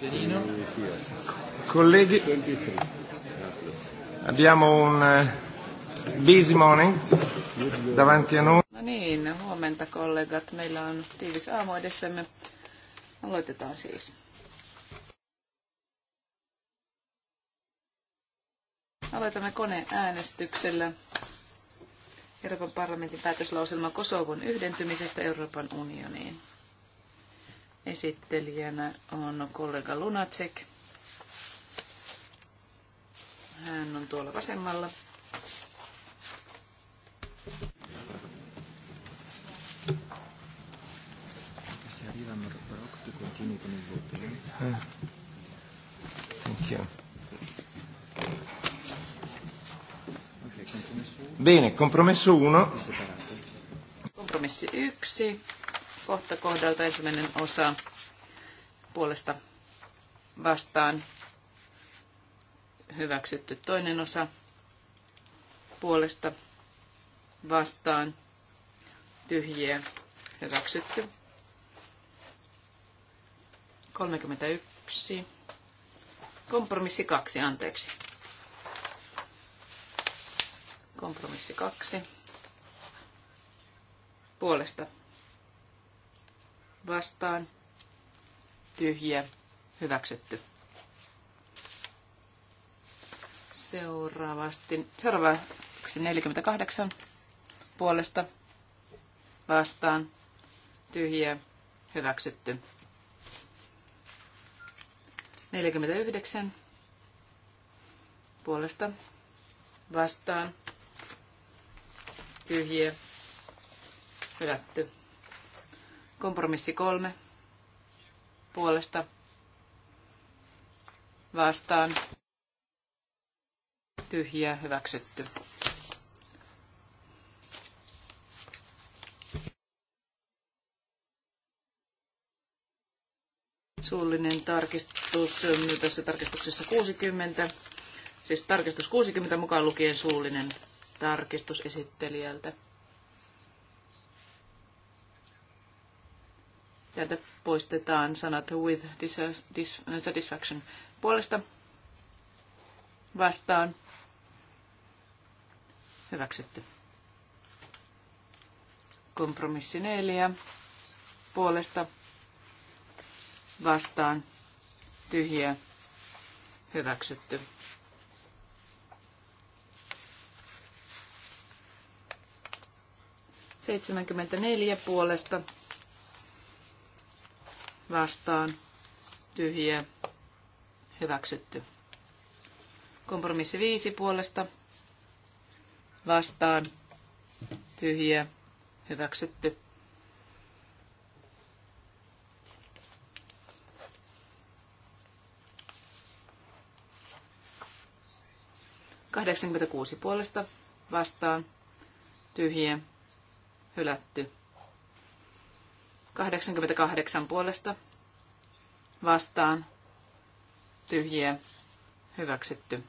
Pianino. Colleghi, abbiamo un eh, busy morning davanti a noi. No niin, huomenta kollegat. Meillä on tiivis aamu edessämme. Aloitetaan siis. Aloitamme koneäänestyksellä. Euroopan parlamentin päätöslauselma Kosovon yhdentymisestä Euroopan unioniin. Esittelijänä on kollega Lunacek. Hän on tuolla vasemmalla. Eh? Eh, Bene, compromesso 1. Kompromissi 1 kohta kohdalta ensimmäinen osa puolesta vastaan hyväksytty toinen osa puolesta vastaan tyhjiä hyväksytty 31 kompromissi 2 anteeksi kompromissi 2 puolesta vastaan tyhjä hyväksytty. Seuraavasti, seuraavaksi 48 puolesta vastaan tyhjä hyväksytty. 49 puolesta vastaan tyhjä hyväksytty Kompromissi kolme puolesta vastaan tyhjä hyväksytty. Suullinen tarkistus mm, tässä tarkistuksessa 60, siis tarkistus 60 mukaan lukien suullinen tarkistus esittelijältä. Täältä poistetaan sanat with satisfaction puolesta vastaan. Hyväksytty. Kompromissi neljä puolesta vastaan tyhjä hyväksytty. neljä puolesta vastaan tyhjiä hyväksytty. Kompromissi viisi puolesta vastaan tyhjiä hyväksytty. Kahdeksankymmentäkuusi puolesta vastaan tyhjiä hylätty. 88 puolesta vastaan tyhjiä hyväksytty.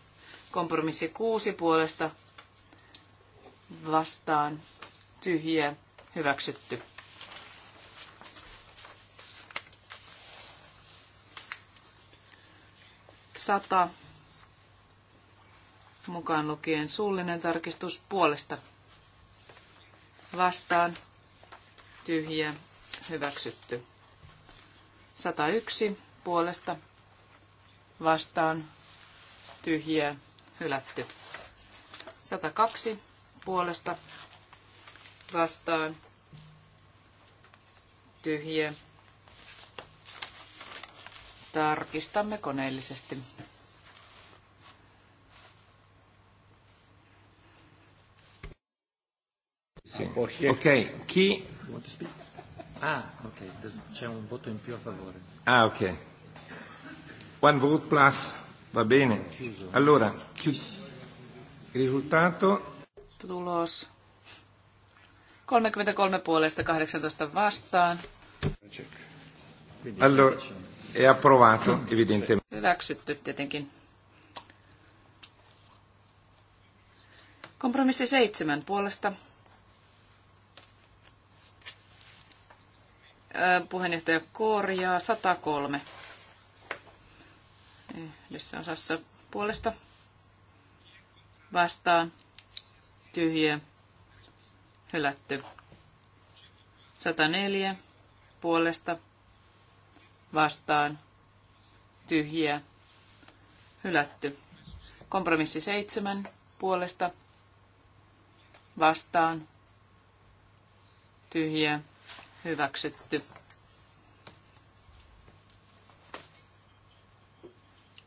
Kompromissi 6 puolesta vastaan tyhjiä hyväksytty. Sata mukaan lukien suullinen tarkistus puolesta vastaan tyhjiä hyväksytty. 101 puolesta vastaan tyhjiä hylätty. 102 puolesta vastaan tyhjiä. Tarkistamme koneellisesti. Okei, okay. ki Ah, ok, c'è un voto in più a favore. Ah, ok. One vote plus, va bene. Chiuso. Allora, chi... risultato. Tulos. 33 puolesta 18 vastaan. Allora, è approvato, evidentemente. Hyväksytty tietenkin. Kompromissi seitsemän puolesta Puheenjohtaja korjaa 103. Yhdessä osassa puolesta vastaan tyhjiä hylätty. 104 puolesta vastaan tyhjiä hylätty. Kompromissi 7 puolesta vastaan tyhjiä hyväksytty.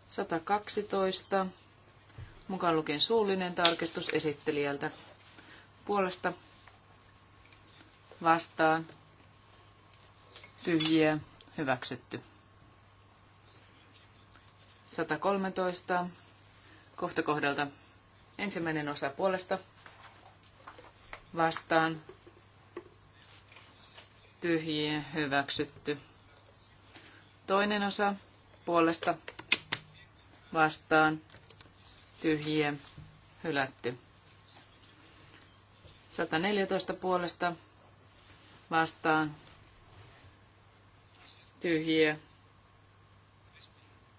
Sata kaksitoista. Mukaan lukien suullinen tarkistus esittelijältä. Puolesta vastaan tyhjiä hyväksytty. 113. Kohta kohdalta ensimmäinen osa puolesta vastaan tyhjiä hyväksytty. Toinen osa puolesta vastaan tyhjiä hylätty. 114 puolesta vastaan tyhjiä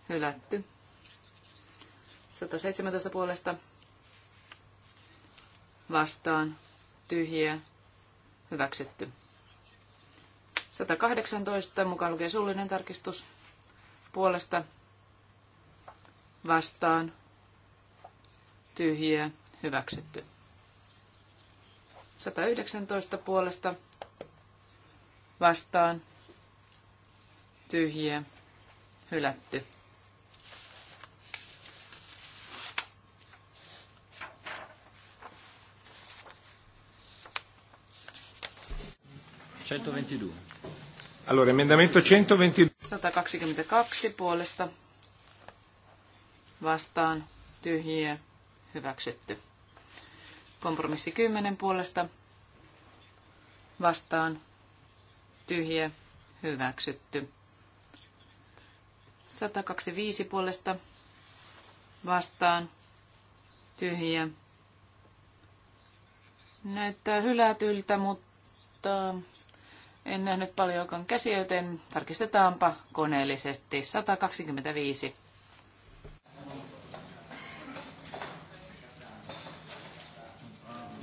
hylätty. 117 puolesta vastaan tyhjiä hyväksytty. 118 mukaan lukee suullinen tarkistus puolesta vastaan tyhjiä hyväksytty. 119 puolesta vastaan tyhjiä hylätty. 122. Allora, emendamento 122. 122 puolesta vastaan tyhjiä hyväksytty. Kompromissi 10 puolesta vastaan tyhjiä hyväksytty. 125 puolesta vastaan tyhjiä. Näyttää hylätyltä, mutta en nähnyt paljonkaan käsiä, joten tarkistetaanpa koneellisesti. 125.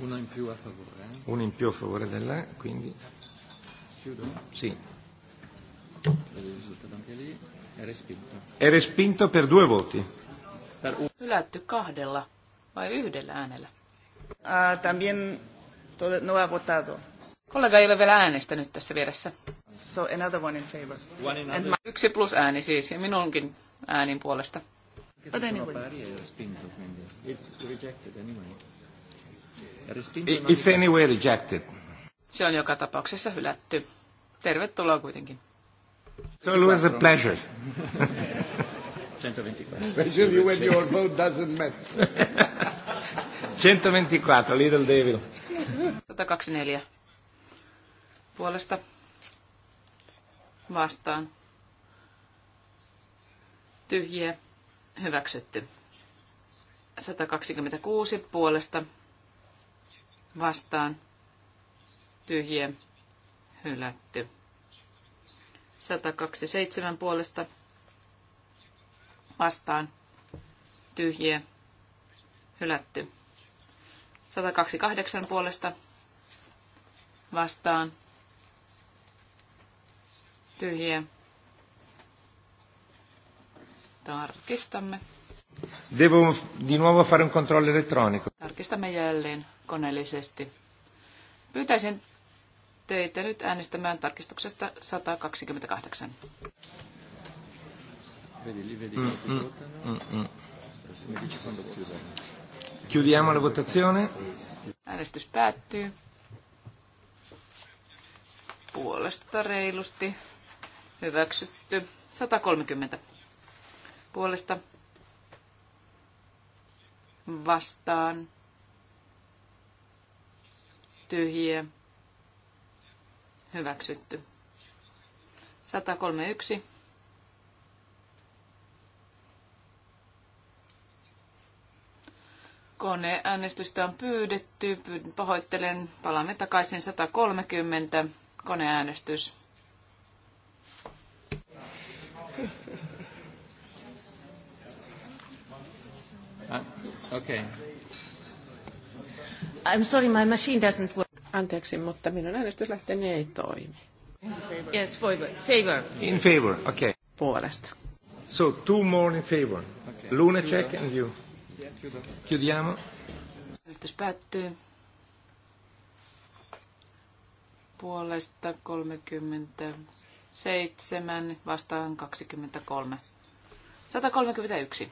Uno in più a favore. Eh? Uno in più a favore della, quindi... Chiudo? Sì. È respinto. È respinto per due voti. Per un... Hylätty kahdella vai yhdellä äänellä? Uh, también todo, no ha votato. Kollega ei ole vielä äänestänyt tässä vieressä. So another one in favor. One in And Yksi plus ääni siis, ja minunkin äänin puolesta. But It's anyway. It's anyway rejected. Se on joka tapauksessa hylätty. Tervetuloa kuitenkin. So it was a pleasure. 124. Especially when your vote doesn't matter. 124, little devil. 124 puolesta vastaan tyhjiä hyväksytty. 126 puolesta vastaan tyhjiä hylätty. 127 puolesta vastaan tyhjiä hylätty. 128 puolesta vastaan tyhjiä. Tarkistamme. Devo di nuovo fare un controllo elettronico. Tarkistamme jälleen koneellisesti. Pyytäisin teitä nyt äänestämään tarkistuksesta 128. Vedi, vedi mm. mm, no? mm, mm. Chiudiamo la votazione. Äänestys päättyy. Puolesta reilusti Hyväksytty. 130 puolesta vastaan tyhjiä hyväksytty. 131 Koneäänestystä on pyydetty. Pahoittelen. Palaamme takaisin 130. Koneäänestys. Okay. I'm sorry, my machine doesn't work. Anteeksi, mutta minun äänestyslähteeni ei toimi. Yes, favor. favor. In favor, okay. Puolesta. So, two more in favor. Okay. Lunacek and you. Chiudiamo. Äänestys päättyy. Puolesta 37, vastaan 23. 131.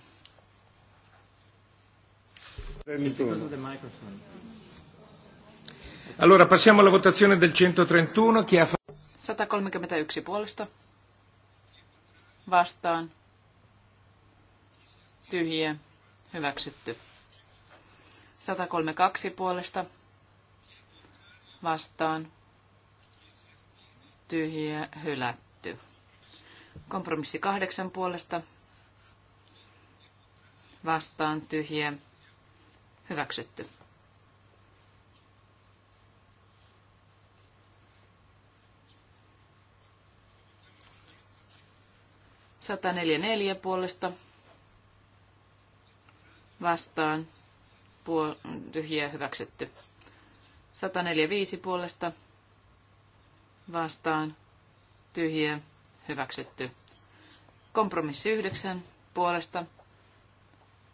Allora passiamo alla votazione del 131. Chi ha 131 puolesta. Vastaan. Tyhjiä. Hyväksytty. 132 puolesta. Vastaan. Tyhjiä. Hylätty. Kompromissi 8 puolesta. Vastaan. Tyhjiä. Hyväksytty. Sata neljä neljä puolesta vastaan puol- tyhjiä hyväksytty. 145 puolesta vastaan tyhjiä hyväksytty. Kompromissi 9 puolesta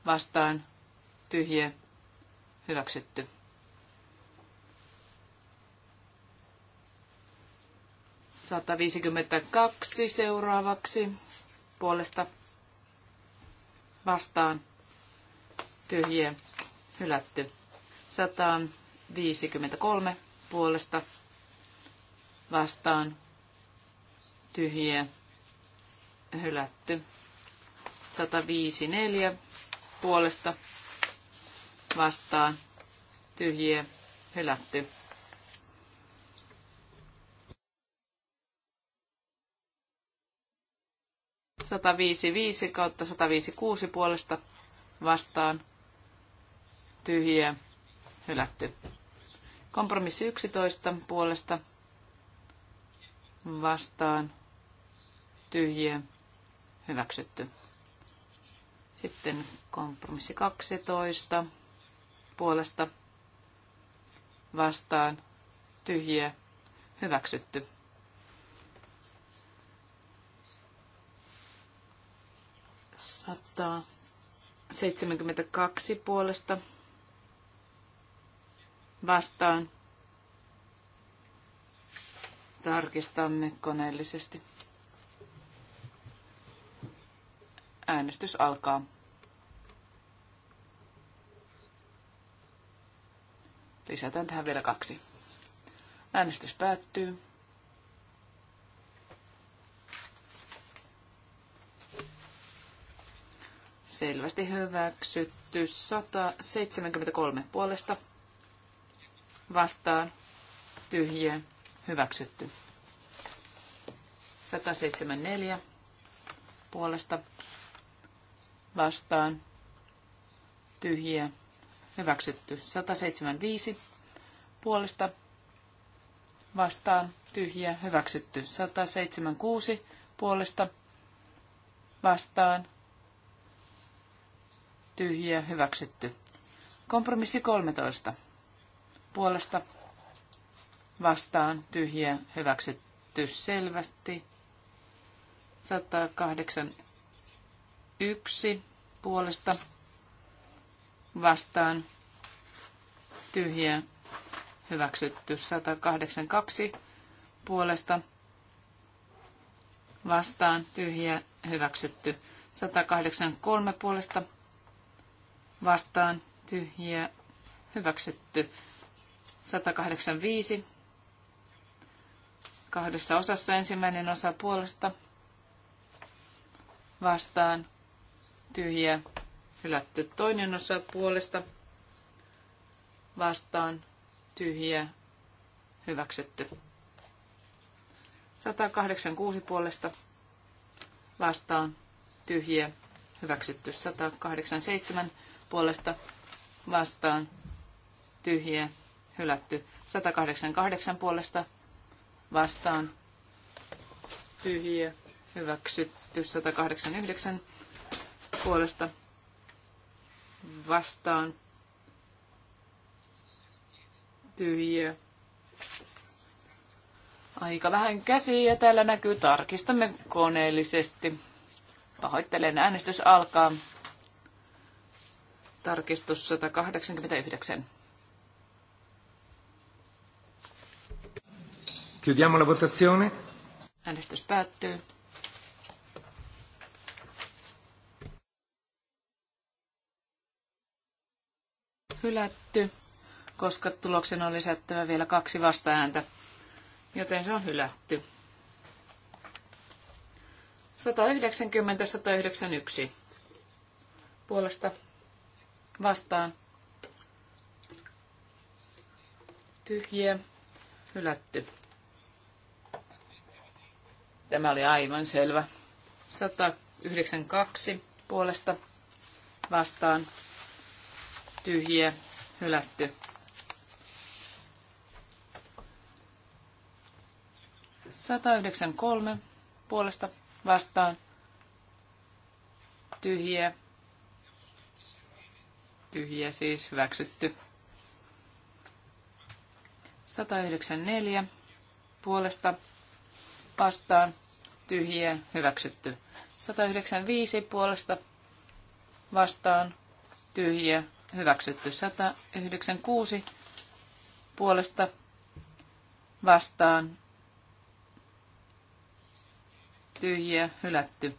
vastaan tyhjiä hyväksytty. Sata seuraavaksi puolesta vastaan tyhjiä hylätty. 153 puolesta vastaan tyhjiä hylätty. 154 puolesta vastaan tyhjiä hylätty. Sata viisi viisi kautta sata viisi kuusi puolesta vastaan tyhjiä hylätty. Kompromissi 11 puolesta vastaan tyhjiä hyväksytty. Sitten kompromissi 12 puolesta vastaan tyhjiä hyväksytty. Sata 72 puolesta vastaan. Tarkistamme koneellisesti. Äänestys alkaa. Lisätään tähän vielä kaksi. Äänestys päättyy. Selvästi hyväksytty. 173 puolesta vastaan. Tyhjiä. Hyväksytty. 174 puolesta vastaan. Tyhjiä Hyväksytty. 175 puolesta vastaan tyhjä. Hyväksytty. 176 puolesta vastaan tyhjä. Hyväksytty. Kompromissi 13 puolesta vastaan tyhjä. Hyväksytty selvästi. 181 puolesta vastaan tyhjä hyväksytty 182 puolesta vastaan tyhjä hyväksytty 183 puolesta vastaan tyhjä hyväksytty 185 kahdessa osassa ensimmäinen osa puolesta vastaan tyhjä Hylätty toinen osa puolesta vastaan tyhjiä hyväksytty. 186 puolesta vastaan tyhjiä hyväksytty. 187 puolesta vastaan tyhjiä hylätty. 188 puolesta vastaan tyhjiä hyväksytty. 189 puolesta vastaan tyhjiä. Aika vähän käsiä täällä näkyy. Tarkistamme koneellisesti. Pahoittelen, äänestys alkaa. Tarkistus 189. Chiudiamo la votazione. Äänestys päättyy. hylätty, koska tuloksen on lisättävä vielä kaksi vastaääntä, joten se on hylätty. 190-191 puolesta vastaan tyhjiä hylätty. Tämä oli aivan selvä. 192 puolesta vastaan tyhjiä, hylätty. kolme puolesta vastaan, tyhjiä, tyhjiä siis hyväksytty. 194 puolesta vastaan, tyhjiä, hyväksytty. 195 puolesta vastaan, tyhjiä, hyväksytty 196 puolesta vastaan tyhjiä hylätty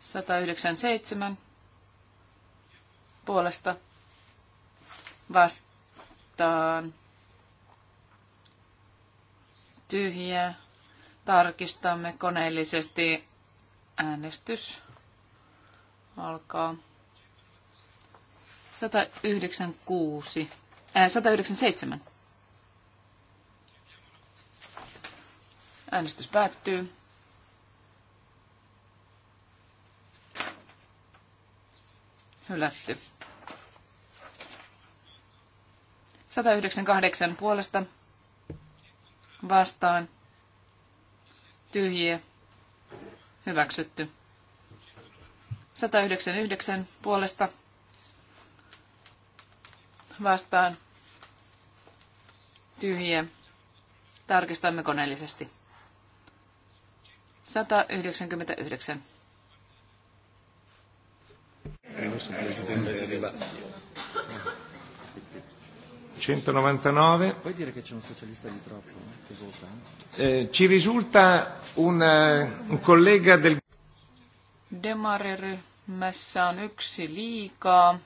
197 puolesta vastaan tyhjiä tarkistamme koneellisesti äänestys alkaa. 196, äh, 197. Äänestys päättyy. Hylätty. 198 puolesta vastaan tyhjiä hyväksytty. 199 puolesta vastaan tyhjiä. Tarkistamme koneellisesti. 199. Puoi dire che c'è un socialista di troppo eh, che vota? Eh, ci risulta un, eh, un collega del... Demariryhmässä on yksi liikaa.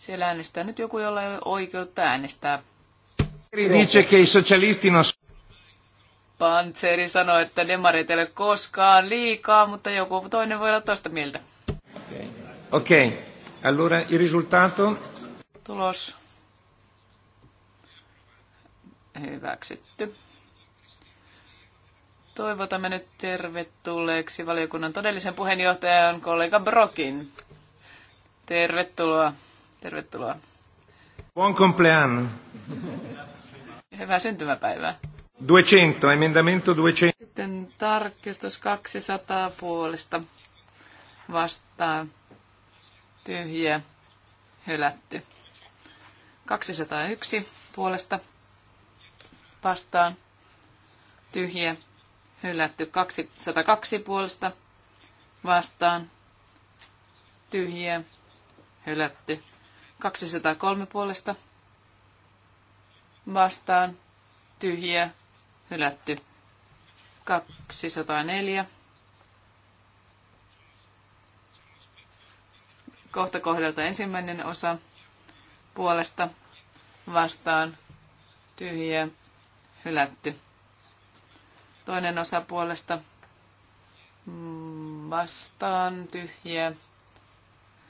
Siellä äänestää nyt joku, jolla ei ole oikeutta äänestää. Dice che i socialisti non Pantseri sanoi, että demarit ei ole koskaan liikaa, mutta joku toinen voi olla toista mieltä. Okei. Okay. okay. Allora il risultato? Tulos. Hyväksytty. Toivotamme nyt tervetulleeksi valiokunnan todellisen puheenjohtajan kollega Brokin. Tervetuloa. Tervetuloa. Buon compleanno. Hyvää syntymäpäivää. 200, emendamento 200. Sitten tarkistus 200 puolesta vastaa tyhjä, hylätty. 201 puolesta vastaan tyhjä, hylätty. 202 puolesta vastaan tyhjä, hylätty. 203 puolesta vastaan tyhjiä hylätty. 204 kohta kohdalta ensimmäinen osa puolesta vastaan tyhjiä hylätty. Toinen osa puolesta mm, vastaan tyhjiä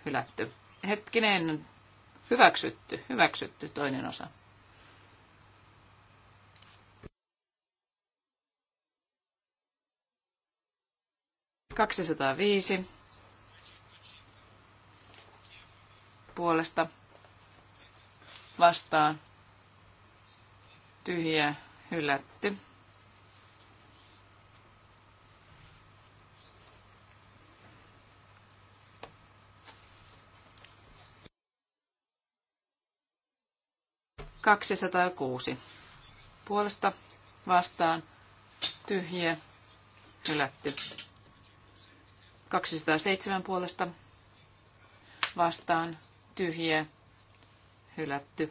hylätty. Hetkinen, Hyväksytty, hyväksytty toinen osa. Kaksisataaviisi puolesta vastaan tyhjä hylätty. 206 puolesta vastaan tyhjiä hylätty. 207 puolesta vastaan tyhjiä hylätty.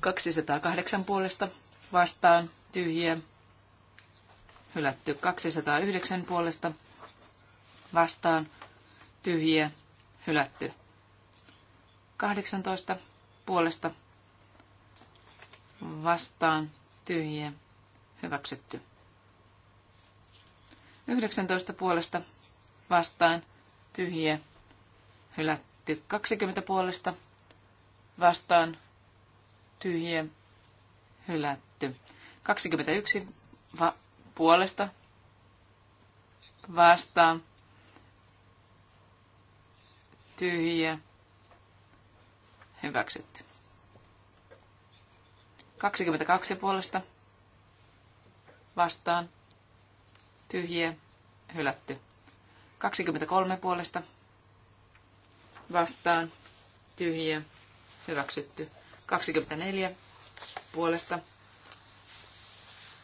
208 puolesta vastaan tyhjiä hylätty. 209 puolesta vastaan tyhjiä hylätty. 18 puolesta vastaan tyhjiä hyväksytty. 19 puolesta vastaan tyhjiä hylätty. 20 puolesta vastaan tyhjiä hylätty. 21 va- puolesta vastaan tyhjiä Hyväksytty. 22 puolesta vastaan. Tyhjiä. Hylätty. 23 puolesta vastaan. Tyhjiä. Hyväksytty. 24 puolesta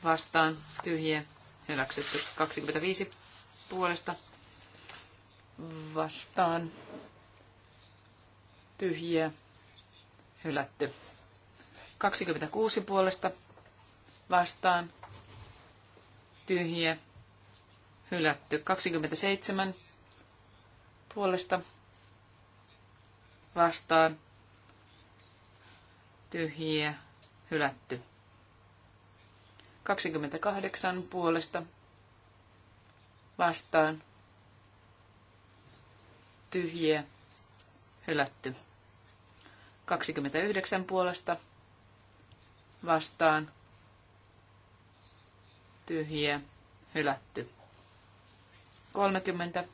vastaan. Tyhjiä. Hyväksytty. 25 puolesta vastaan. Tyhjiä hylätty. 26 puolesta vastaan tyhjiä hylätty. 27 puolesta vastaan tyhjiä hylätty. 28 puolesta vastaan tyhjiä hylätty. 29 puolesta vastaan tyhjiä hylätty. 30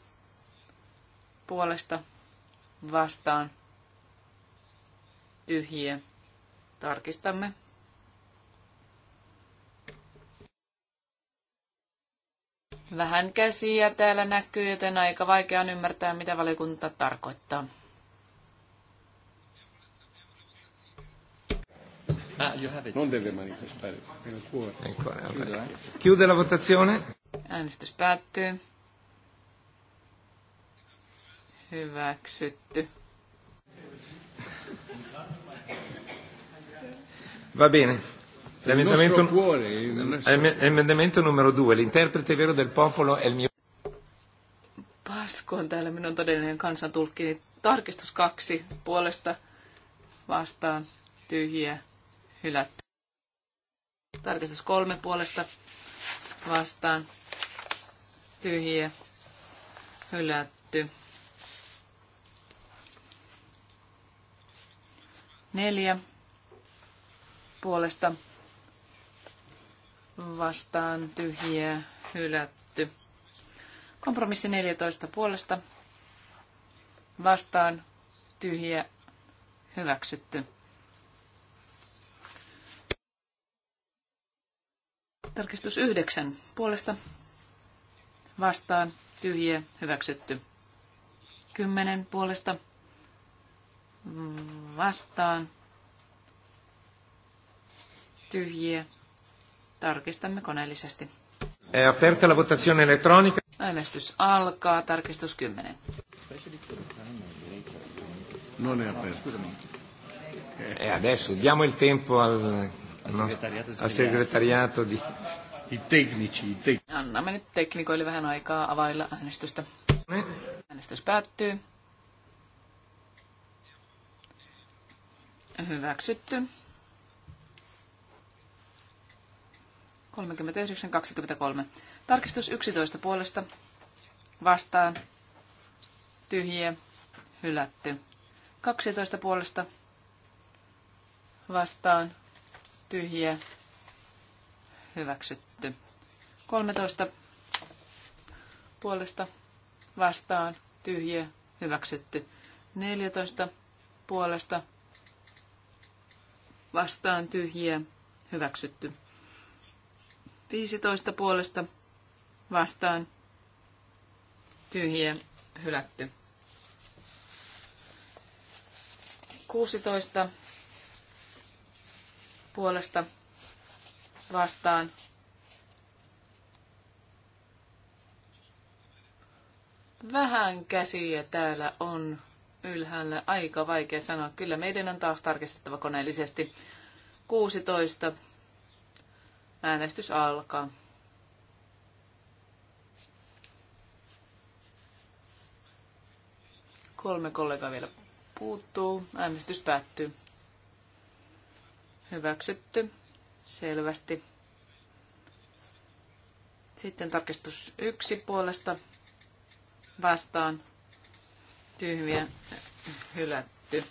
puolesta vastaan tyhjiä. Tarkistamme. Vähän käsiä täällä näkyy, joten aika vaikea on ymmärtää, mitä valiokunta tarkoittaa. Ah, non deve manifestare nel cuore. Ancora, Chiudo, eh? Chiude la votazione. Äänestys päättyy. Hyväksytty. Va bene. L'emendamento, cuore, nostro... numero due, l'interprete vero del popolo è il mio... Pasku on täällä minun todellinen kansantulkki. Tarkistus kaksi puolesta vastaan tyhjiä hylätty. Tarkistus kolme puolesta vastaan tyhjiä hylätty. Neljä puolesta vastaan tyhjiä hylätty. Kompromissi 14 puolesta vastaan tyhjiä hyväksytty. Tarkistus 9 puolesta vastaan tyhjiä hyväksytty. Kymmenen puolesta vastaan tyhjiä. Tarkistamme koneellisesti. aperta la votazione elettronica. Äänestys alkaa. Tarkistus 10. Non è aperto. E adesso diamo il tempo al al no, segretariato, al segretariato di, i tecnici, I tecnici. Annamme nyt teknikoille vähän aikaa availla äänestystä. Ne. Äänestys päättyy. Hyväksytty. 39.23. Tarkistus 11 puolesta. Vastaan. Tyhjiä. Hylätty. 12 puolesta. Vastaan tyhjiä, hyväksytty. 13 puolesta vastaan, tyhjiä, hyväksytty. 14 puolesta vastaan, tyhjiä, hyväksytty. 15 puolesta vastaan, tyhjiä, hylätty. 16 puolesta vastaan. Vähän käsiä täällä on ylhäällä. Aika vaikea sanoa. Kyllä meidän on taas tarkistettava koneellisesti. 16. Äänestys alkaa. Kolme kollegaa vielä puuttuu. Äänestys päättyy. Hyväksytty. Selvästi. Sitten tarkistus yksi puolesta vastaan. Tyhmiä hylätty.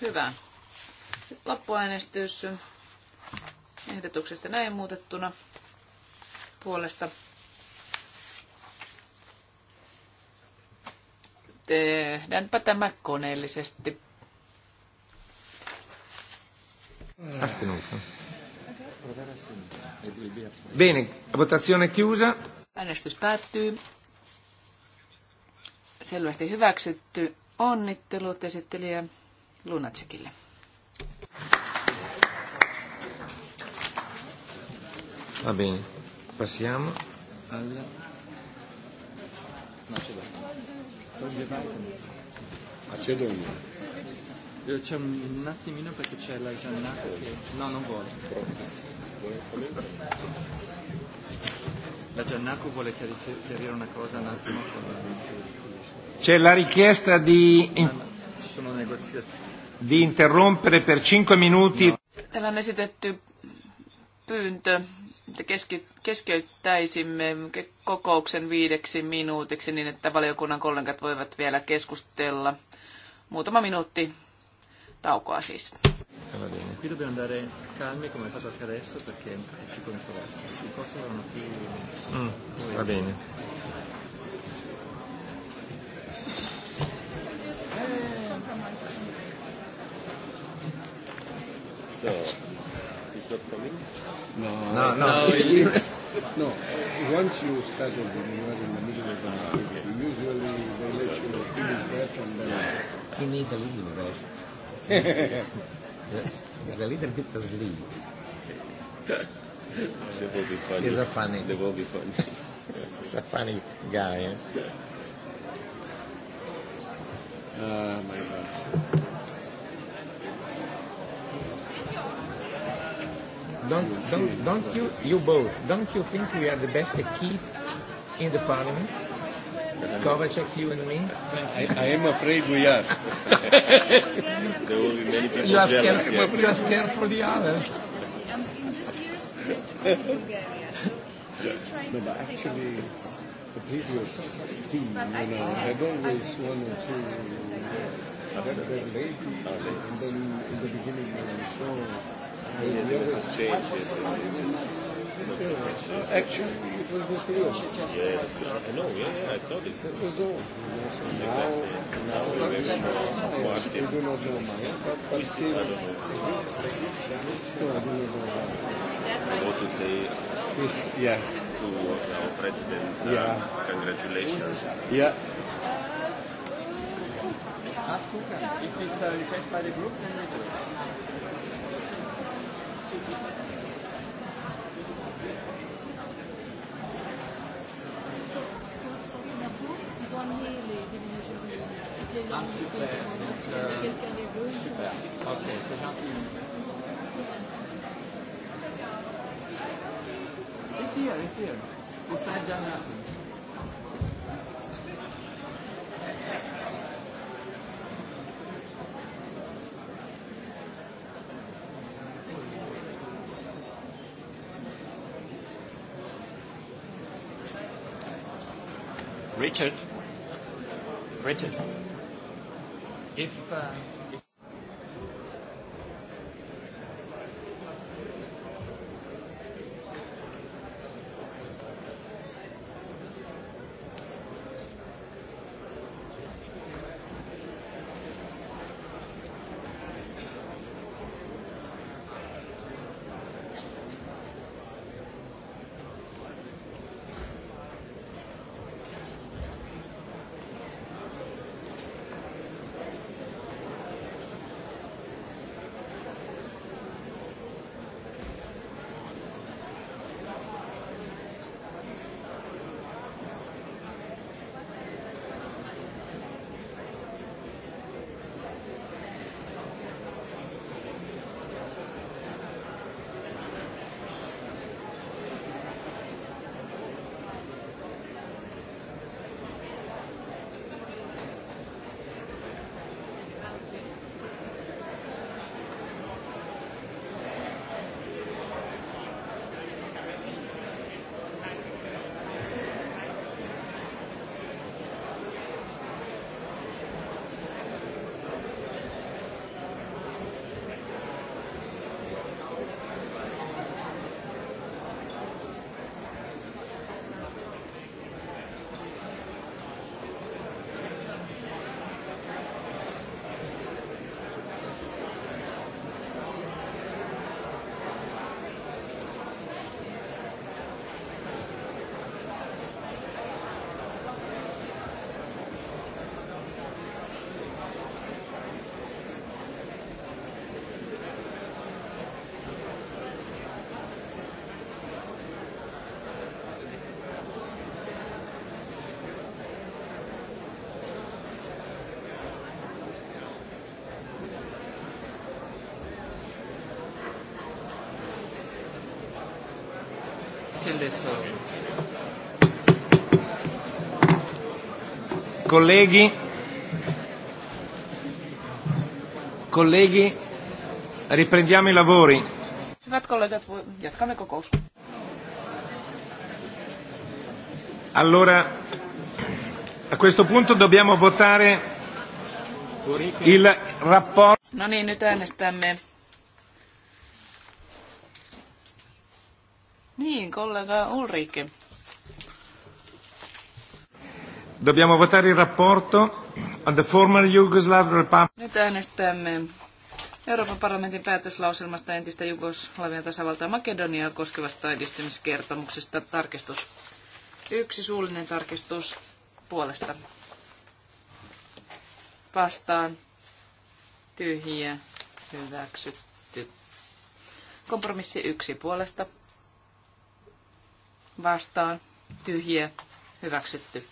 Hyvä. Loppuäänestys ehdotuksesta näin muutettuna puolesta. Tehdäänpä tämä koneellisesti. Astenuto. Bene, votazione è chiusa. Äänestys päättyy. Selvästi hyväksytty. Onnittelut esittelijä Lunatsekille. Va bene, passiamo. Alla... No, Accedo io. C'è un attimino perché c'è la Giannata che... No, non vuole. La Giannaco vuole chiarire una cosa un attimo. C'è la richiesta di, ah, di interrompere per 5 minuti. No. Täällä on esitetty pyyntö, että keski, keskeyttäisimme kokouksen viideksi minuutiksi niin, että valiokunnan kollegat voivat vielä keskustella. Muutama minuutti taukoa siis. Mm, va bene. So, it's not coming? No, no, no. no, it, it, no. Once you start you are in the middle of the night. Usually they let you finish that and then... You need a little rest. They're a little bit asleep. They will be funny. He's a funny. They will be funny. He's a funny guy. Eh? Uh, my God. Don't, don't, don't you, you both, don't you think we are the best equipped in the parliament? Kovacic, you and me? I, I am afraid we are. there will be many people you are jealous. Scared, yeah. You are scared for the others. And um, in this year's Bulgaria, he's trying no, but to actually, the previous team, you know, had always one or two better ladies. And then in the beginning, when I saw uh, the others... Actually, was this video? Yeah, I yeah, yeah, I saw this. This was all. Now, now we more We do not know Maya, but, but still. I don't know. I do not know Maya. I want to say this, yeah. to our president, uh, yeah. congratulations. Yeah. If it's a uh, request by the group, then we do it. Ah, super. Donc, euh, super. Ok, c'est gentil. It's here, it's here. It's Richard. Richard if uh, adesso. Colleghi, colleghi, riprendiamo i lavori. Allora, a questo punto dobbiamo votare il rapporto. No niin, nyt äänestämme kollega Ulrike. Dobbiamo votare il rapporto on the former Yugoslav Republic. Nyt äänestämme Euroopan parlamentin päätöslauselmasta entistä Jugoslavian tasavaltaa Makedoniaa koskevasta edistymiskertomuksesta. Tarkistus. Yksi suullinen tarkistus puolesta. Vastaan. Tyhjiä. Hyväksytty. Kompromissi yksi puolesta vastaan tyhjiä hyväksytty.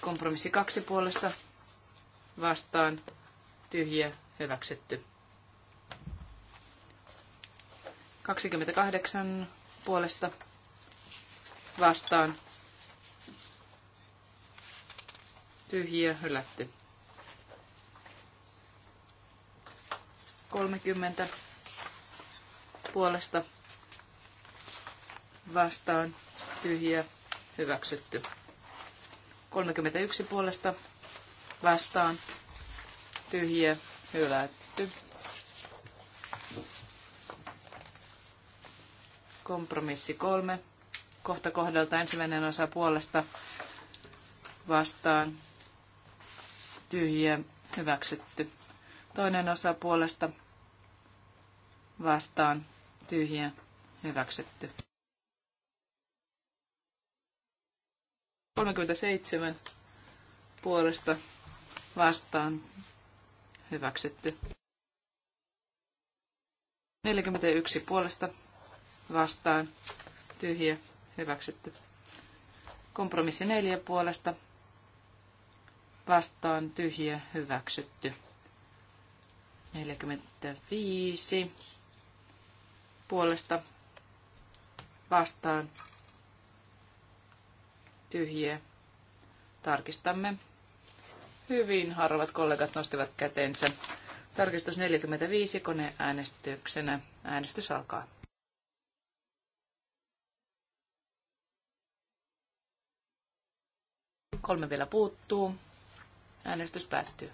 Kompromissi kaksi puolesta vastaan tyhjiä hyväksytty. 28 puolesta vastaan tyhjiä hylätty. 30 puolesta vastaan tyhjä hyväksytty. 31 puolesta vastaan tyhjä hylätty. Kompromissi kolme. Kohta kohdalta ensimmäinen osa puolesta vastaan tyhjä hyväksytty. Toinen osa puolesta vastaan tyhjä hyväksytty. 37 puolesta vastaan hyväksytty. 41 puolesta vastaan tyhjä hyväksytty. Kompromissi 4 puolesta vastaan tyhjä hyväksytty. 45 puolesta vastaan tyhjiä. Tarkistamme. Hyvin harvat kollegat nostivat kätensä. Tarkistus 45 koneäänestyksenä. Äänestys alkaa. Kolme vielä puuttuu. Äänestys päättyy.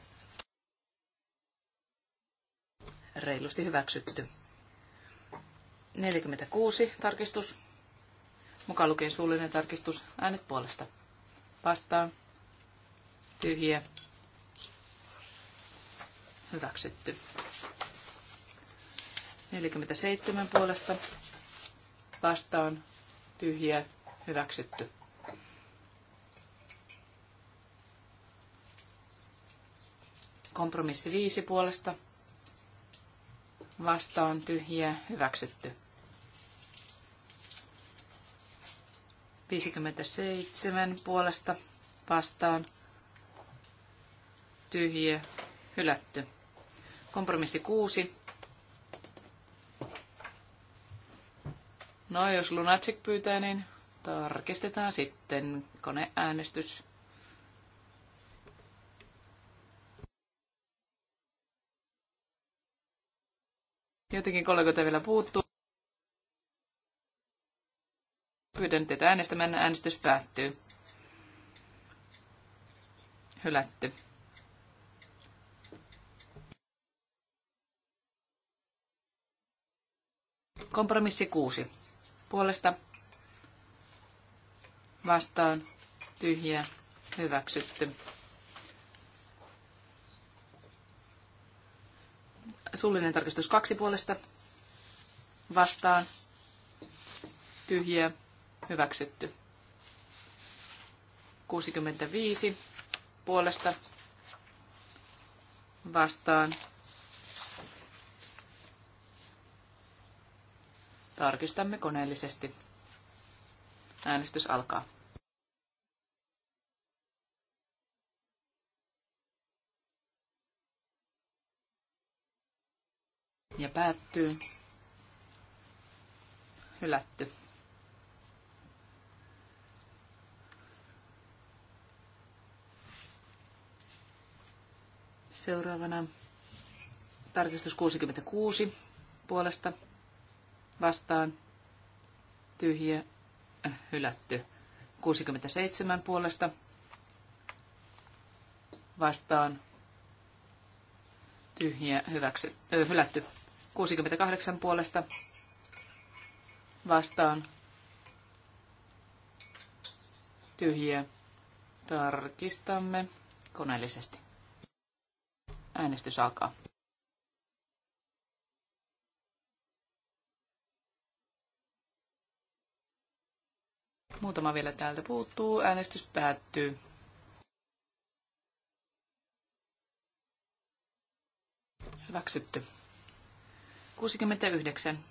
Reilusti hyväksytty. 46 tarkistus mukaan lukien suullinen tarkistus. Äänet puolesta. Vastaan. Tyhjiä. Hyväksytty. 47 puolesta. Vastaan. Tyhjiä. Hyväksytty. Kompromissi 5 puolesta. Vastaan. Tyhjiä. Hyväksytty. 57 puolesta vastaan tyhjiö hylätty. Kompromissi 6. No, jos Lunatsik pyytää, niin tarkistetaan sitten koneäänestys. Jotenkin kollegoita vielä puuttuu. pyydän teitä äänestämään. Äänestys päättyy. Hylätty. Kompromissi 6. Puolesta vastaan tyhjä hyväksytty. Suullinen tarkistus kaksi puolesta vastaan tyhjä Hyväksytty. 65 puolesta vastaan. Tarkistamme koneellisesti. Äänestys alkaa. Ja päättyy. Hylätty. Seuraavana tarkistus 66 puolesta vastaan tyhjä äh, hylätty. 67 puolesta vastaan tyhjä hyväksy, ö, äh, hylätty. 68 puolesta vastaan tyhjä Tarkistamme koneellisesti. Äänestys alkaa. Muutama vielä täältä puuttuu. Äänestys päättyy. Hyväksytty. 69.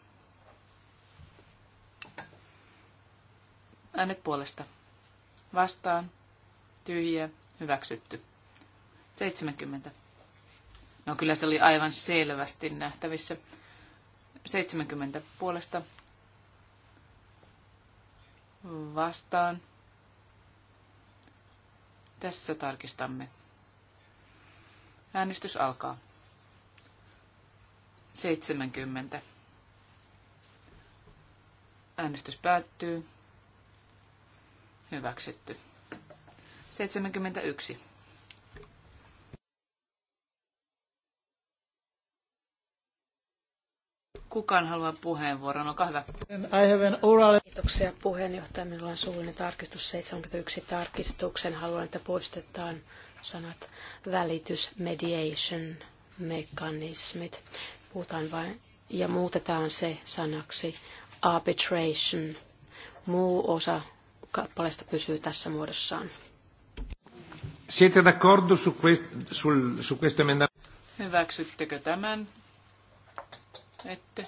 Äänet puolesta. Vastaan. Tyhjiä. Hyväksytty. 70. No kyllä se oli aivan selvästi nähtävissä. 70 puolesta vastaan. Tässä tarkistamme. Äänestys alkaa. 70. Äänestys päättyy. Hyväksytty. 71 Kukaan haluaa puheenvuoron? Olkaa hyvä. I have an oral... Kiitoksia puheenjohtaja. Minulla on suullinen tarkistus 71 tarkistuksen. Haluan, että poistetaan sanat välitys, mediation, mekanismit. Puhutaan vain ja muutetaan se sanaksi arbitration. Muu osa kappaleesta pysyy tässä muodossaan. Siete d'accordo su, quest, sul, su questo emendamento? Hyväksyttekö tämän ette.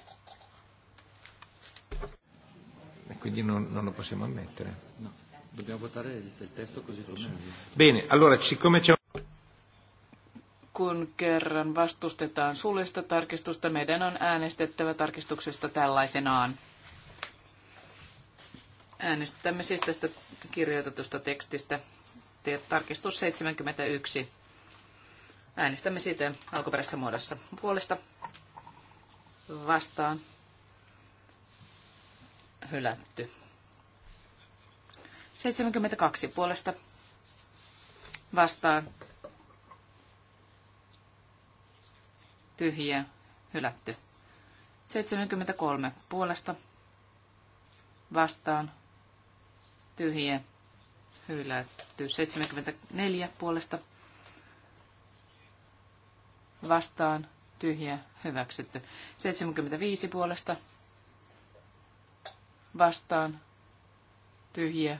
E quindi non, non lo possiamo ammettere. No, dobbiamo votare il, il testo così com'è. Bene, allora siccome c'è un... kun kerran vastustetaan sulesta tarkistusta, meidän on äänestettävä tarkistuksesta tällaisenaan. Äänestämme siis tästä kirjoitetusta tekstistä. Tarkistus 71. Äänestämme siitä alkuperäisessä muodossa puolesta vastaan hylätty. 72 puolesta vastaan tyhjiä hylätty. 73 puolesta vastaan tyhjiä hylätty. 74 puolesta vastaan tyhjä, hyväksytty. 75 puolesta vastaan, tyhjä,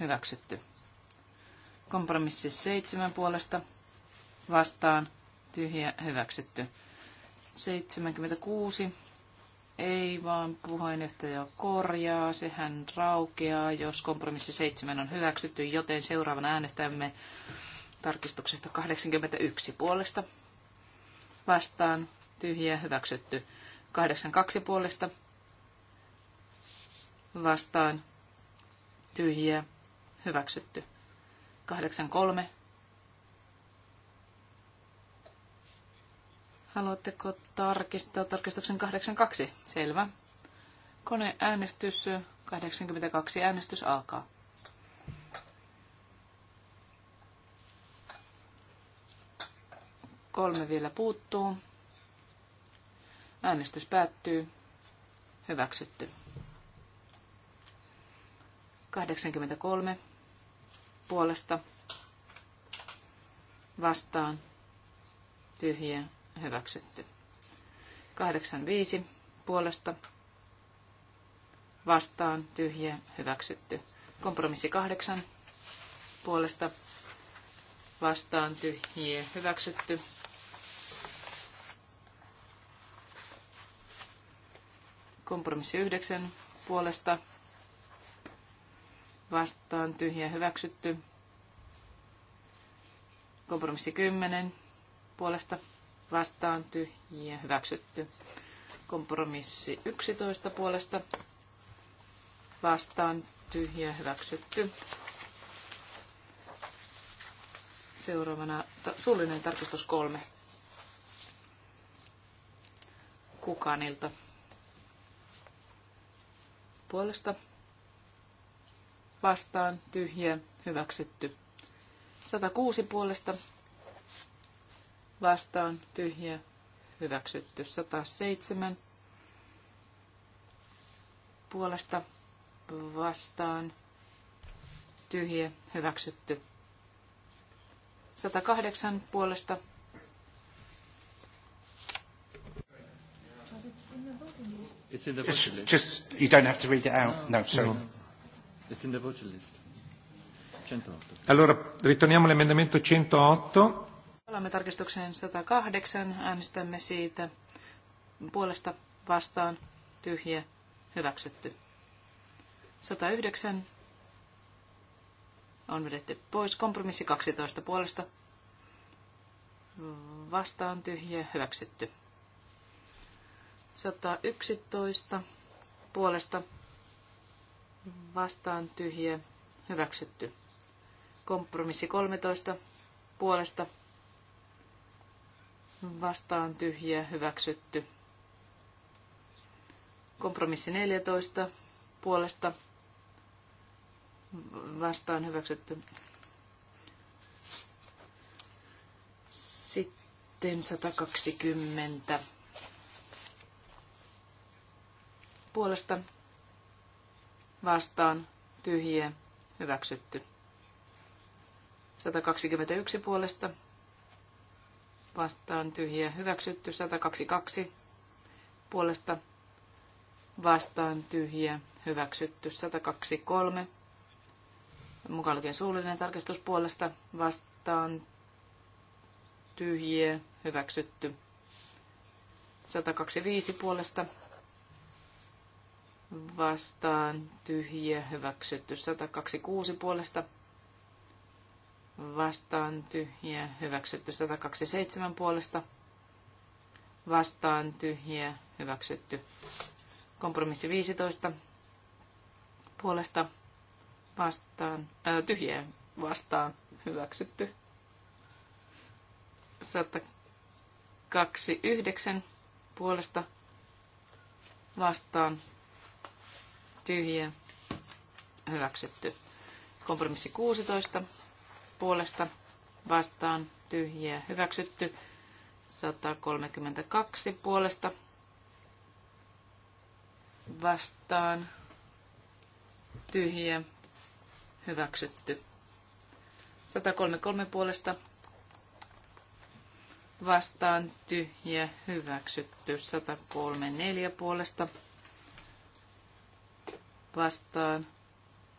hyväksytty. Kompromissi 7 puolesta vastaan, tyhjä, hyväksytty. 76 ei vaan puheenjohtaja korjaa, sehän raukeaa, jos kompromissi 7 on hyväksytty, joten seuraavana äänestämme tarkistuksesta 81 puolesta vastaan tyhjiä hyväksytty. 82 puolesta vastaan tyhjiä hyväksytty. 83 Haluatteko tarkistaa tarkistuksen 82? Selvä. Koneäänestys 82 äänestys alkaa. Kolme vielä puuttuu. Äänestys päättyy. Hyväksytty. 83 puolesta vastaan tyhjiä hyväksytty. 85 puolesta vastaan tyhjiä hyväksytty. Kompromissi 8 puolesta vastaan tyhjiä hyväksytty. Kompromissi yhdeksän puolesta vastaan tyhjä hyväksytty. Kompromissi 10 puolesta vastaan tyhjä hyväksytty. Kompromissi 11 puolesta vastaan tyhjä hyväksytty. Seuraavana ta- suullinen tarkistus 3. Kukaanilta puolesta vastaan tyhjä hyväksytty. 106 puolesta vastaan tyhjä hyväksytty. 107 puolesta vastaan tyhjä hyväksytty. 108 puolesta It's in the just, voter list. Just, you don't have to read it out. No, no sorry. No. It's in the voter list. 108. Allora, ritorniamo all'emendamento 108. Olemme tarkistukseen 108. Äänestämme siitä puolesta vastaan tyhjä hyväksytty. 109 on vedetty pois. Kompromissi 12 puolesta vastaan tyhjä hyväksytty. 111 puolesta vastaan tyhjä hyväksytty. Kompromissi 13 puolesta vastaan tyhjä hyväksytty. Kompromissi 14 puolesta vastaan hyväksytty. Sitten 120 puolesta vastaan tyhjiä hyväksytty. 121 puolesta vastaan tyhjiä hyväksytty. 122 puolesta vastaan tyhjiä hyväksytty. 123 mukaan lukien suullinen tarkistus puolesta vastaan tyhjiä hyväksytty. 125 puolesta vastaan tyhjiä hyväksytty 126 puolesta vastaan tyhjiä hyväksytty 127 puolesta vastaan tyhjiä hyväksytty kompromissi 15 puolesta vastaan ää, äh, tyhjiä vastaan hyväksytty 129 puolesta vastaan tyhjiä, hyväksytty. Kompromissi 16 puolesta vastaan tyhjiä, hyväksytty. 132 puolesta vastaan tyhjiä, hyväksytty. 133 puolesta vastaan tyhjä hyväksytty 134 puolesta vastaan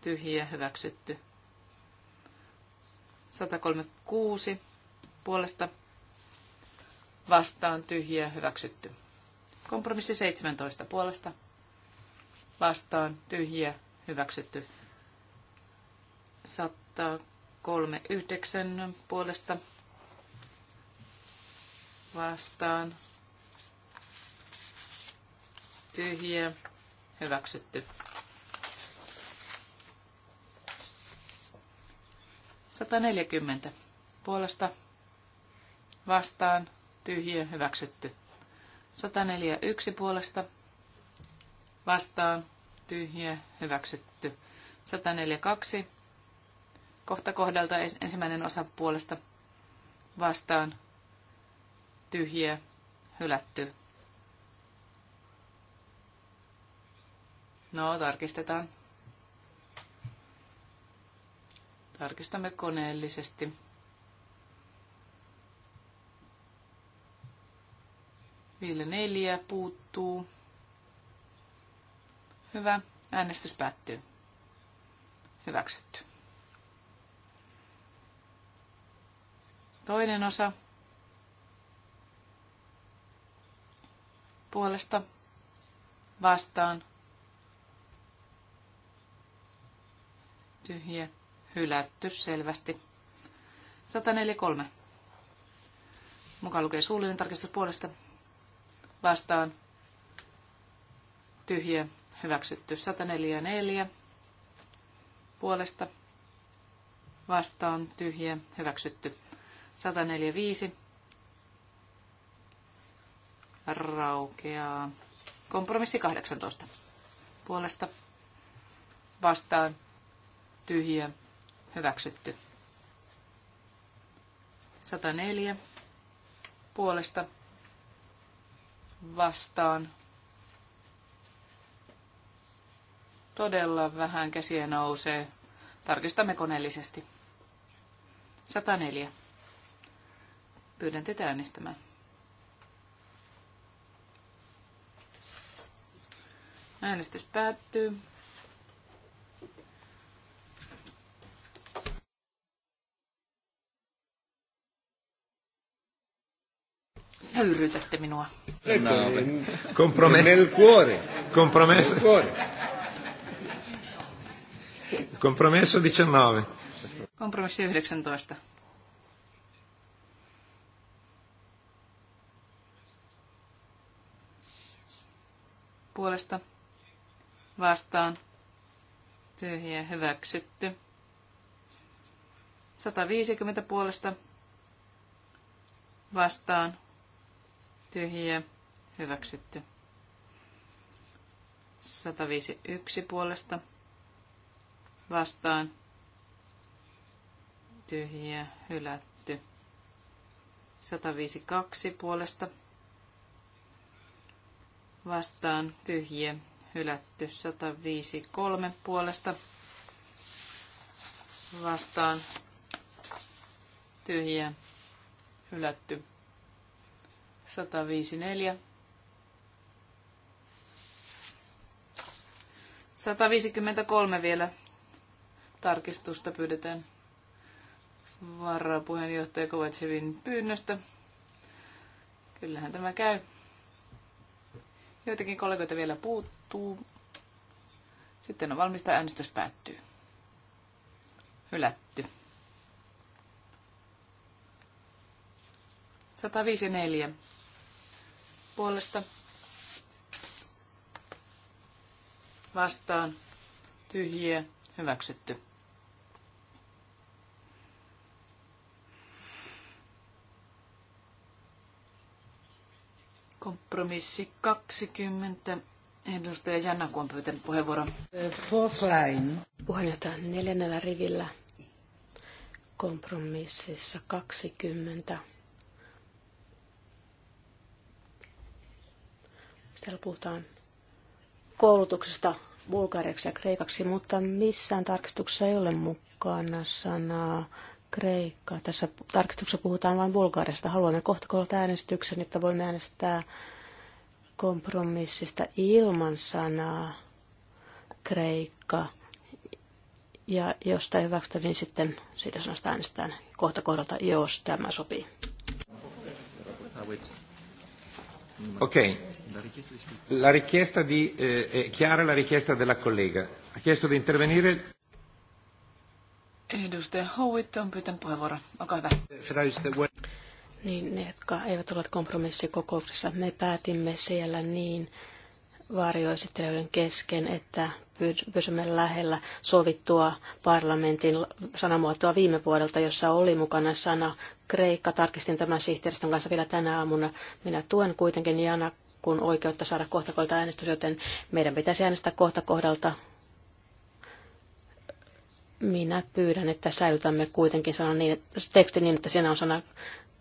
tyhjiä hyväksytty. 136 puolesta vastaan tyhjiä hyväksytty. Kompromissi 17 puolesta vastaan tyhjiä hyväksytty. 139 puolesta vastaan tyhjiä hyväksytty. 140 puolesta vastaan tyhjiö hyväksytty. 141 puolesta vastaan tyhjiö hyväksytty. 142 kohta kohdalta ensimmäinen osa puolesta vastaan tyhjiö hylätty. No, tarkistetaan. Tarkistamme koneellisesti. Vielä neljä puuttuu. Hyvä. Äänestys päättyy. Hyväksytty. Toinen osa. Puolesta vastaan. Tyhjä. Hylätty selvästi. 143. Mukaan lukee suullinen tarkistus puolesta. Vastaan. Tyhjä. Hyväksytty. 144. Puolesta. Vastaan. Tyhjä. Hyväksytty. 145. Raukeaa. Kompromissi 18. Puolesta. Vastaan. Tyhjä hyväksytty. 104 puolesta vastaan. Todella vähän käsiä nousee. Tarkistamme koneellisesti. 104. Pyydän teitä äänestämään. Äänestys päättyy. höyrytätte minua. Kompromiss. Nel cuore. Kompromiss. Kompromessi 19. Kompromissi 19. Puolesta vastaan tyhjiä hyväksytty. 150 puolesta vastaan tyhjiä, hyväksytty. 151 puolesta vastaan, tyhjiä, hylätty. 152 puolesta vastaan, tyhjiä, hylätty. 153 puolesta vastaan, tyhjiä, hylätty. 154. 153 vielä tarkistusta pyydetään varapuheenjohtaja Kovacevin pyynnöstä. Kyllähän tämä käy. Joitakin kollegoita vielä puuttuu. Sitten on valmista äänestys päättyy. Hylätty. 154 puolesta vastaan tyhjiä hyväksytty. Kompromissi 20. Edustaja Janna, kun on pyytänyt puheenvuoron. Fourth line. Puheenjohtaja neljännellä rivillä kompromississa 20 Täällä puhutaan koulutuksesta bulgariaksi ja kreikaksi, mutta missään tarkistuksessa ei ole mukana sanaa kreikka. Tässä tarkistuksessa puhutaan vain bulgariasta. Haluamme kohta kohdata äänestyksen, että voimme äänestää kompromissista ilman sanaa kreikka. Ja jos tämä hyväksytä, niin sitten siitä sanasta äänestetään kohta kohdalta, jos tämä sopii. Ok, la richiesta di, eh, è chiara la richiesta della collega. Ha chiesto di intervenire. Edustaja Howitt on pyytänyt puheenvuoron. Olkaa hyvä. Niin, ne, jotka eivät ole kompromissikokouksessa, me päätimme siellä niin, varjoesittelijöiden kesken, että pysymme lähellä sovittua parlamentin sanamuotoa viime vuodelta, jossa oli mukana sana Kreikka. Tarkistin tämän sihteeristön kanssa vielä tänä aamuna. Minä tuen kuitenkin Jana kun oikeutta saada kohtakohdalta äänestys, joten meidän pitäisi äänestää kohtakohdalta. Minä pyydän, että säilytämme kuitenkin sanan niin, tekstin niin, että siinä on sana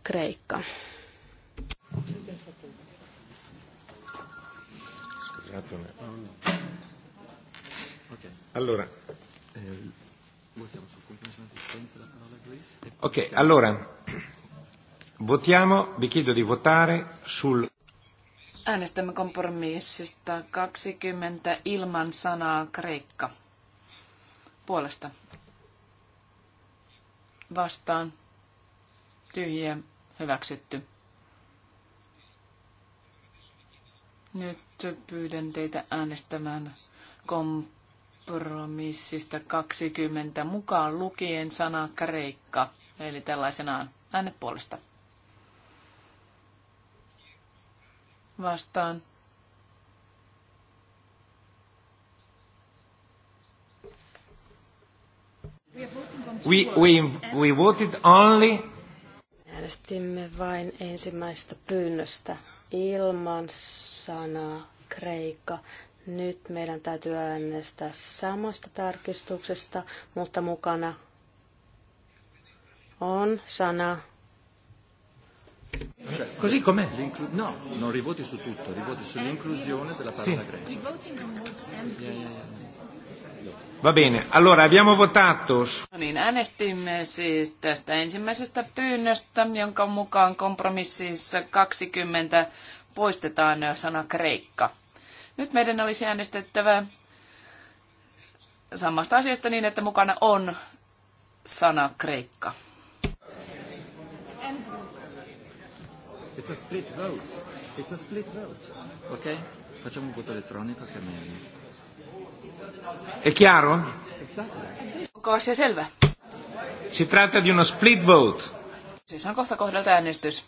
Kreikka. Ah, no. Allora, eh, e ok, allora votiamo, vi chiedo di votare sul... Äänestämme kompromissista 20 ilman sanaa Kreikka. Puolesta. Vastaan. Tyhjä. Hyväksytty. Nyt pyydän teitä äänestämään kompromissista 20 mukaan lukien sana kreikka, eli tällaisenaan äänet puolesta. Vastaan. We, we, we voted only. Äänestimme vain ensimmäistä pyynnöstä ilman sanaa Kreikka. Nyt meidän täytyy äänestää samasta tarkistuksesta, mutta mukana on sana. Così com'è? No, non rivoti su tutto, rivoti sull'inclusione della parola sì. greca. Va bene, allora abbiamo votato. No niin, äänestimme siis tästä ensimmäisestä pyynnöstä, jonka mukaan kompromississa 20 poistetaan sana Kreikka. Nyt meidän olisi äänestettävä samasta asiasta niin, että mukana on sana Kreikka. It's a split vote. It's a split vote. Okay? Facciamo un voto elettronico che è meglio. È chiaro? Onko asia selvä? Si tratta di uno split vote. Siis on kohta kohdalta äänestys.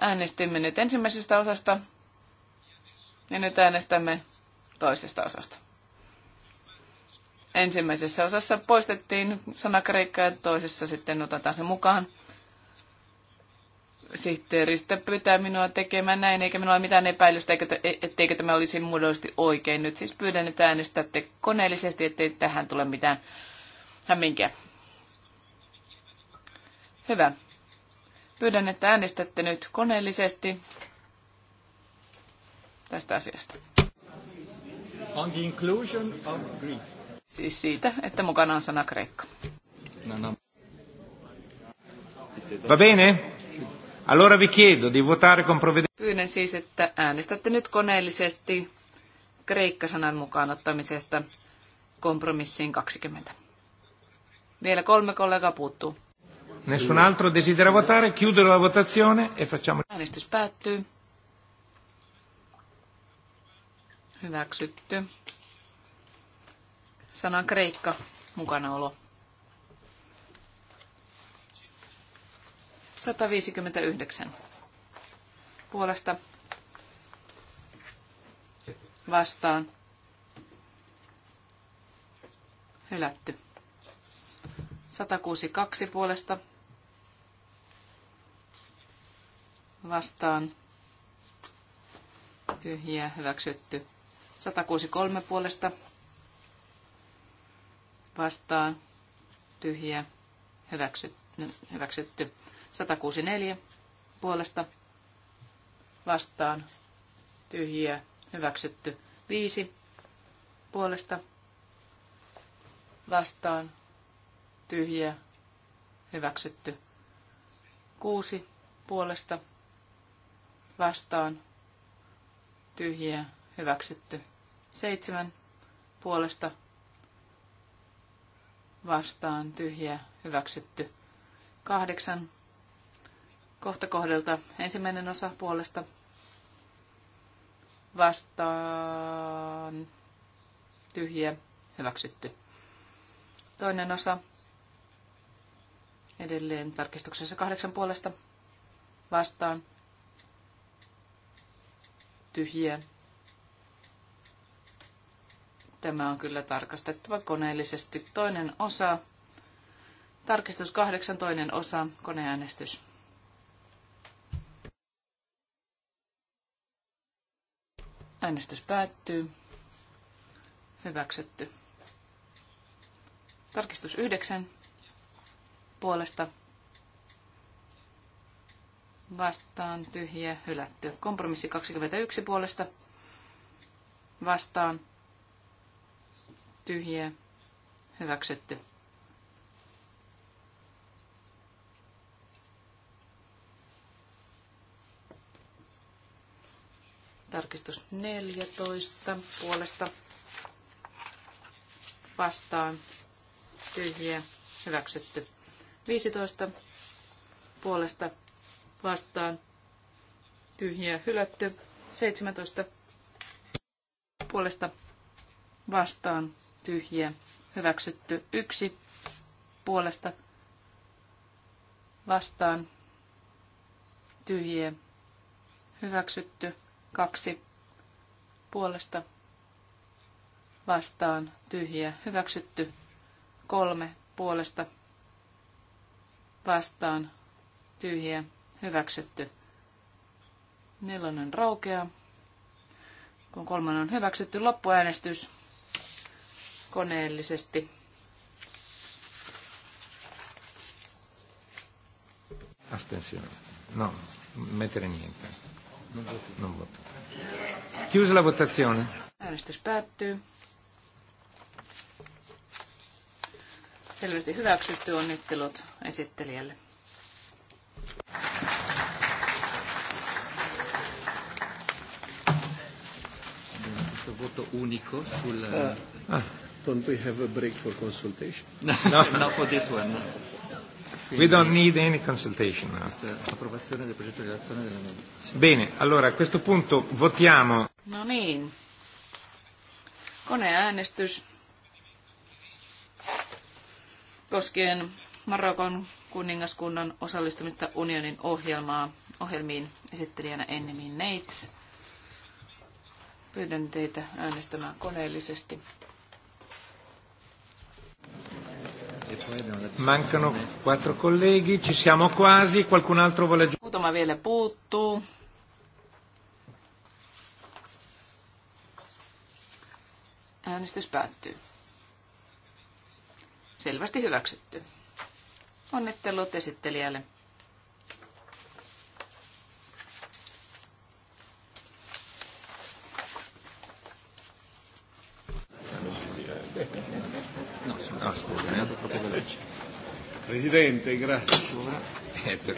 Äänestimme nyt ensimmäisestä osasta ja nyt äänestämme toisesta osasta. Ensimmäisessä osassa poistettiin sana kreikka ja toisessa sitten otetaan se mukaan sihteeristä pyytää minua tekemään näin, eikä minulla ole mitään epäilystä, e- etteikö tämä olisi muodollisesti oikein. Nyt siis pyydän, että äänestätte koneellisesti, ettei tähän tule mitään hämminkiä. Hyvä. Pyydän, että äänestätte nyt koneellisesti tästä asiasta. On the inclusion of Greece. Siis siitä, että mukana on sana Kreikka. No, no. Va bene? Allora vi chiedo di votare con provvedimento. Pyydän siis, että äänestätte nyt koneellisesti kreikkasanan mukaan ottamisesta kompromissiin 20. Vielä kolme kollegaa puuttuu. Nessun altro desidera votare, chiudo la votazione e facciamo... Äänestys päättyy. Hyväksytty. Sanan kreikka mukanaolo. 159 puolesta vastaan hylätty. 162 puolesta vastaan tyhjiä hyväksytty. 163 puolesta vastaan tyhjiä hyväksytty. 164 puolesta vastaan tyhjiä hyväksytty 5 puolesta vastaan tyhjiä hyväksytty 6 puolesta vastaan tyhjiä hyväksytty 7 puolesta vastaan tyhjiä hyväksytty 8 kohta kohdelta Ensimmäinen osa puolesta vastaan tyhjä hyväksytty. Toinen osa edelleen tarkistuksessa kahdeksan puolesta vastaan tyhjä. Tämä on kyllä tarkastettava koneellisesti. Toinen osa, tarkistus kahdeksan, toinen osa, koneäänestys. Äänestys päättyy. Hyväksytty. Tarkistus 9. Puolesta vastaan tyhjä hylätty. Kompromissi 21 puolesta vastaan tyhjä hyväksytty. Tarkistus 14 puolesta vastaan tyhjiä hyväksytty. 15 puolesta vastaan tyhjiä hylätty. 17 puolesta vastaan tyhjiä hyväksytty. 1 puolesta vastaan tyhjiä hyväksytty kaksi puolesta vastaan tyhjiä hyväksytty, kolme puolesta vastaan tyhjiä hyväksytty. Nelonen raukea Kun kolmannen on hyväksytty loppuäänestys koneellisesti. astensio No, metri niente. Non voto. Chiusa la votazione. Äänestys päättyy. Selvästi hyväksytty onnittelut esittelijälle. Questo voto unico sul... Ah. Ah. Don't we have a break for consultation? No, no. no, for this one. We don't need any consultation now. Approvazione del progetto di relazione della Bene, allora a questo punto votiamo. No niin. Koneäänestys koskien Marokon kuningaskunnan osallistumista unionin ohjelmaa, ohjelmiin esittelijänä Ennemin Neits. Pyydän teitä äänestämään koneellisesti. Mancano quattro colleghi, ci siamo quasi, qualcun altro vuole aggiungere? Muutama vielä puuttuu. Äänestys päättyy. Selvästi hyväksytty. Onnittelut esittelijälle. Presidente, grazie.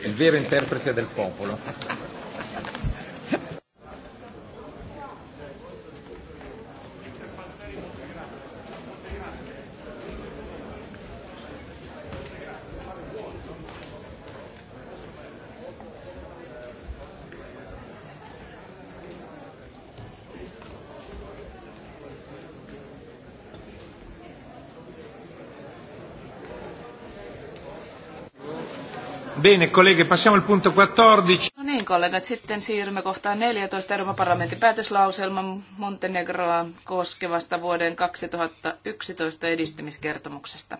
Il vero interprete del popolo. Bene, colleghe, passiamo al punto 14. No niin, kollegat, sitten siirrymme kohtaan 14 Euroopan parlamentin päätöslauselma Montenegroa koskevasta vuoden 2011 edistymiskertomuksesta.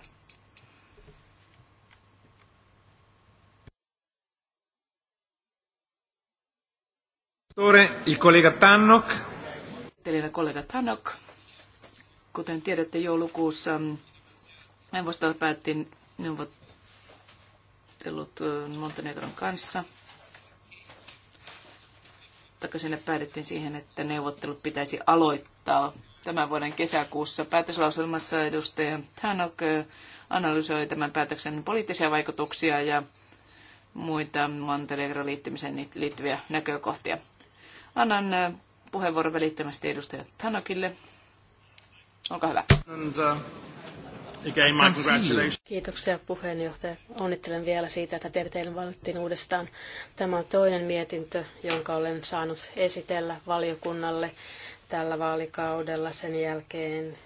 Il collega Tannock. kollega Tannock. Kuten tiedätte, joulukuussa neuvosto päätti neuvottelua neuvottelut Montenegron kanssa. Taikka sinne päädyttiin siihen, että neuvottelut pitäisi aloittaa tämän vuoden kesäkuussa. Päätöslauselmassa edustaja Tanok analysoi tämän päätöksen poliittisia vaikutuksia ja muita Montenegron liittymiseen liittyviä näkökohtia. Annan puheenvuoron välittömästi edustaja Tanokille. Olkaa hyvä. And, uh... Again, my congratulations. Kiitoksia puheenjohtaja. Onnittelen vielä siitä, että teidän valittiin uudestaan. Tämä on toinen mietintö, jonka olen saanut esitellä valiokunnalle tällä vaalikaudella sen jälkeen,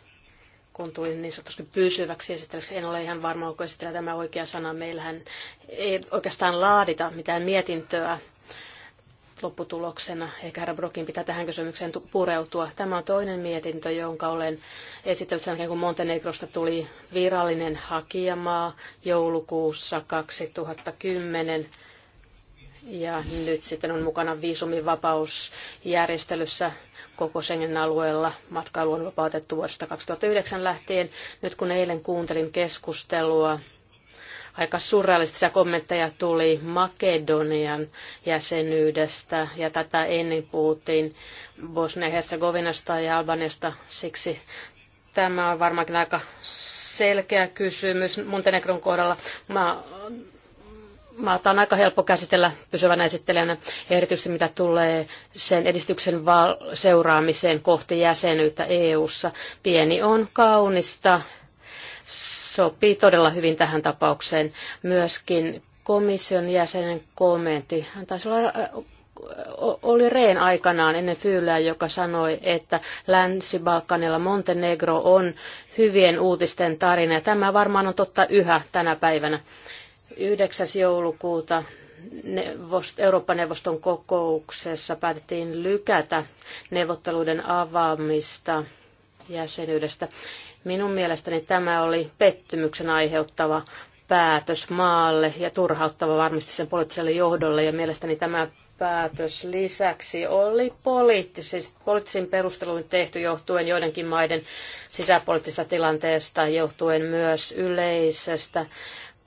kun tulin niin sanotusti pysyväksi esittelyksi. En ole ihan varma, onko esitellä tämä oikea sana. Meillähän ei oikeastaan laadita mitään mietintöä lopputuloksena. Ehkä herra Brokin pitää tähän kysymykseen pureutua. Tämä on toinen mietintö, jonka olen esitellyt sen jälkeen, kun Montenegrosta tuli virallinen hakijamaa joulukuussa 2010. Ja nyt sitten on mukana viisumivapausjärjestelyssä koko Schengen alueella. Matkailu on vapautettu vuodesta 2009 lähtien. Nyt kun eilen kuuntelin keskustelua Aika surrealistisia kommentteja tuli Makedonian jäsenyydestä ja tätä ennen puhuttiin Bosnia-Herzegovinasta ja Albaniasta. Siksi tämä on varmaankin aika selkeä kysymys Montenegron kohdalla. Mä maata on aika helppo käsitellä pysyvänä esittelijänä, erityisesti mitä tulee sen edistyksen seuraamiseen kohti jäsenyyttä EU-ssa. Pieni on kaunista sopii todella hyvin tähän tapaukseen. Myöskin komission jäsenen kommentti, hän taisi olla oli Reen aikanaan ennen Fyylää, joka sanoi, että Länsi-Balkanilla Montenegro on hyvien uutisten tarina. Ja tämä varmaan on totta yhä tänä päivänä. 9. joulukuuta Eurooppa-neuvoston kokouksessa päätettiin lykätä neuvotteluiden avaamista jäsenyydestä. Minun mielestäni tämä oli pettymyksen aiheuttava päätös maalle ja turhauttava varmasti sen poliittiselle johdolle. Ja mielestäni tämä päätös lisäksi oli poliittisesti, poliittisin perusteluin tehty johtuen joidenkin maiden sisäpoliittisesta tilanteesta, johtuen myös yleisestä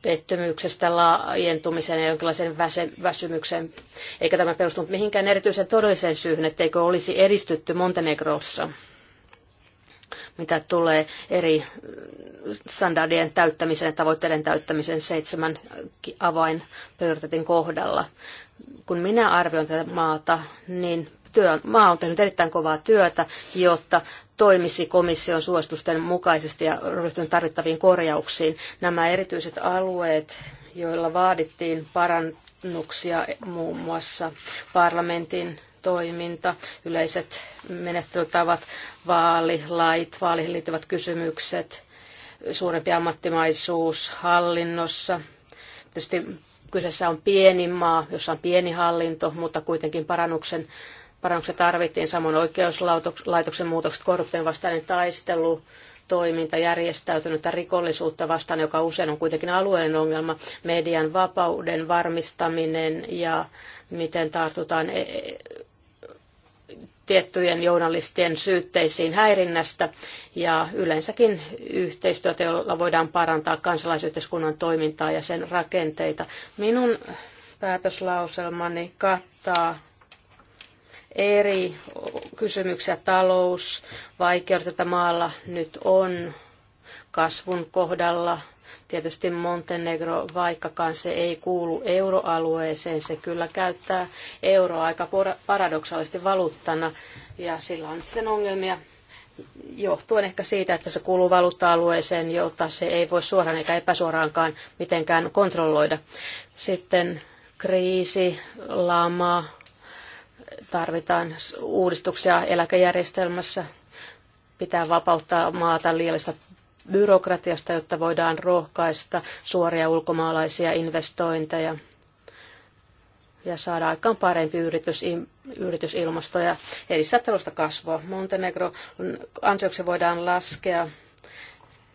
pettymyksestä, laajentumiseen ja jonkinlaisen väsymykseen. Eikä tämä perustunut mihinkään erityisen todelliseen syyhyn, etteikö olisi edistytty Montenegrossa mitä tulee eri mm, standardien täyttämiseen, tavoitteiden täyttämiseen seitsemän avain prioriteetin kohdalla. Kun minä arvioin tätä maata, niin työ, maa on tehnyt erittäin kovaa työtä, jotta toimisi komission suositusten mukaisesti ja ryhtynyt tarvittaviin korjauksiin. Nämä erityiset alueet, joilla vaadittiin parannuksia, muun muassa parlamentin toiminta, yleiset menettelytavat, vaalilait, vaaleihin liittyvät kysymykset, suurempi ammattimaisuus hallinnossa. Tietysti kyseessä on pieni maa, jossa on pieni hallinto, mutta kuitenkin parannuksen, parannuksia tarvittiin. Samoin oikeuslaitoksen muutokset, korruption vastainen taistelu, toiminta, järjestäytynyttä rikollisuutta vastaan, joka usein on kuitenkin alueellinen ongelma, median vapauden varmistaminen ja miten tartutaan e- tiettyjen journalistien syytteisiin häirinnästä ja yleensäkin yhteistyötä, jolla voidaan parantaa kansalaisyhteiskunnan toimintaa ja sen rakenteita. Minun päätöslauselmani kattaa eri kysymyksiä, talous, vaikeudet, joita maalla nyt on, kasvun kohdalla – Tietysti Montenegro, vaikkakaan se ei kuulu euroalueeseen, se kyllä käyttää euroa aika paradoksaalisesti valuuttana ja sillä on sitten ongelmia johtuen ehkä siitä, että se kuuluu valuutta-alueeseen, jota se ei voi suoraan eikä epäsuoraankaan mitenkään kontrolloida. Sitten kriisi, lama, tarvitaan uudistuksia eläkejärjestelmässä, pitää vapauttaa maata liiallista byrokratiasta, jotta voidaan rohkaista suoria ulkomaalaisia investointeja ja saada aikaan parempi yritys, yritysilmasto ja edistää talousta kasvua. Montenegro ansioksi voidaan laskea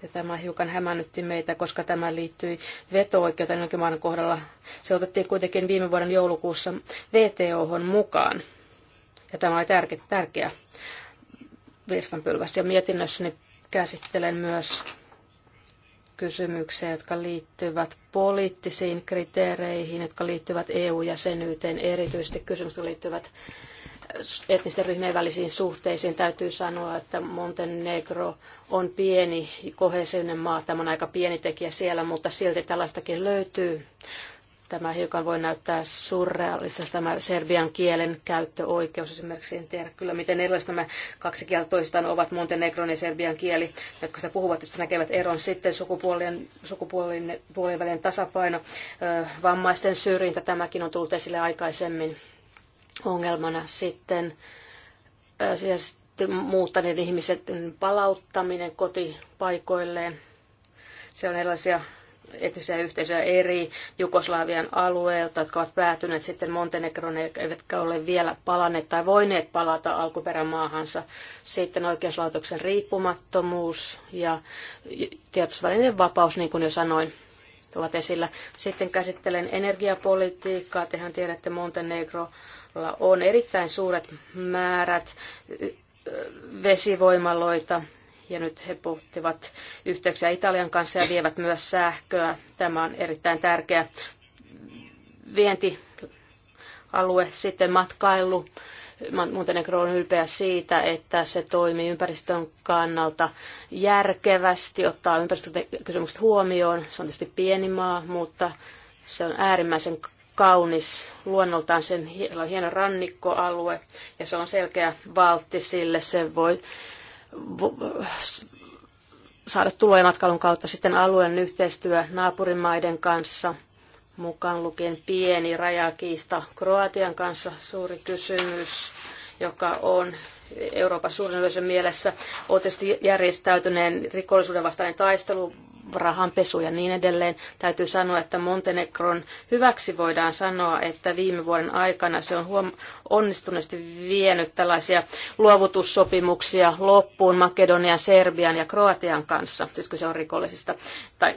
ja tämä hiukan hämännytti meitä, koska tämä liittyi veto-oikeuteen jonkin maan kohdalla. Se otettiin kuitenkin viime vuoden joulukuussa VTOhon mukaan. Ja tämä oli tärke, tärkeä viestanpylväs. Ja mietinnössäni Käsittelen myös kysymyksiä, jotka liittyvät poliittisiin kriteereihin, jotka liittyvät EU-jäsenyyteen, erityisesti kysymykset liittyvät etnisten ryhmien välisiin suhteisiin. Täytyy sanoa, että Montenegro on pieni, kohesinen maa. Tämä on aika pieni tekijä siellä, mutta silti tällaistakin löytyy. Tämä hiukan voi näyttää surrealistiselta tämä serbian kielen käyttöoikeus. Esimerkiksi en tiedä kyllä, miten erilaiset nämä kaksi kieltä toistaan ovat, Montenegron ja serbian kieli, jotka sitä puhuvat, josta näkevät eron. Sitten sukupuolien, sukupuolien välien tasapaino, vammaisten syrjintä, tämäkin on tullut esille aikaisemmin ongelmana. Sitten siis muuttaneiden ihmisten palauttaminen kotipaikoilleen. Se on erilaisia etnisiä yhteisöjä eri Jugoslavian alueelta, jotka ovat päätyneet sitten Montenegroon, eivätkä ole vielä palanneet tai voineet palata alkuperämaahansa. Sitten oikeuslaitoksen riippumattomuus ja tiedotusvälineen vapaus, niin kuin jo sanoin ovat esillä. Sitten käsittelen energiapolitiikkaa. Tehän tiedätte, Montenegrolla on erittäin suuret määrät vesivoimaloita ja nyt he pohtivat yhteyksiä Italian kanssa ja vievät myös sähköä. Tämä on erittäin tärkeä vientialue, sitten matkailu. Montenegro on ylpeä siitä, että se toimii ympäristön kannalta järkevästi, ottaa ympäristökysymykset huomioon. Se on tietysti pieni maa, mutta se on äärimmäisen kaunis luonnoltaan, sen on hieno rannikkoalue ja se on selkeä valtti sille. Se voi saada tuloja matkailun kautta sitten alueen yhteistyö naapurimaiden kanssa, mukaan lukien pieni rajakiista Kroatian kanssa, suuri kysymys, joka on Euroopan suurin yleisön mielessä on tietysti järjestäytyneen rikollisuuden vastainen taistelu, rahanpesu ja niin edelleen. Täytyy sanoa, että Montenegron hyväksi voidaan sanoa, että viime vuoden aikana se on huom- onnistuneesti vienyt tällaisia luovutussopimuksia loppuun Makedonian, Serbian ja Kroatian kanssa, siis kyse on rikollisista tai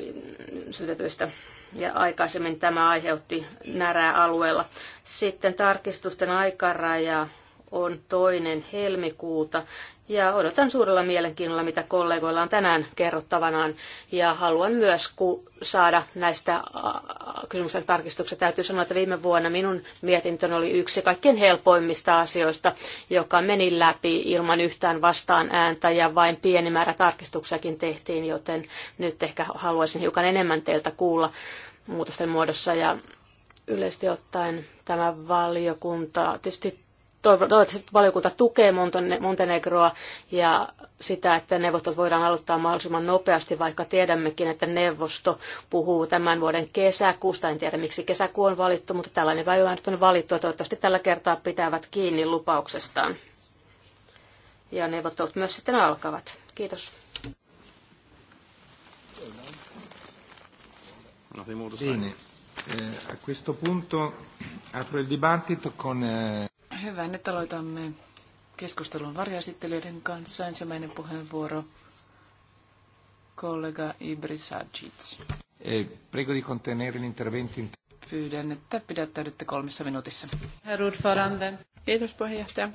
syytetyistä ja aikaisemmin tämä aiheutti närää alueella. Sitten tarkistusten aikaraja on toinen helmikuuta ja odotan suurella mielenkiinnolla, mitä kollegoilla on tänään kerrottavanaan. Ja haluan myös saada näistä kysymysten tarkistuksista. Täytyy sanoa, että viime vuonna minun mietintöni oli yksi kaikkein helpoimmista asioista, joka meni läpi ilman yhtään vastaan ääntä ja vain pieni määrä tarkistuksiakin tehtiin, joten nyt ehkä haluaisin hiukan enemmän teiltä kuulla muutosten muodossa ja yleisesti ottaen tämä valiokunta tietysti Toivottavasti valiokunta tukee Montenegroa ja sitä, että neuvottelut voidaan aloittaa mahdollisimman nopeasti, vaikka tiedämmekin, että neuvosto puhuu tämän vuoden kesäkuusta. En tiedä, miksi kesäkuu on valittu, mutta tällainen päivä on valittu ja toivottavasti tällä kertaa pitävät kiinni lupauksestaan. Ja neuvottelut myös sitten alkavat. Kiitos. No, niin, Bene. Eh, a questo punto apro il dibattito con... Eh... Hyvä, nyt aloitamme keskustelun varjoesittelijöiden kanssa. Ensimmäinen puheenvuoro kollega Ibrisagic. E, prego di contenere l'intervento l'interventin. Pyydän, että pidättäydytte kolmessa minuutissa. Herr ordförande. Kiitos puheenjohtaja.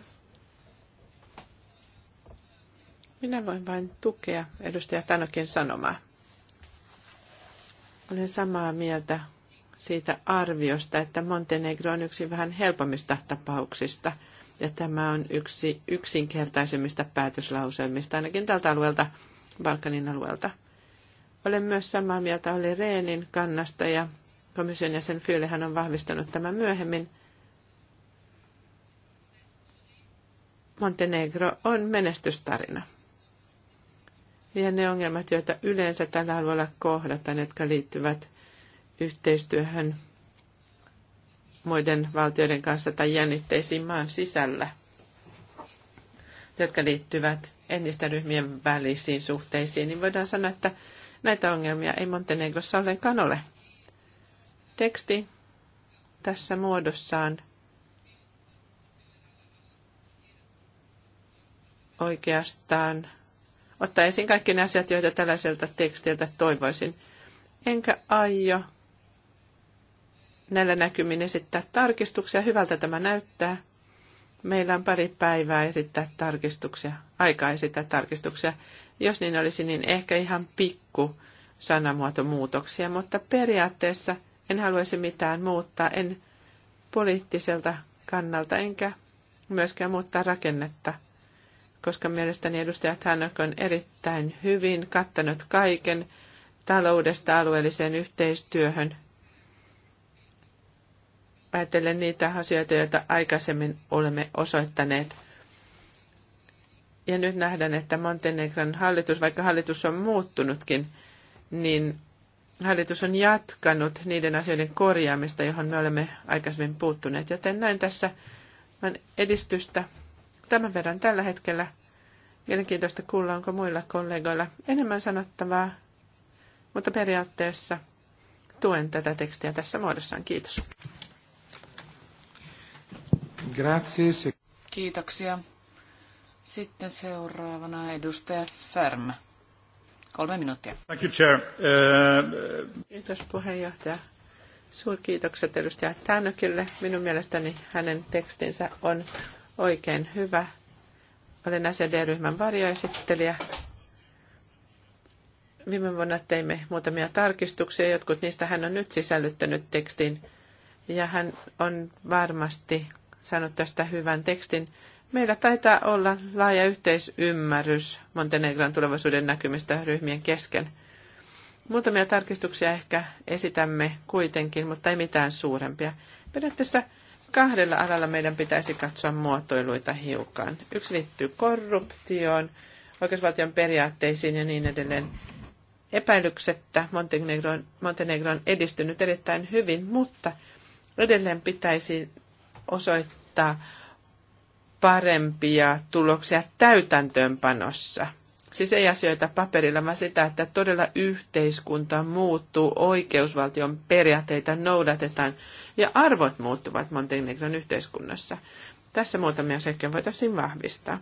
Minä voin vain tukea edustaja Tanokin sanomaa. Olen samaa mieltä siitä arviosta, että Montenegro on yksi vähän helpommista tapauksista. Ja tämä on yksi yksinkertaisemmista päätöslauselmista, ainakin tältä alueelta, Balkanin alueelta. Olen myös samaa mieltä oli Reenin kannasta ja komission jäsen Fyylehän on vahvistanut tämän myöhemmin. Montenegro on menestystarina. Ja ne ongelmat, joita yleensä tällä alueella kohdataan, jotka liittyvät yhteistyöhön muiden valtioiden kanssa tai jännitteisiin maan sisällä, jotka liittyvät entisten ryhmien välisiin suhteisiin, niin voidaan sanoa, että näitä ongelmia ei Montenegrossa ollenkaan ole. Teksti tässä muodossaan oikeastaan ottaisin kaikki ne asiat, joita tällaiselta tekstiltä toivoisin. Enkä aio näillä näkymin esittää tarkistuksia. Hyvältä tämä näyttää. Meillä on pari päivää esittää tarkistuksia, aikaa esittää tarkistuksia. Jos niin olisi, niin ehkä ihan pikku sanamuotomuutoksia, mutta periaatteessa en haluaisi mitään muuttaa, en poliittiselta kannalta, enkä myöskään muuttaa rakennetta, koska mielestäni edustaja Tannock on erittäin hyvin kattanut kaiken taloudesta alueelliseen yhteistyöhön – ajatellen niitä asioita, joita aikaisemmin olemme osoittaneet. Ja nyt nähdään, että Montenegran hallitus, vaikka hallitus on muuttunutkin, niin hallitus on jatkanut niiden asioiden korjaamista, johon me olemme aikaisemmin puuttuneet. Joten näin tässä edistystä tämän verran tällä hetkellä. Mielenkiintoista kuulla, onko muilla kollegoilla enemmän sanottavaa, mutta periaatteessa tuen tätä tekstiä tässä muodossaan. Kiitos. Grazie. Kiitoksia. Sitten seuraavana edustaja Färmä. Kolme minuuttia. Thank you, Chair. Uh... Kiitos puheenjohtaja. Suurkiitokset edustaja Tänökille. Minun mielestäni hänen tekstinsä on oikein hyvä. Olen SED-ryhmän varjoesittelijä. Viime vuonna teimme muutamia tarkistuksia. Jotkut niistä hän on nyt sisällyttänyt tekstiin. Ja hän on varmasti saanut tästä hyvän tekstin. Meillä taitaa olla laaja yhteisymmärrys Montenegron tulevaisuuden näkymistä ryhmien kesken. Muutamia tarkistuksia ehkä esitämme kuitenkin, mutta ei mitään suurempia. Periaatteessa kahdella alalla meidän pitäisi katsoa muotoiluita hiukan. Yksi liittyy korruptioon, oikeusvaltion periaatteisiin ja niin edelleen. Epäilyksettä Montenegro on, Montenegro on edistynyt erittäin hyvin, mutta edelleen pitäisi osoittaa parempia tuloksia täytäntöönpanossa. Siis ei asioita paperilla, vaan sitä, että todella yhteiskunta muuttuu, oikeusvaltion periaatteita noudatetaan ja arvot muuttuvat Montenegron yhteiskunnassa. Tässä muutamia sekä voitaisiin vahvistaa.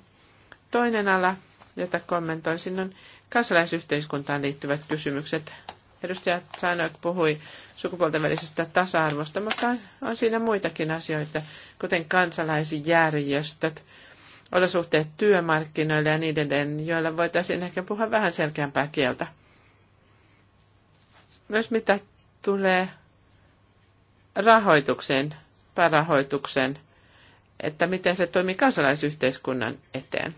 Toinen ala, jota kommentoisin, on kansalaisyhteiskuntaan liittyvät kysymykset. Edustaja Sanok puhui sukupuolten välisestä tasa-arvosta, mutta on siinä muitakin asioita, kuten kansalaisjärjestöt, olosuhteet työmarkkinoille ja niin edelleen, joilla voitaisiin ehkä puhua vähän selkeämpää kieltä. Myös mitä tulee rahoitukseen, päärahoitukseen, että miten se toimii kansalaisyhteiskunnan eteen.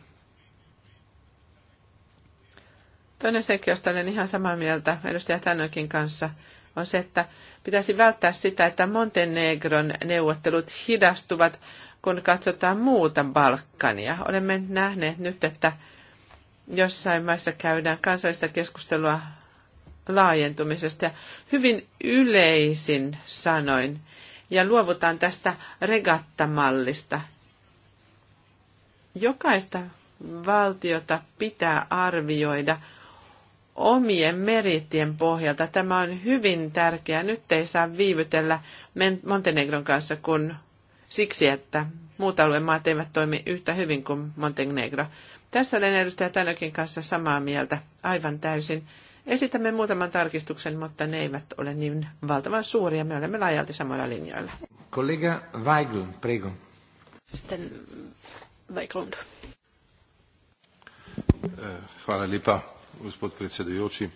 Toinen seikka, josta olen ihan samaa mieltä edustaja Tänökin kanssa, on se, että pitäisi välttää sitä, että Montenegron neuvottelut hidastuvat, kun katsotaan muuta Balkania. Olemme nähneet nyt, että jossain maissa käydään kansallista keskustelua laajentumisesta ja hyvin yleisin sanoin ja luovutaan tästä regattamallista. Jokaista valtiota pitää arvioida – omien merittien pohjalta. Tämä on hyvin tärkeää. Nyt ei saa viivytellä Montenegron kanssa kun siksi, että muut alueen maat eivät toimi yhtä hyvin kuin Montenegro. Tässä olen edustaja Tänökin kanssa samaa mieltä aivan täysin. Esitämme muutaman tarkistuksen, mutta ne eivät ole niin valtavan suuria. Me olemme laajalti samoilla linjoilla. Kollega Weiglund, prego. Sitten Weiglund. Eh, hvala lipa gospod predsedujoči.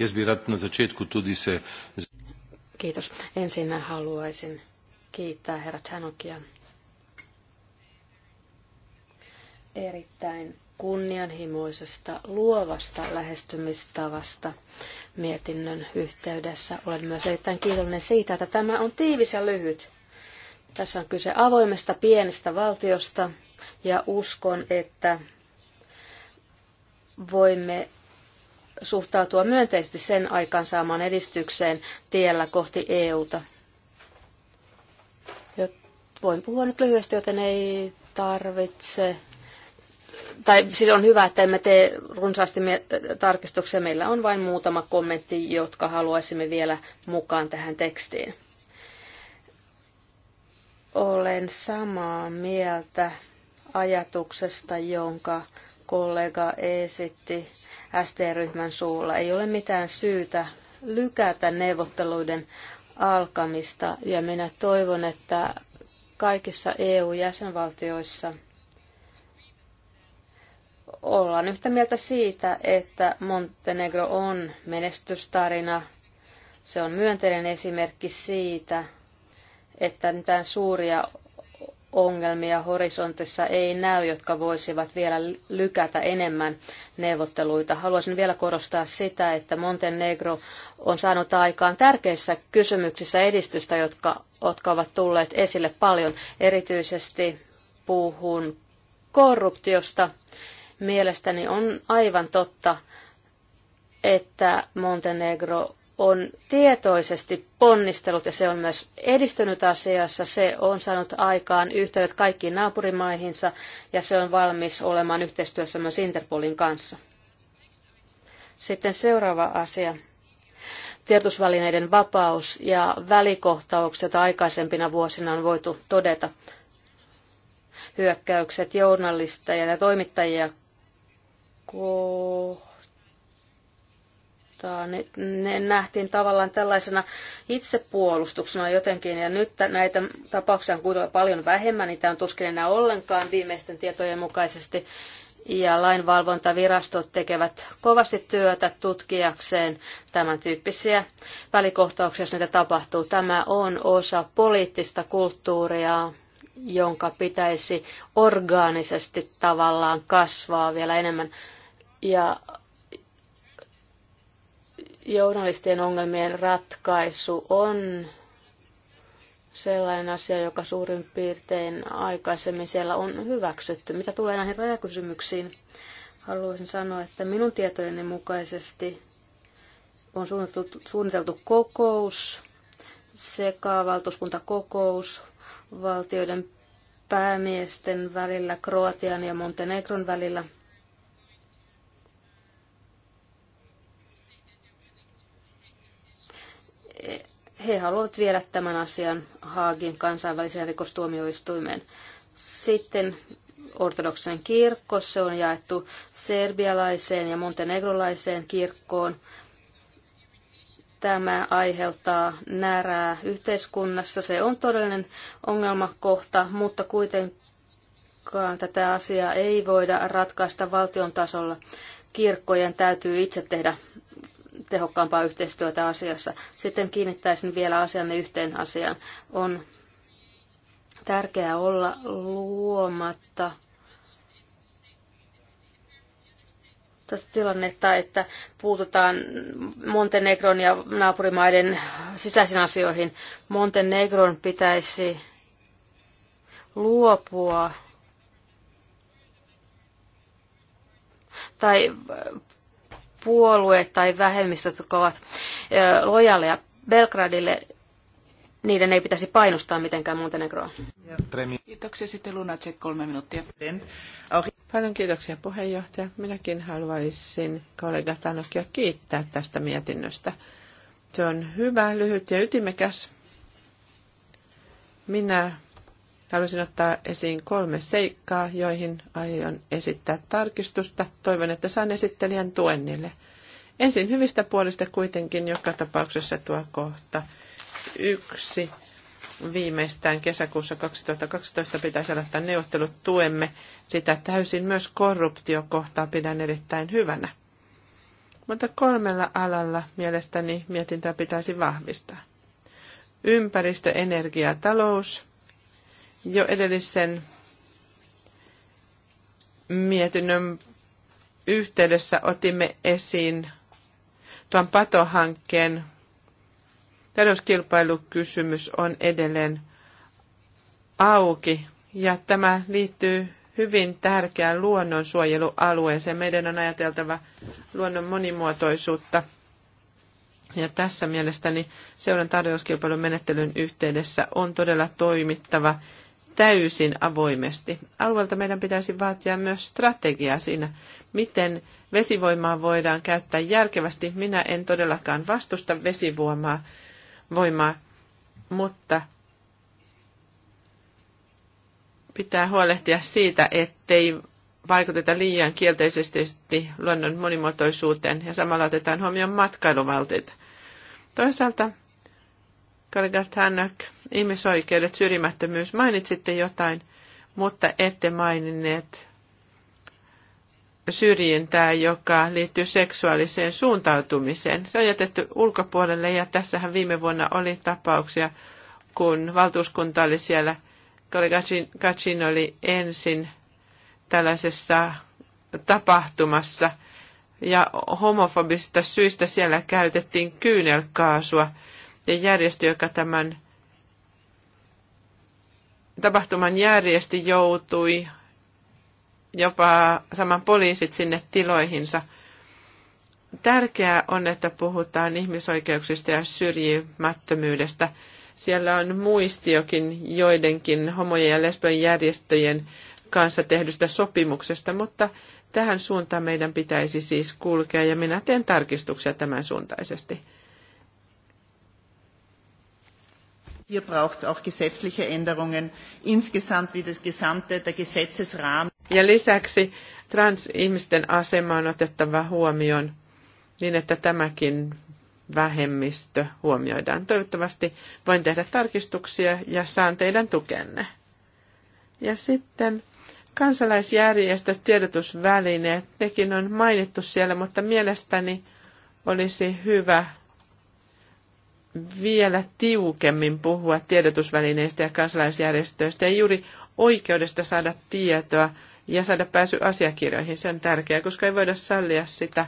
Jaz bi rad na začetku tudi se... Kiitos. Ensin haluaisin kiittää herra Tanokia erittäin kunnianhimoisesta luovasta lähestymistavasta mietinnön yhteydessä. Olen myös erittäin kiitollinen siitä, että tämä on tiivis ja lyhyt. Tässä on kyse avoimesta pienestä valtiosta ja uskon, että voimme suhtautua myönteisesti sen aikaansaamaan edistykseen tiellä kohti EUta. Voin puhua nyt lyhyesti, joten ei tarvitse tai siis on hyvä, että emme tee runsaasti tarkistuksia. Meillä on vain muutama kommentti, jotka haluaisimme vielä mukaan tähän tekstiin. Olen samaa mieltä ajatuksesta, jonka kollega esitti ST-ryhmän suulla. Ei ole mitään syytä lykätä neuvotteluiden alkamista ja minä toivon, että kaikissa EU-jäsenvaltioissa ollaan yhtä mieltä siitä, että Montenegro on menestystarina. Se on myönteinen esimerkki siitä, että mitään suuria ongelmia horisontissa ei näy, jotka voisivat vielä lykätä enemmän neuvotteluita. Haluaisin vielä korostaa sitä, että Montenegro on saanut aikaan tärkeissä kysymyksissä edistystä, jotka, jotka ovat tulleet esille paljon. Erityisesti puhun korruptiosta. Mielestäni on aivan totta, että Montenegro on tietoisesti ponnistellut ja se on myös edistynyt asiassa. Se on saanut aikaan yhteydet kaikkiin naapurimaihinsa ja se on valmis olemaan yhteistyössä myös Interpolin kanssa. Sitten seuraava asia. Tiedotusvälineiden vapaus ja välikohtaukset, joita aikaisempina vuosina on voitu todeta. Hyökkäykset journalisteja ja toimittajia kohtaan tota, ne, niin ne nähtiin tavallaan tällaisena itsepuolustuksena jotenkin, ja nyt näitä tapauksia on kuitenkin paljon vähemmän, niitä on tuskin enää ollenkaan viimeisten tietojen mukaisesti, ja lainvalvontavirastot tekevät kovasti työtä tutkijakseen tämän tyyppisiä välikohtauksia, jos niitä tapahtuu. Tämä on osa poliittista kulttuuria, jonka pitäisi orgaanisesti tavallaan kasvaa vielä enemmän. Ja journalistien ongelmien ratkaisu on sellainen asia, joka suurin piirtein aikaisemmin siellä on hyväksytty. Mitä tulee näihin rajakysymyksiin, haluaisin sanoa, että minun tietojeni mukaisesti on suunniteltu, suunniteltu kokous, sekä valtuuskuntakokous valtioiden päämiesten välillä, Kroatian ja Montenegron välillä – he haluavat viedä tämän asian Haagin kansainväliseen rikostuomioistuimeen. Sitten ortodoksen kirkko, se on jaettu serbialaiseen ja montenegrolaiseen kirkkoon. Tämä aiheuttaa närää yhteiskunnassa. Se on todellinen ongelmakohta, mutta kuitenkaan tätä asiaa ei voida ratkaista valtion tasolla. Kirkkojen täytyy itse tehdä tehokkaampaa yhteistyötä asiassa. Sitten kiinnittäisin vielä asianne yhteen asiaan. On tärkeää olla luomatta tästä tilannetta, että puututaan Montenegron ja naapurimaiden sisäisiin asioihin. Montenegron pitäisi luopua tai puolueet tai vähemmistöt, jotka ovat lojaaleja Belgradille, niiden ei pitäisi painostaa mitenkään Montenegroa. Kiitoksia sitten Tsek, kolme minuuttia. Paljon kiitoksia puheenjohtaja. Minäkin haluaisin kollega Tanokia kiittää tästä mietinnöstä. Se on hyvä, lyhyt ja ytimekäs. Minä Haluaisin ottaa esiin kolme seikkaa, joihin aion esittää tarkistusta. Toivon, että saan esittelijän tuen niille. Ensin hyvistä puolista kuitenkin joka tapauksessa tuo kohta yksi. Viimeistään kesäkuussa 2012 pitäisi aloittaa neuvottelut tuemme. Sitä täysin myös korruptiokohtaa pidän erittäin hyvänä. Mutta kolmella alalla mielestäni mietintää pitäisi vahvistaa. Ympäristö, energia, talous – jo edellisen mietinnön yhteydessä otimme esiin tuon patohankkeen. Talouskilpailukysymys on edelleen auki ja tämä liittyy hyvin tärkeään luonnonsuojelualueeseen. Meidän on ajateltava luonnon monimuotoisuutta. Ja tässä mielestäni seuran tarjouskilpailun menettelyn yhteydessä on todella toimittava täysin avoimesti. Alueelta meidän pitäisi vaatia myös strategiaa siinä, miten vesivoimaa voidaan käyttää järkevästi. Minä en todellakaan vastusta vesivoimaa, voimaa, mutta pitää huolehtia siitä, ettei vaikuteta liian kielteisesti luonnon monimuotoisuuteen ja samalla otetaan huomioon matkailuvaltiot. Toisaalta Kollega Tanak, ihmisoikeudet, syrjimättömyys, mainitsitte jotain, mutta ette maininneet syrjintää, joka liittyy seksuaaliseen suuntautumiseen. Se on jätetty ulkopuolelle ja tässähän viime vuonna oli tapauksia, kun valtuuskunta oli siellä, kollega Kacin oli ensin tällaisessa tapahtumassa ja homofobisista syistä siellä käytettiin kyynelkaasua – ja järjestö, joka tämän tapahtuman järjesti, joutui jopa saman poliisit sinne tiloihinsa. Tärkeää on, että puhutaan ihmisoikeuksista ja syrjimättömyydestä. Siellä on muistiokin joidenkin homojen ja lesbojen järjestöjen kanssa tehdystä sopimuksesta, mutta tähän suuntaan meidän pitäisi siis kulkea ja minä teen tarkistuksia tämän suuntaisesti. Hier braucht es auch gesetzliche Änderungen insgesamt wie das gesamte der Gesetzesrahmen. Ja lisäksi transihmisten asema on otettava huomioon niin, että tämäkin vähemmistö huomioidaan. Toivottavasti voin tehdä tarkistuksia ja saan teidän tukenne. Ja sitten kansalaisjärjestöt, tiedotusvälineet, tekin on mainittu siellä, mutta mielestäni olisi hyvä vielä tiukemmin puhua tiedotusvälineistä ja kansalaisjärjestöistä ja juuri oikeudesta saada tietoa ja saada pääsy asiakirjoihin. Se on tärkeää, koska ei voida sallia sitä,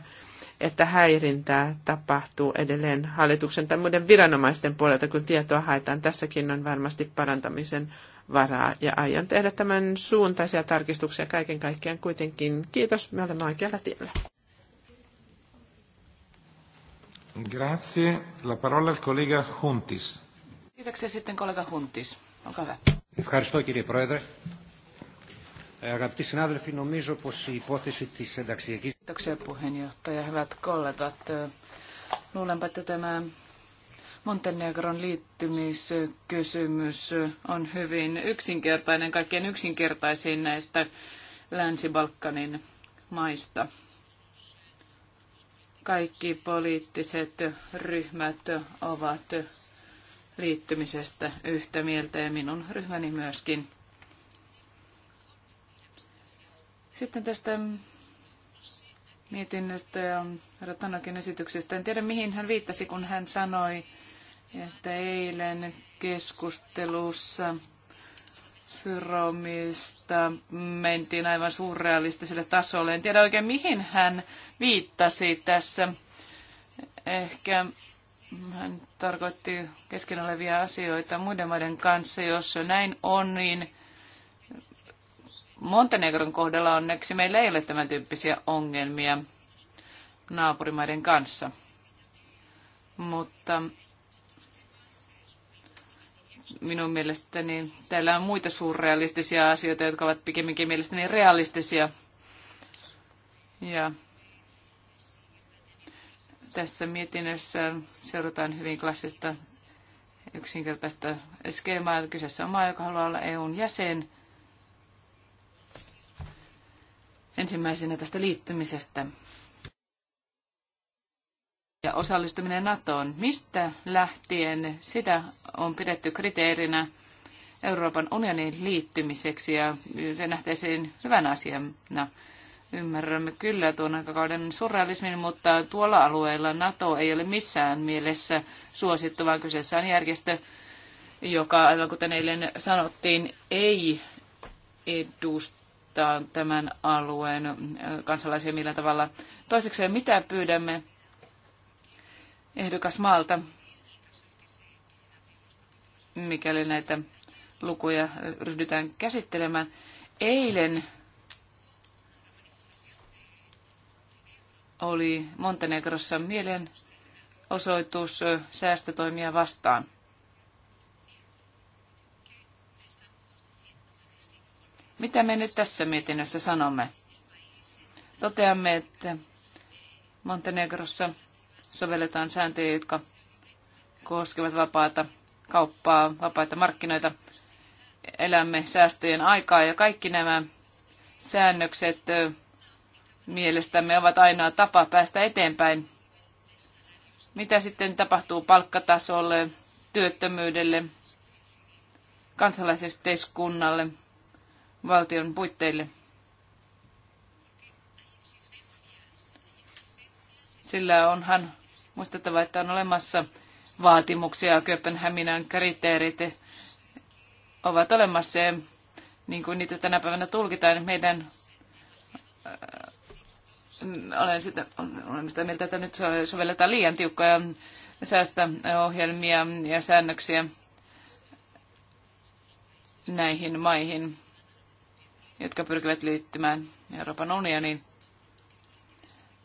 että häirintää tapahtuu edelleen hallituksen tai muiden viranomaisten puolelta, kun tietoa haetaan. Tässäkin on varmasti parantamisen varaa ja aion tehdä tämän suuntaisia tarkistuksia kaiken kaikkiaan kuitenkin. Kiitos, me olemme oikealla tiellä. Grazie. La parola al collega Huntis. Kiitoksia sitten kollega Huntis. Olkaa hyvä. Ευχαριστώ κύριε Πρόεδρε. Αγαπητοί συνάδελφοι, νομίζω πως η υπόθεση της ενταξιακής... Kiitoksia puheenjohtaja. Hyvät kollegat, luulenpa, että tämä Montenegron liittymiskysymys on hyvin yksinkertainen, kaikkein yksinkertaisin näistä Länsi-Balkanin maista kaikki poliittiset ryhmät ovat liittymisestä yhtä mieltä ja minun ryhmäni myöskin. Sitten tästä mietinnöstä ja Ratanakin esityksestä. En tiedä, mihin hän viittasi, kun hän sanoi, että eilen keskustelussa Fyromista mentiin aivan surrealistiselle tasolle. En tiedä oikein, mihin hän viittasi tässä. Ehkä hän tarkoitti kesken olevia asioita muiden maiden kanssa. Jos näin on, niin Montenegron kohdalla onneksi meillä ei ole tämän tyyppisiä ongelmia naapurimaiden kanssa. Mutta minun mielestäni täällä on muita surrealistisia asioita, jotka ovat pikemminkin mielestäni realistisia. Ja tässä mietinnössä seurataan hyvin klassista yksinkertaista skeemaa. Kyseessä on maa, joka haluaa olla EUn jäsen. Ensimmäisenä tästä liittymisestä osallistuminen NATOon. Mistä lähtien sitä on pidetty kriteerinä Euroopan unionin liittymiseksi ja se nähtäisiin hyvän asiana. Ymmärrämme kyllä tuon aikakauden surrealismin, mutta tuolla alueella NATO ei ole missään mielessä suosittu, vaan kyseessä on järjestö, joka, aivan kuten eilen sanottiin, ei edusta tämän alueen kansalaisia millään tavalla. Toiseksi mitä pyydämme maalta, mikäli näitä lukuja ryhdytään käsittelemään. Eilen oli Montenegrossa mielenosoitus säästötoimia vastaan. Mitä me nyt tässä mietinnössä sanomme? Toteamme, että Montenegrossa sovelletaan sääntöjä, jotka koskevat vapaata kauppaa, vapaita markkinoita. Elämme säästöjen aikaa ja kaikki nämä säännökset mielestämme ovat ainoa tapa päästä eteenpäin. Mitä sitten tapahtuu palkkatasolle, työttömyydelle, kansalaisyhteiskunnalle, valtion puitteille? Sillä onhan Muistettava, että on olemassa vaatimuksia, Kööpenhaminan kriteerit ovat olemassa ja niin kuin niitä tänä päivänä tulkitaan, niin meidän äh, olen sitä, olen sitä mieltä, että nyt sovelletaan liian tiukkoja säästöohjelmia ja säännöksiä näihin maihin, jotka pyrkivät liittymään Euroopan unioniin.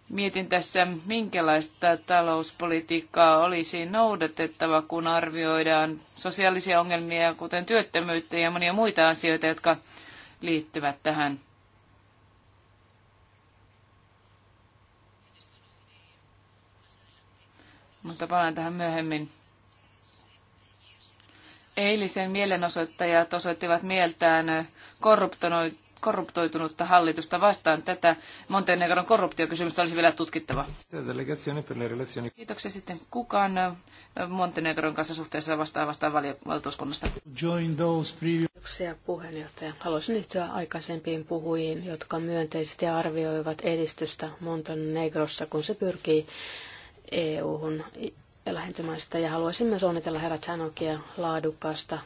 Mietin tässä, minkälaista talouspolitiikkaa olisi noudatettava, kun arvioidaan sosiaalisia ongelmia, kuten työttömyyttä ja monia muita asioita, jotka liittyvät tähän. Mutta palaan tähän myöhemmin. Eilisen mielenosoittajat osoittivat mieltään korruptoituneen korruptoitunutta hallitusta vastaan. Tätä Montenegron korruptiokysymystä olisi vielä tutkittava. Kiitoksia sitten kukaan äh, Montenegron kanssa suhteessa vastaa vastaan valtuuskunnasta. Kiitoksia puheenjohtaja. Haluaisin yhtyä aikaisempiin puhujiin, jotka myönteisesti arvioivat edistystä Montenegrossa, kun se pyrkii EU-hun lähentymään sitä. Ja haluaisin myös onnitella herra Chanokia laadukkaasta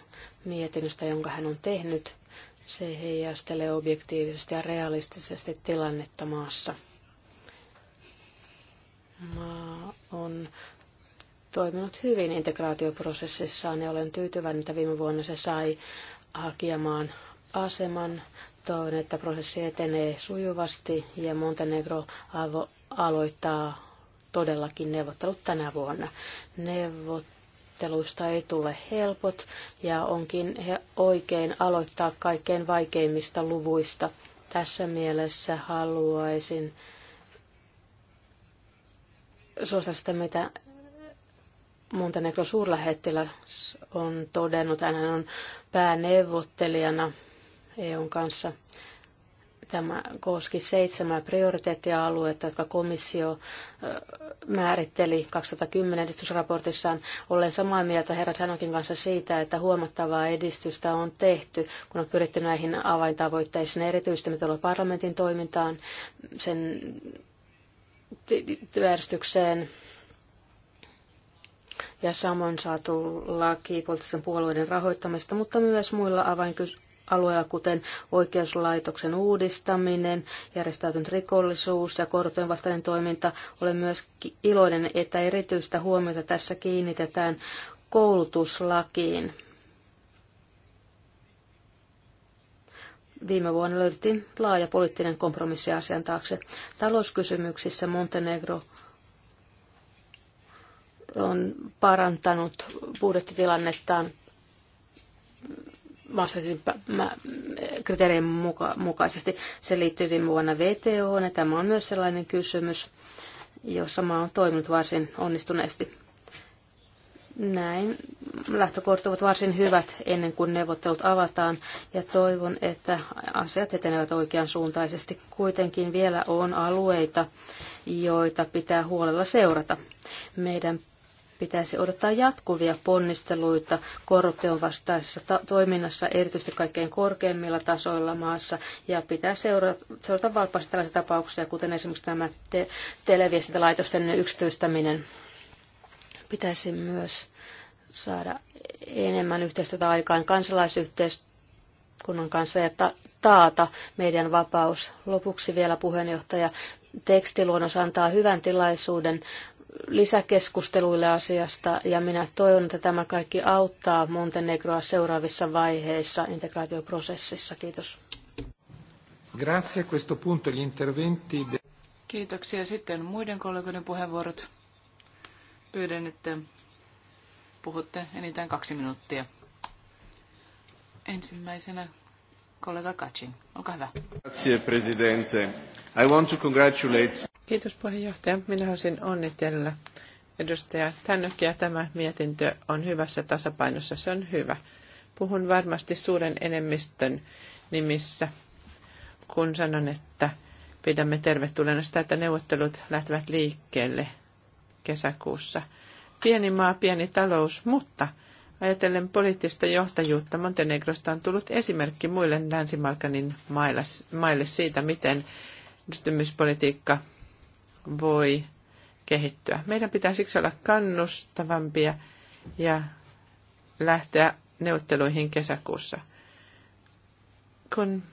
mietinnöstä, jonka hän on tehnyt – se heijastelee objektiivisesti ja realistisesti tilannetta maassa. Maa on toiminut hyvin integraatioprosessissaan ja olen tyytyväinen, että viime vuonna se sai hakijamaan aseman. Toivon, että prosessi etenee sujuvasti ja Montenegro aloittaa todellakin neuvottelut tänä vuonna. Neuvot neuvotteluista ei tule helpot ja onkin oikein aloittaa kaikkein vaikeimmista luvuista. Tässä mielessä haluaisin suositella sitä, mitä Montenegro suurlähettiläs on todennut. Hän on pääneuvottelijana EUn kanssa Tämä koski seitsemää prioriteettialuetta, jotka komissio määritteli 2010 edistysraportissaan. Olen samaa mieltä herra Sanokin kanssa siitä, että huomattavaa edistystä on tehty, kun on pyritty näihin avaintavoitteisiin, erityisesti mitä parlamentin toimintaan, sen työjärjestykseen ja samoin saatu laki puolueiden rahoittamista, mutta myös muilla avainkysymyksillä alueella, kuten oikeuslaitoksen uudistaminen, järjestäytynyt rikollisuus ja korruption vastainen toiminta. Olen myös iloinen, että erityistä huomiota tässä kiinnitetään koulutuslakiin. Viime vuonna löydettiin laaja poliittinen kompromissi asian taakse. Talouskysymyksissä Montenegro on parantanut budjettitilannettaan vastasin kriteerien muka- mukaisesti. Se liittyy viime vuonna VTO, ja tämä on myös sellainen kysymys, jossa maa on toiminut varsin onnistuneesti. Näin. Lähtökohdat ovat varsin hyvät ennen kuin neuvottelut avataan ja toivon, että asiat etenevät oikean suuntaisesti. Kuitenkin vielä on alueita, joita pitää huolella seurata. Meidän pitäisi odottaa jatkuvia ponnisteluita korruption vastaisessa toiminnassa, erityisesti kaikkein korkeimmilla tasoilla maassa, ja pitää seurata, seurata valpaasti tällaisia tapauksia, kuten esimerkiksi tämä te- televiestintälaitosten yksityistäminen. Pitäisi myös saada enemmän yhteistyötä aikaan kansalaisyhteiskunnan kanssa ja ta- taata meidän vapaus. Lopuksi vielä puheenjohtaja tekstiluonnos antaa hyvän tilaisuuden lisäkeskusteluille asiasta ja minä toivon, että tämä kaikki auttaa Montenegroa seuraavissa vaiheissa integraatioprosessissa. Kiitos. Grazie, questo punto gli interventi de... Kiitoksia. Sitten muiden kollegoiden puheenvuorot. Pyydän, että puhutte enintään kaksi minuuttia. Ensimmäisenä kollega Kacin. Olkaa hyvä. Grazie, presidente. I want to congratulate... Kiitos puheenjohtaja. Minä haluaisin onnitella edustaja Tännökiä. Tämä mietintö on hyvässä tasapainossa. Se on hyvä. Puhun varmasti suuren enemmistön nimissä, kun sanon, että pidämme tervetulleena sitä, että neuvottelut lähtevät liikkeelle kesäkuussa. Pieni maa, pieni talous, mutta ajatellen poliittista johtajuutta Montenegrosta on tullut esimerkki muille Länsi-Malkanin maille siitä, miten yhdistymispolitiikka voi kehittyä. Meidän pitää siksi olla kannustavampia ja lähteä neuvotteluihin kesäkuussa. Kun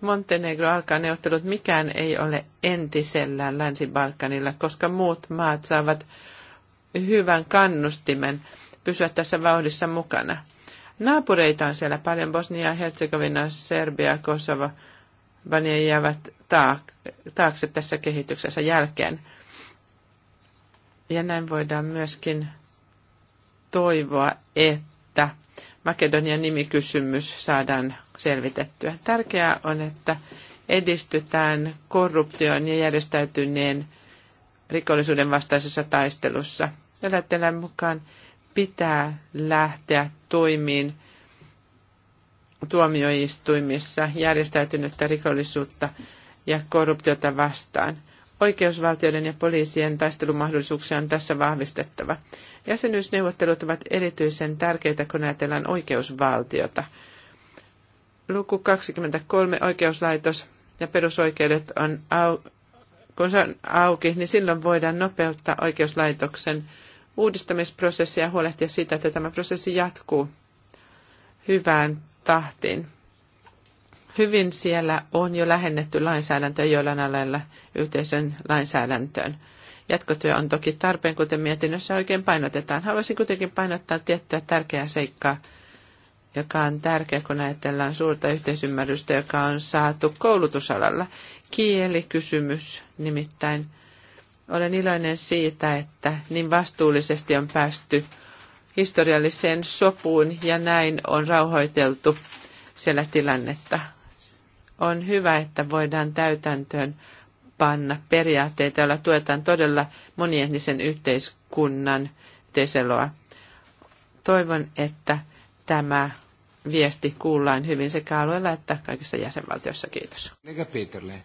Montenegro alkaa neuvottelut, mikään ei ole entisellään Länsi-Balkanilla, koska muut maat saavat hyvän kannustimen pysyä tässä vauhdissa mukana. Naapureita on siellä paljon, Bosnia, Herzegovina, Serbia, Kosovo, Banja jäävät taakse tässä kehityksessä jälkeen. Ja näin voidaan myöskin toivoa, että Makedonian nimikysymys saadaan selvitettyä. Tärkeää on, että edistytään korruption ja järjestäytyneen rikollisuuden vastaisessa taistelussa. Elättelän mukaan pitää lähteä toimiin tuomioistuimissa järjestäytynyttä rikollisuutta ja korruptiota vastaan. Oikeusvaltioiden ja poliisien taistelumahdollisuuksia on tässä vahvistettava. Jäsenyysneuvottelut ovat erityisen tärkeitä, kun ajatellaan oikeusvaltiota. Luku 23 oikeuslaitos ja perusoikeudet on au- kun se on auki, niin silloin voidaan nopeuttaa oikeuslaitoksen uudistamisprosessia ja huolehtia siitä, että tämä prosessi jatkuu hyvään tahtiin hyvin siellä on jo lähennetty lainsäädäntöä joillain alueilla yhteisön lainsäädäntöön. Jatkotyö on toki tarpeen, kuten mietinnössä oikein painotetaan. Haluaisin kuitenkin painottaa tiettyä tärkeää seikkaa, joka on tärkeä, kun ajatellaan suurta yhteisymmärrystä, joka on saatu koulutusalalla. Kielikysymys nimittäin. Olen iloinen siitä, että niin vastuullisesti on päästy historialliseen sopuun ja näin on rauhoiteltu siellä tilannetta. On hyvä, että voidaan täytäntöön panna periaatteita, joilla tuetaan todella monietnisen yhteiskunnan teseloa. Toivon, että tämä viesti kuullaan hyvin sekä alueella että kaikissa jäsenvaltioissa. Kiitos. Peterle,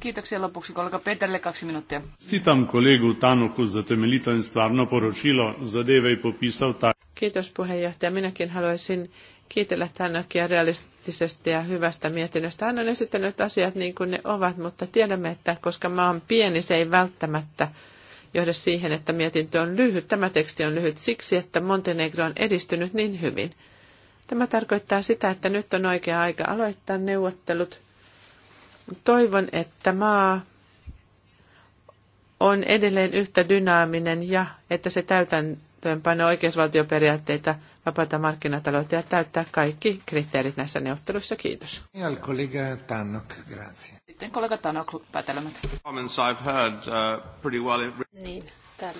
Kiitoksia lopuksi kollega Peterle kaksi minuuttia. Sitam kollegu Tanuku za temelito in stvarno poročilo zadeve popisal ta. Kiitos puheenjohtaja. Minäkin haluaisin kiitellä Tänokia realistisesti ja hyvästä mietinnöstä. Hän on esittänyt asiat niin kuin ne ovat, mutta tiedämme, että koska maa on pieni, se ei välttämättä johda siihen, että mietintö on lyhyt. Tämä teksti on lyhyt siksi, että Montenegro on edistynyt niin hyvin. Tämä tarkoittaa sitä, että nyt on oikea aika aloittaa neuvottelut. Toivon, että maa on edelleen yhtä dynaaminen ja että se täytäntöönpano oikeusvaltioperiaatteita vapaata markkinataloutta ja täyttää kaikki kriteerit näissä neuvotteluissa. Kiitos. Ja kollega Tannok, grazie. Sitten kollega Tanok, päätelmät. Uh, niin, tämä,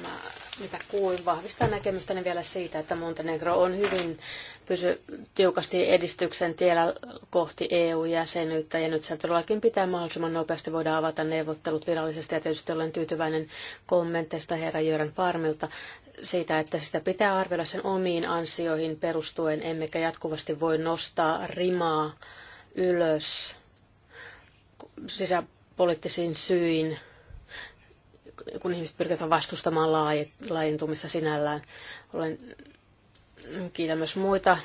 mitä kuulin, vahvistaa näkemystäni vielä siitä, että Montenegro on hyvin pysy tiukasti edistyksen tiellä kohti EU-jäsenyyttä, ja nyt se todellakin pitää mahdollisimman nopeasti voida avata neuvottelut virallisesti, ja tietysti olen tyytyväinen kommenteista herra Jörän Farmilta siitä, että sitä pitää arvella sen omiin ansioihin perustuen, emmekä jatkuvasti voi nostaa rimaa ylös sisäpoliittisiin syin, kun ihmiset pyrkivät vastustamaan laajentumista sinällään. Olen, kiitän myös muita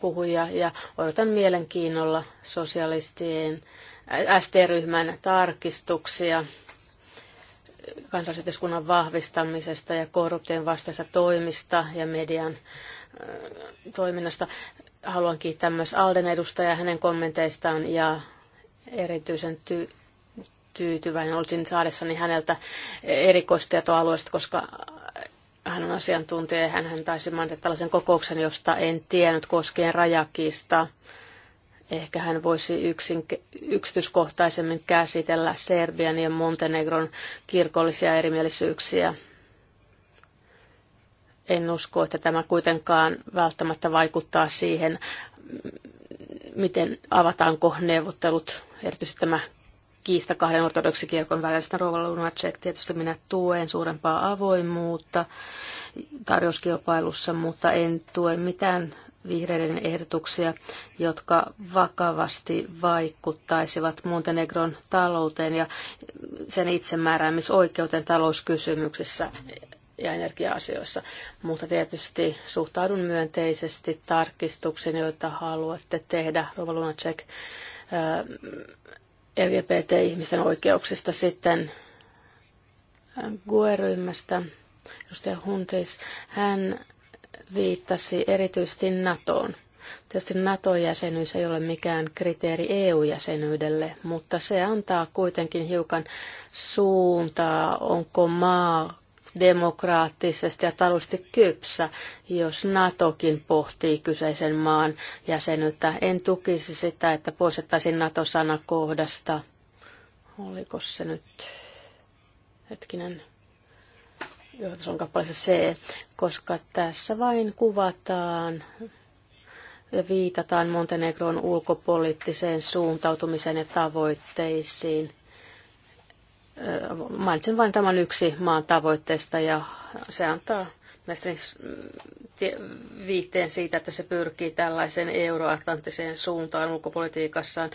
puhujia ja odotan mielenkiinnolla sosialistien SD-ryhmän tarkistuksia kansallisyhteiskunnan vahvistamisesta ja korruption vastaista toimista ja median toiminnasta. Haluan kiittää myös Alden edustajaa hänen kommenteistaan ja erityisen ty- tyytyväinen olisin saadessani häneltä erikoistietoalueesta, koska hän on asiantuntija ja hän, hän taisi mainita tällaisen kokouksen, josta en tiennyt koskien rajakiistaa. Ehkä hän voisi yksin, yksityiskohtaisemmin käsitellä Serbian ja Montenegron kirkollisia erimielisyyksiä. En usko, että tämä kuitenkaan välttämättä vaikuttaa siihen, miten avataanko neuvottelut, erityisesti tämä kiista kahden ortodoksikirkon välistä Rouva Lunacek. Tietysti minä tuen suurempaa avoimuutta tarjouskilpailussa, mutta en tue mitään vihreiden ehdotuksia, jotka vakavasti vaikuttaisivat Montenegron talouteen ja sen itsemääräämisoikeuteen talouskysymyksissä ja energia-asioissa. Mutta tietysti suhtaudun myönteisesti tarkistuksiin, joita haluatte tehdä. Rova Lunacek, äh, LGBT-ihmisten oikeuksista sitten äh, GUE-ryhmästä, edustaja Huntis, hän viittasi erityisesti NATOon. Tietysti NATO-jäsenyys ei ole mikään kriteeri EU-jäsenyydelle, mutta se antaa kuitenkin hiukan suuntaa, onko maa demokraattisesti ja taloudellisesti kypsä, jos NATOkin pohtii kyseisen maan jäsenyyttä. En tukisi sitä, että poistettaisiin nato sanakohdasta Oliko se nyt hetkinen? Joo, se on kappaleessa C, koska tässä vain kuvataan ja viitataan Montenegron ulkopoliittiseen suuntautumiseen ja tavoitteisiin. Mainitsen vain tämän yksi maan tavoitteesta ja se antaa mielestäni viitteen siitä, että se pyrkii tällaiseen euroatlanttiseen suuntaan ulkopolitiikassaan.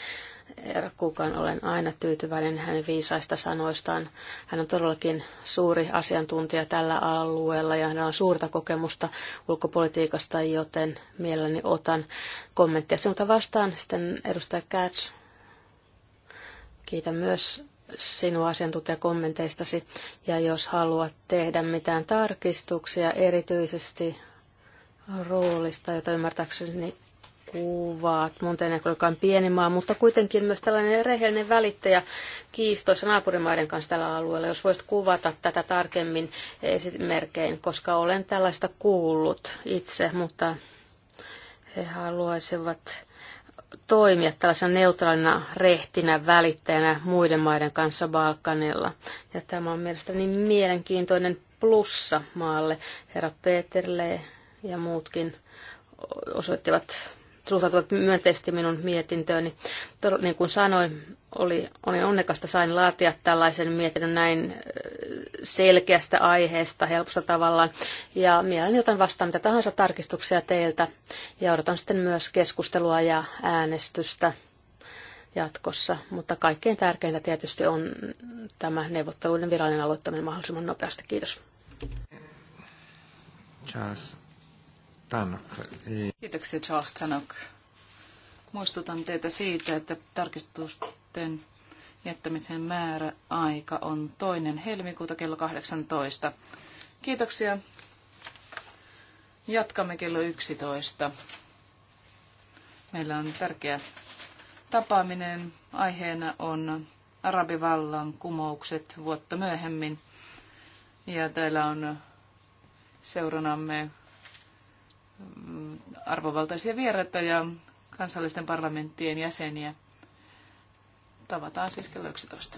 Kukan olen aina tyytyväinen hänen viisaista sanoistaan. Hän on todellakin suuri asiantuntija tällä alueella ja hänellä on suurta kokemusta ulkopolitiikasta, joten mielelläni otan kommenttia sinulta vastaan. Sitten edustaja Katz, kiitän myös sinua asiantuntijakommenteistasi. Ja jos haluat tehdä mitään tarkistuksia, erityisesti roolista, jota ymmärtääkseni kuvaat Montenegro, joka on pieni maa, mutta kuitenkin myös tällainen rehellinen välittäjä kiistoissa naapurimaiden kanssa tällä alueella. Jos voisit kuvata tätä tarkemmin esimerkkein, koska olen tällaista kuullut itse, mutta he haluaisivat toimia tällaisena neutraalina, rehtinä, välittäjänä muiden maiden kanssa Balkanilla. Ja tämä on mielestäni mielenkiintoinen plussa maalle. Herra Peterle ja muutkin osoittivat suhtautuvat myönteisesti minun mietintööni. Niin kuin sanoin, oli, olin onnekasta sain laatia tällaisen mietinnön näin selkeästä aiheesta helposta tavallaan. Ja mielelläni otan vastaan mitä tahansa tarkistuksia teiltä ja odotan sitten myös keskustelua ja äänestystä jatkossa. Mutta kaikkein tärkeintä tietysti on tämä neuvotteluiden virallinen aloittaminen mahdollisimman nopeasti. Kiitos. Charles. Tanok. Kiitoksia Charles Tanok. Muistutan teitä siitä, että tarkistusten jättämisen määrä aika on toinen helmikuuta kello 18. Kiitoksia. Jatkamme kello 11. Meillä on tärkeä tapaaminen. Aiheena on arabivallan kumoukset vuotta myöhemmin. Ja täällä on seuranamme arvovaltaisia vieraita ja kansallisten parlamenttien jäseniä. Tavataan siis kello 11.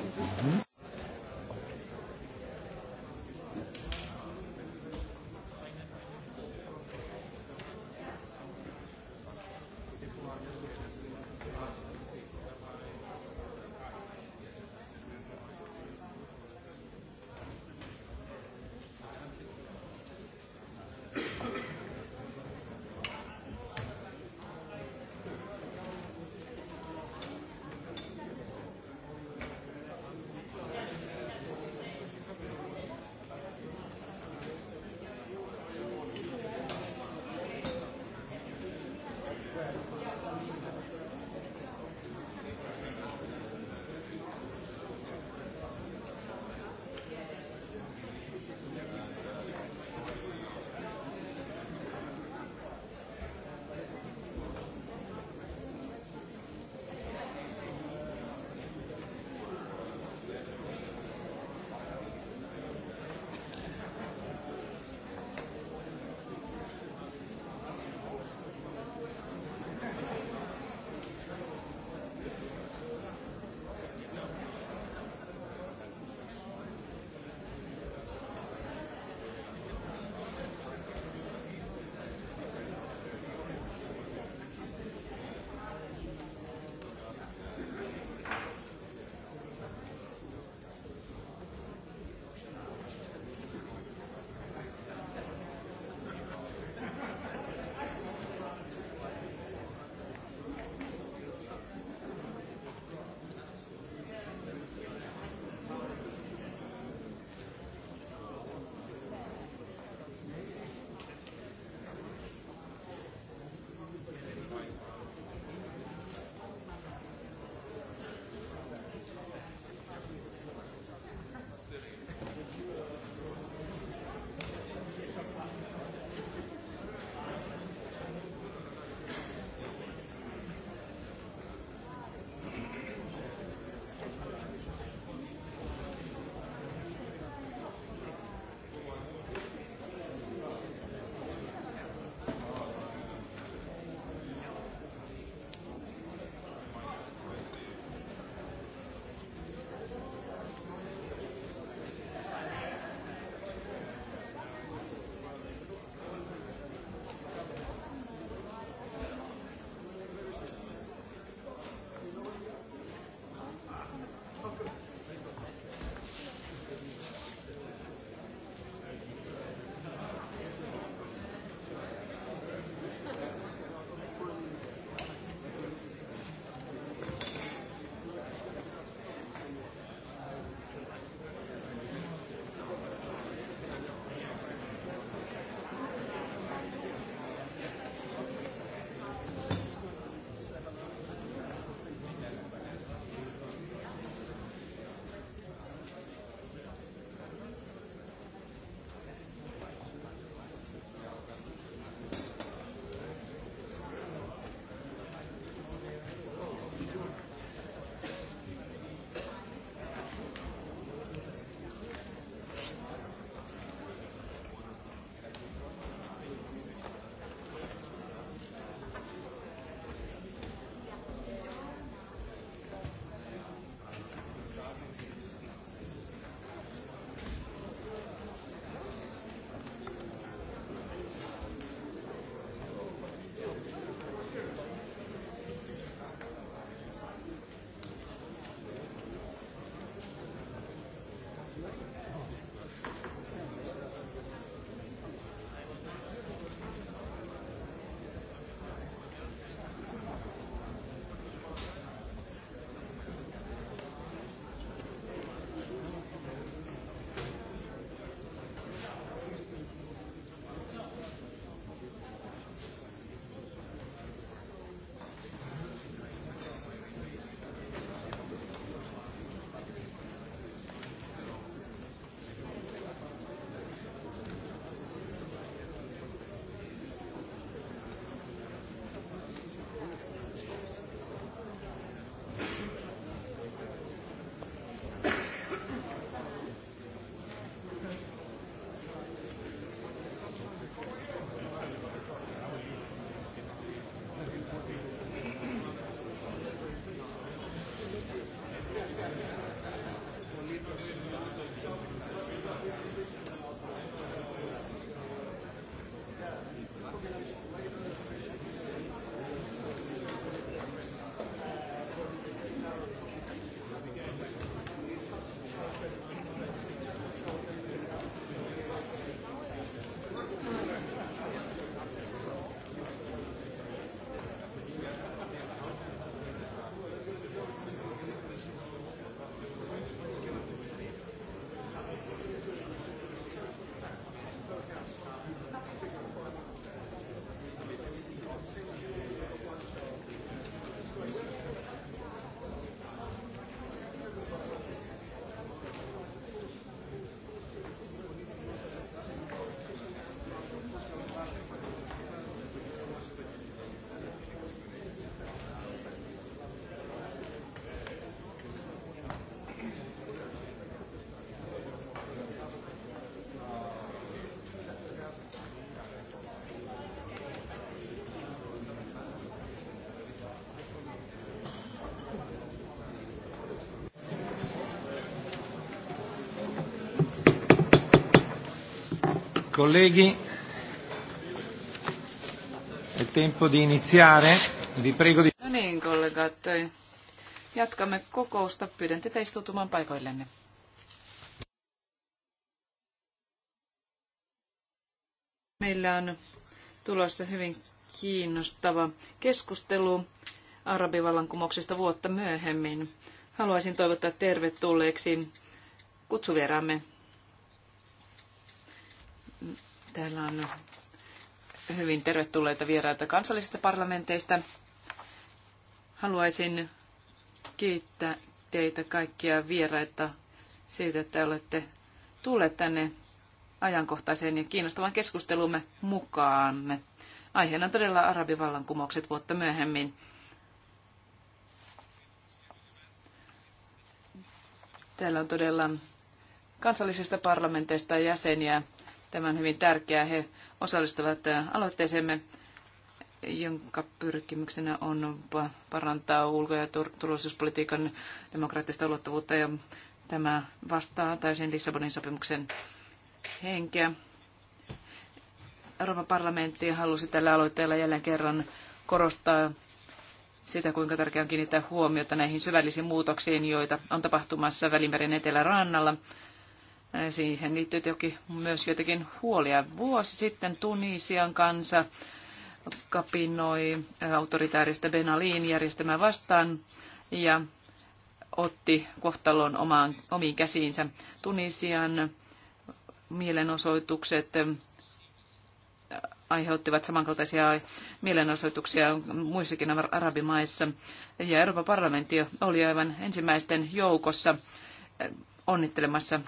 Mhm. Colleghi, è tempo di iniziare. Vi prego di... No niin, kollegat. Eh, jatkamme kokousta. Pyydän teitä istutumaan paikoillenne. Meillä on tulossa hyvin kiinnostava keskustelu arabivallankumouksesta vuotta myöhemmin. Haluaisin toivottaa tervetulleeksi kutsuvieraamme on hyvin tervetulleita vieraita kansallisista parlamenteista. Haluaisin kiittää teitä kaikkia vieraita siitä, että olette tulleet tänne ajankohtaiseen ja kiinnostavan keskustelumme mukaan. Aiheena on todella arabivallankumoukset vuotta myöhemmin. Täällä on todella kansallisista parlamenteista jäseniä Tämä on hyvin tärkeää. He osallistuvat äh, aloitteeseemme, jonka pyrkimyksenä on parantaa ulko- ja turvallisuuspolitiikan demokraattista ulottuvuutta. Ja tämä vastaa täysin Lissabonin sopimuksen henkeä. Euroopan parlamentti halusi tällä aloitteella jälleen kerran korostaa sitä, kuinka tärkeää on kiinnittää huomiota näihin syvällisiin muutoksiin, joita on tapahtumassa Välimeren etelärannalla. Siihen liittyy toki myös jotenkin huolia. Vuosi sitten Tunisian kansa kapinoi autoritaarista Ben Aliin vastaan ja otti kohtalon omaan, omiin käsiinsä. Tunisian mielenosoitukset aiheuttivat samankaltaisia mielenosoituksia muissakin arabimaissa. Ja Euroopan parlamentti oli aivan ensimmäisten joukossa onnittelemassa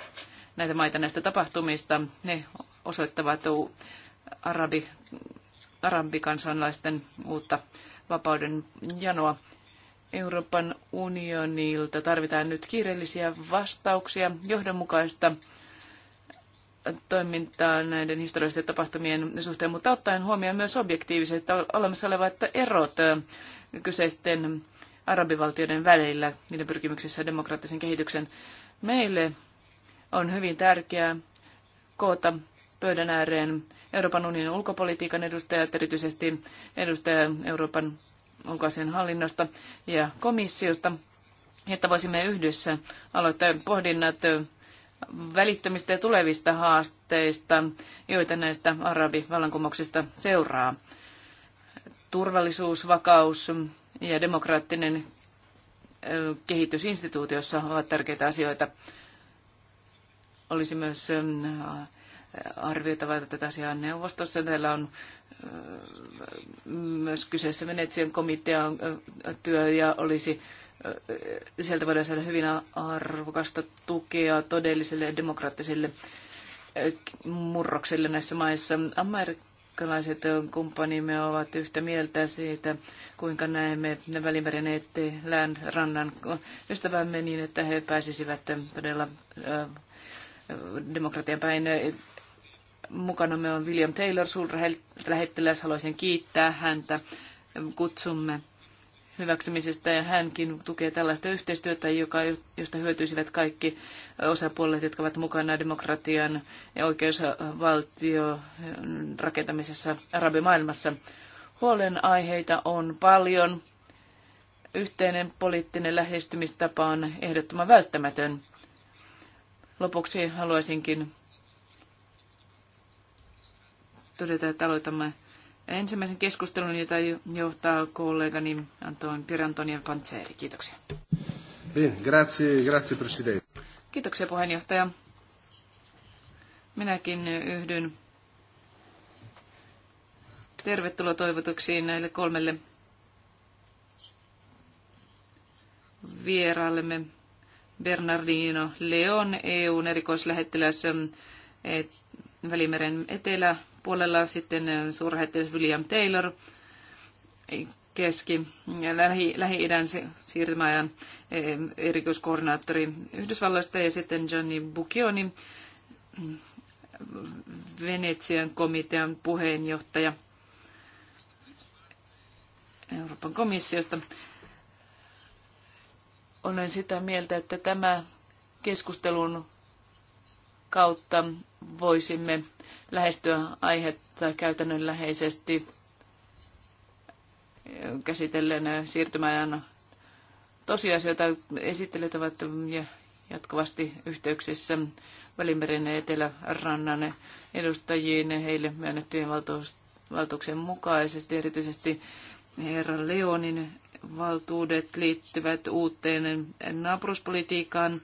näitä maita näistä tapahtumista. Ne osoittavat arabi, arabikansalaisten uutta vapauden janoa. Euroopan unionilta tarvitaan nyt kiireellisiä vastauksia, johdonmukaista toimintaa näiden historiallisten tapahtumien suhteen, mutta ottaen huomioon myös objektiiviset olemassa olevat erot kyseisten arabivaltioiden välillä, niiden pyrkimyksissä demokraattisen kehityksen. Meille on hyvin tärkeää koota pöydän ääreen Euroopan unionin ulkopolitiikan edustajat, erityisesti edustaja Euroopan ulkoisen hallinnosta ja komissiosta, että voisimme yhdessä aloittaa pohdinnat välittömistä ja tulevista haasteista, joita näistä arabivallankumouksista seuraa. Turvallisuus, vakaus ja demokraattinen kehitys instituutiossa ovat tärkeitä asioita. Olisi myös ähm, äh, arvioitava tätä asiaa neuvostossa. Täällä on äh, myös kyseessä Venetsian komitean äh, työ ja olisi sieltä voidaan saada hyvin arvokasta tukea todelliselle demokraattiselle murrokselle näissä maissa. Amerikkalaiset kumppanimme ovat yhtä mieltä siitä, kuinka näemme välimeren eteen rannan ystävämme niin, että he pääsisivät todella demokratian päin. mukana me on William Taylor, suurlähettiläs. Haluaisin kiittää häntä. Kutsumme hyväksymisestä ja hänkin tukee tällaista yhteistyötä, joka, josta hyötyisivät kaikki osapuolet, jotka ovat mukana demokratian ja oikeusvaltio rakentamisessa arabimaailmassa. Huolenaiheita on paljon. Yhteinen poliittinen lähestymistapa on ehdottoman välttämätön. Lopuksi haluaisinkin todeta, että aloitamme ensimmäisen keskustelun, jota johtaa kollegani Anton Pirantonia Pantseeri. Kiitoksia. Bien, grazie, grazie presidente. Kiitoksia puheenjohtaja. Minäkin yhdyn tervetuloa toivotuksiin näille kolmelle vieraallemme. Bernardino Leon, EUn erikoislähettiläs Välimeren eteläpuolella, sitten suurlähettiläs William Taylor, keski- ja Lähi-idän siirtymäajan erikoiskoordinaattori Yhdysvalloista ja sitten Gianni Bucchioni, Venetsian komitean puheenjohtaja Euroopan komissiosta. Olen sitä mieltä, että tämä keskustelun kautta voisimme lähestyä aihetta käytännönläheisesti eh, käsitellen eh, siirtymäajan tosiasioita. Esittelijät ovat eh, jatkuvasti yhteyksissä Välimeren ja Etelärannan edustajiin heille myönnettyjen valtuuksien mukaisesti, erityisesti herra Leonin valtuudet liittyvät uuteen naapuruspolitiikkaan,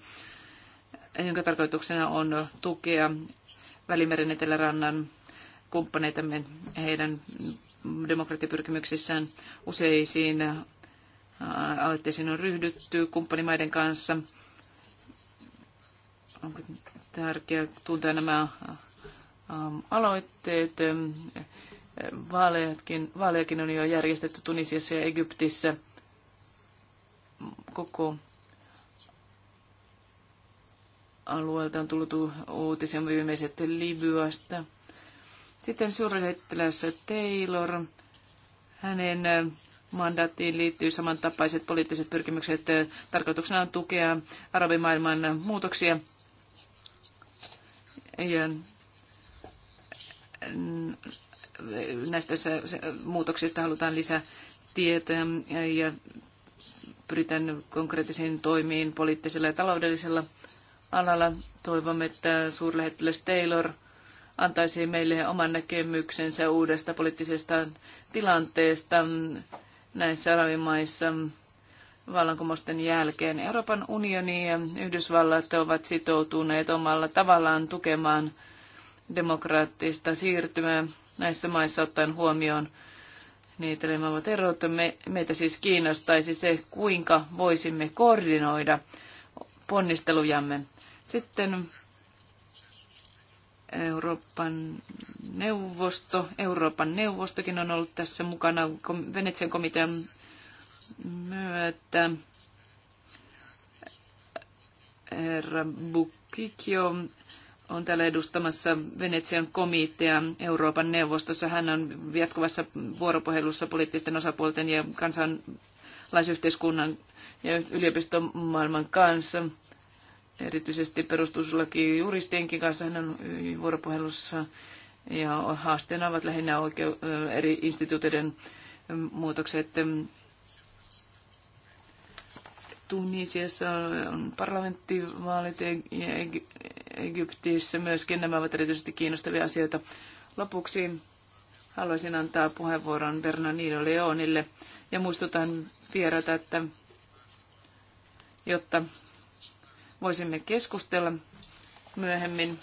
jonka tarkoituksena on tukea Välimeren etelärannan kumppaneitamme heidän demokratiapyrkimyksissään useisiin äh, aloitteisiin on ryhdytty kumppanimaiden kanssa. Onko tärkeää tuntea nämä äh, aloitteet? Äh, Vaalejakin, on jo järjestetty Tunisiassa ja Egyptissä koko alueelta on tullut uutisia viimeiset Libyasta. Sitten suurlähettiläs Taylor, hänen mandaattiin liittyy samantapaiset poliittiset pyrkimykset. Tarkoituksena on tukea arabimaailman muutoksia. Ja näistä muutoksista halutaan lisää tietoja ja pyritään konkreettisiin toimiin poliittisella ja taloudellisella alalla. Toivomme, että suurlähettiläs Taylor antaisi meille oman näkemyksensä uudesta poliittisesta tilanteesta näissä arabimaissa vallankumousten jälkeen. Euroopan unioni ja Yhdysvallat ovat sitoutuneet omalla tavallaan tukemaan demokraattista siirtymää näissä maissa ottaen huomioon niin niitelemavat että Me, meitä siis kiinnostaisi se, kuinka voisimme koordinoida ponnistelujamme. Sitten Euroopan neuvosto. Euroopan neuvostokin on ollut tässä mukana Venetsian komitean myötä. Herra Bukikio on täällä edustamassa Venetsian komitea Euroopan neuvostossa. Hän on jatkuvassa vuoropuhelussa poliittisten osapuolten ja kansalaisyhteiskunnan ja yliopistomaailman kanssa. Erityisesti perustuslaki juristienkin kanssa hän on vuoropuhelussa. Ja haasteena ovat lähinnä oikeu- eri instituutioiden muutokset. Tunisiassa on parlamenttivaalit ja Egyptissä myöskin. Nämä ovat erityisesti kiinnostavia asioita. Lopuksi haluaisin antaa puheenvuoron Bernardino Leonille ja muistutan vieraita, että jotta voisimme keskustella myöhemmin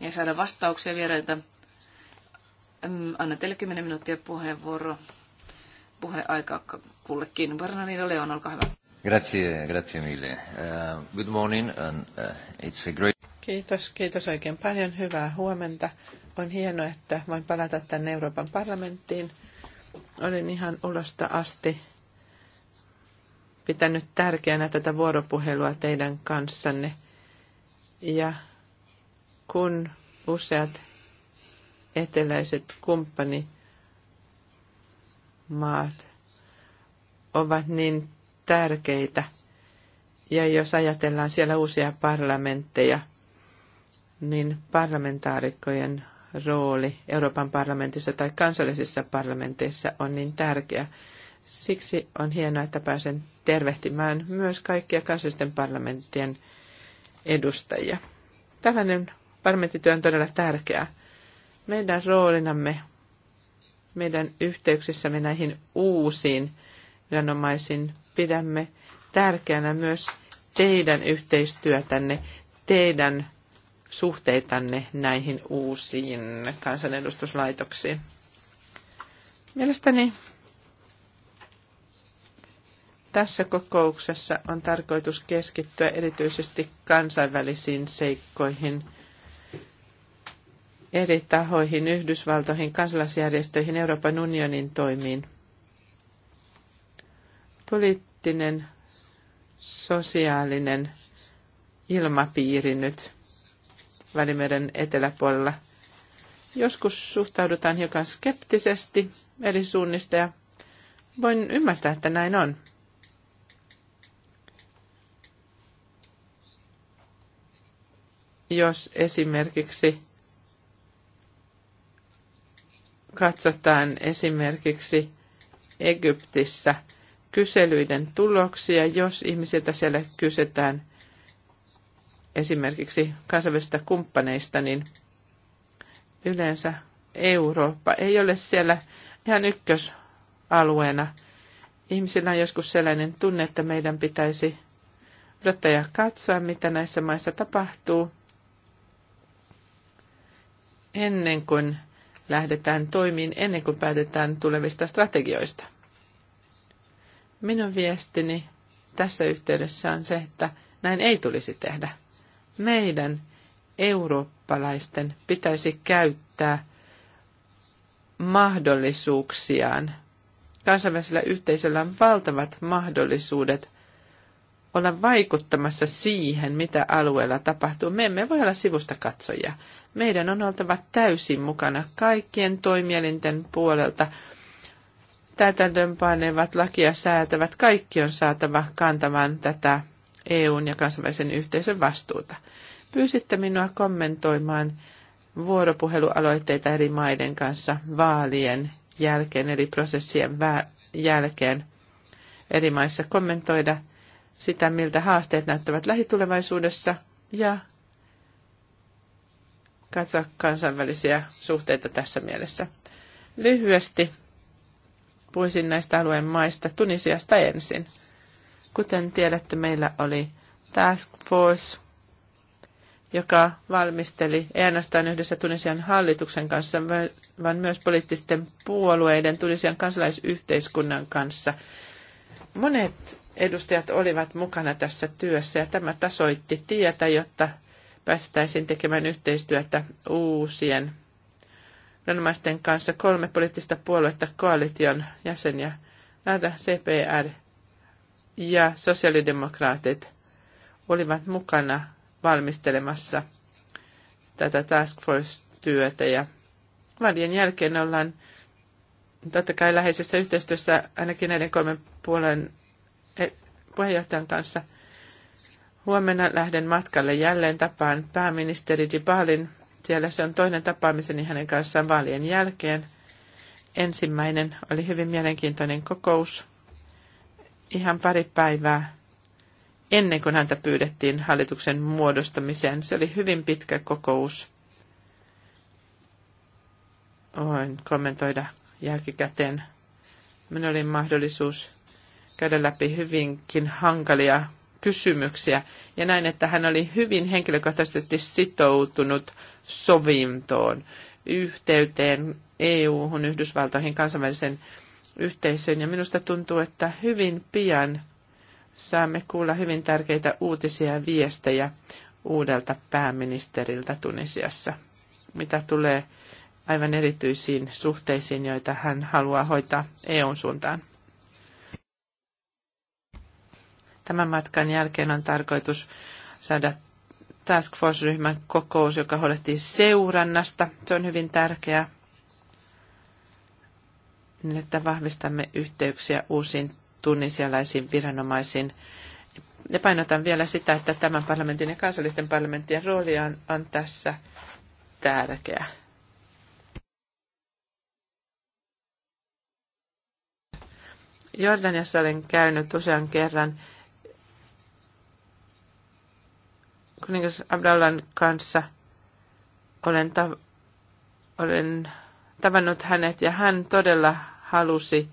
ja saada vastauksia vierailta. Anna teille 10 minuuttia puheenvuoro. Puheaika kullekin. Bernardino Leon, olkaa hyvä. Grazie, grazie mille. Uh, good morning. And, uh, it's a great... Kiitos, kiitos oikein paljon. Hyvää huomenta. On hienoa, että voin palata tänne Euroopan parlamenttiin. Olen ihan ulosta asti pitänyt tärkeänä tätä vuoropuhelua teidän kanssanne. Ja kun useat eteläiset kumppanimaat ovat niin tärkeitä, ja jos ajatellaan siellä uusia parlamentteja, niin parlamentaarikkojen rooli Euroopan parlamentissa tai kansallisissa parlamenteissa on niin tärkeä. Siksi on hienoa, että pääsen tervehtimään myös kaikkia kansallisten parlamenttien edustajia. Tällainen parlamenttityö on todella tärkeää. Meidän roolinamme, meidän yhteyksissämme näihin uusiin viranomaisiin pidämme tärkeänä myös teidän yhteistyötänne, teidän suhteitanne näihin uusiin kansanedustuslaitoksiin? Mielestäni tässä kokouksessa on tarkoitus keskittyä erityisesti kansainvälisiin seikkoihin, eri tahoihin, Yhdysvaltoihin, kansalaisjärjestöihin, Euroopan unionin toimiin. Poliittinen, sosiaalinen ilmapiiri nyt Välimeren eteläpuolella. Joskus suhtaudutaan hiukan skeptisesti eri suunnista ja voin ymmärtää, että näin on. Jos esimerkiksi katsotaan esimerkiksi Egyptissä kyselyiden tuloksia, jos ihmisiltä siellä kysytään esimerkiksi kansainvälisistä kumppaneista, niin yleensä Eurooppa ei ole siellä ihan ykkösalueena. Ihmisillä on joskus sellainen tunne, että meidän pitäisi odottaa ja katsoa, mitä näissä maissa tapahtuu, ennen kuin lähdetään toimiin, ennen kuin päätetään tulevista strategioista. Minun viestini tässä yhteydessä on se, että näin ei tulisi tehdä meidän eurooppalaisten pitäisi käyttää mahdollisuuksiaan. Kansainvälisellä yhteisöllä on valtavat mahdollisuudet olla vaikuttamassa siihen, mitä alueella tapahtuu. Me emme voi olla sivusta katsoja. Meidän on oltava täysin mukana kaikkien toimielinten puolelta. Täytäntöönpanevat lakia säätävät, kaikki on saatava kantamaan tätä EUn ja kansainvälisen yhteisön vastuuta. Pyysitte minua kommentoimaan vuoropuhelualoitteita eri maiden kanssa vaalien jälkeen, eli prosessien jälkeen eri maissa kommentoida sitä, miltä haasteet näyttävät lähitulevaisuudessa ja katsoa kansainvälisiä suhteita tässä mielessä. Lyhyesti puhuisin näistä alueen maista Tunisiasta ensin. Kuten tiedätte, meillä oli Task Force, joka valmisteli ei ainoastaan yhdessä Tunisian hallituksen kanssa, vaan myös poliittisten puolueiden, Tunisian kansalaisyhteiskunnan kanssa. Monet edustajat olivat mukana tässä työssä ja tämä tasoitti tietä, jotta päästäisiin tekemään yhteistyötä uusien viranomaisten kanssa kolme poliittista puoluetta koalition jäseniä, näitä CPR, ja sosiaalidemokraatit olivat mukana valmistelemassa tätä task force-työtä ja valien jälkeen ollaan totta kai läheisessä yhteistyössä ainakin näiden kolmen puolen eh, puheenjohtajan kanssa. Huomenna lähden matkalle jälleen tapaan pääministeri Dibalin. Siellä se on toinen tapaamiseni hänen kanssaan vaalien jälkeen. Ensimmäinen oli hyvin mielenkiintoinen kokous ihan pari päivää ennen kuin häntä pyydettiin hallituksen muodostamiseen. Se oli hyvin pitkä kokous. Voin kommentoida jälkikäteen. Minulla oli mahdollisuus käydä läpi hyvinkin hankalia kysymyksiä ja näin, että hän oli hyvin henkilökohtaisesti sitoutunut sovintoon, yhteyteen EU-hun, Yhdysvaltoihin, kansainväliseen yhteisöön ja minusta tuntuu, että hyvin pian saamme kuulla hyvin tärkeitä uutisia ja viestejä uudelta pääministeriltä Tunisiassa, mitä tulee aivan erityisiin suhteisiin, joita hän haluaa hoitaa EUn suuntaan. Tämän matkan jälkeen on tarkoitus saada Task Force-ryhmän kokous, joka huolehtii seurannasta. Se on hyvin tärkeää niin että vahvistamme yhteyksiä uusiin tunnisialaisiin viranomaisiin. Ja painotan vielä sitä, että tämän parlamentin ja kansallisten parlamenttien rooli on, on tässä tärkeä. Jordaniassa olen käynyt usean kerran kuningas Abdallan kanssa. Olen, tav- olen tavannut hänet ja hän todella halusi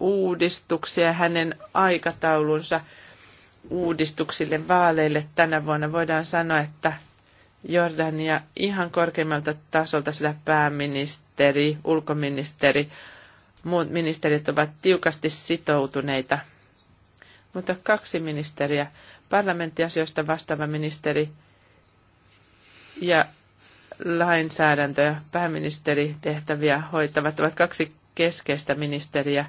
uudistuksia hänen aikataulunsa uudistuksille vaaleille tänä vuonna. Voidaan sanoa, että Jordania ihan korkeimmalta tasolta, sillä pääministeri, ulkoministeri, muut ministerit ovat tiukasti sitoutuneita. Mutta kaksi ministeriä, parlamenttiasioista vastaava ministeri ja lainsäädäntö, pääministeritehtäviä hoitavat ovat kaksi keskeistä ministeriä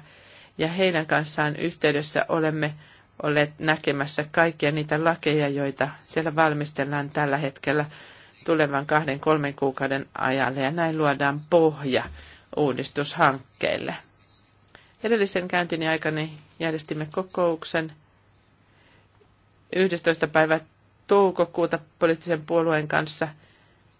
ja heidän kanssaan yhteydessä olemme olleet näkemässä kaikkia niitä lakeja, joita siellä valmistellaan tällä hetkellä tulevan kahden kolmen kuukauden ajalle ja näin luodaan pohja uudistushankkeille. Edellisen käyntini aikana järjestimme kokouksen 11. päivä toukokuuta poliittisen puolueen kanssa –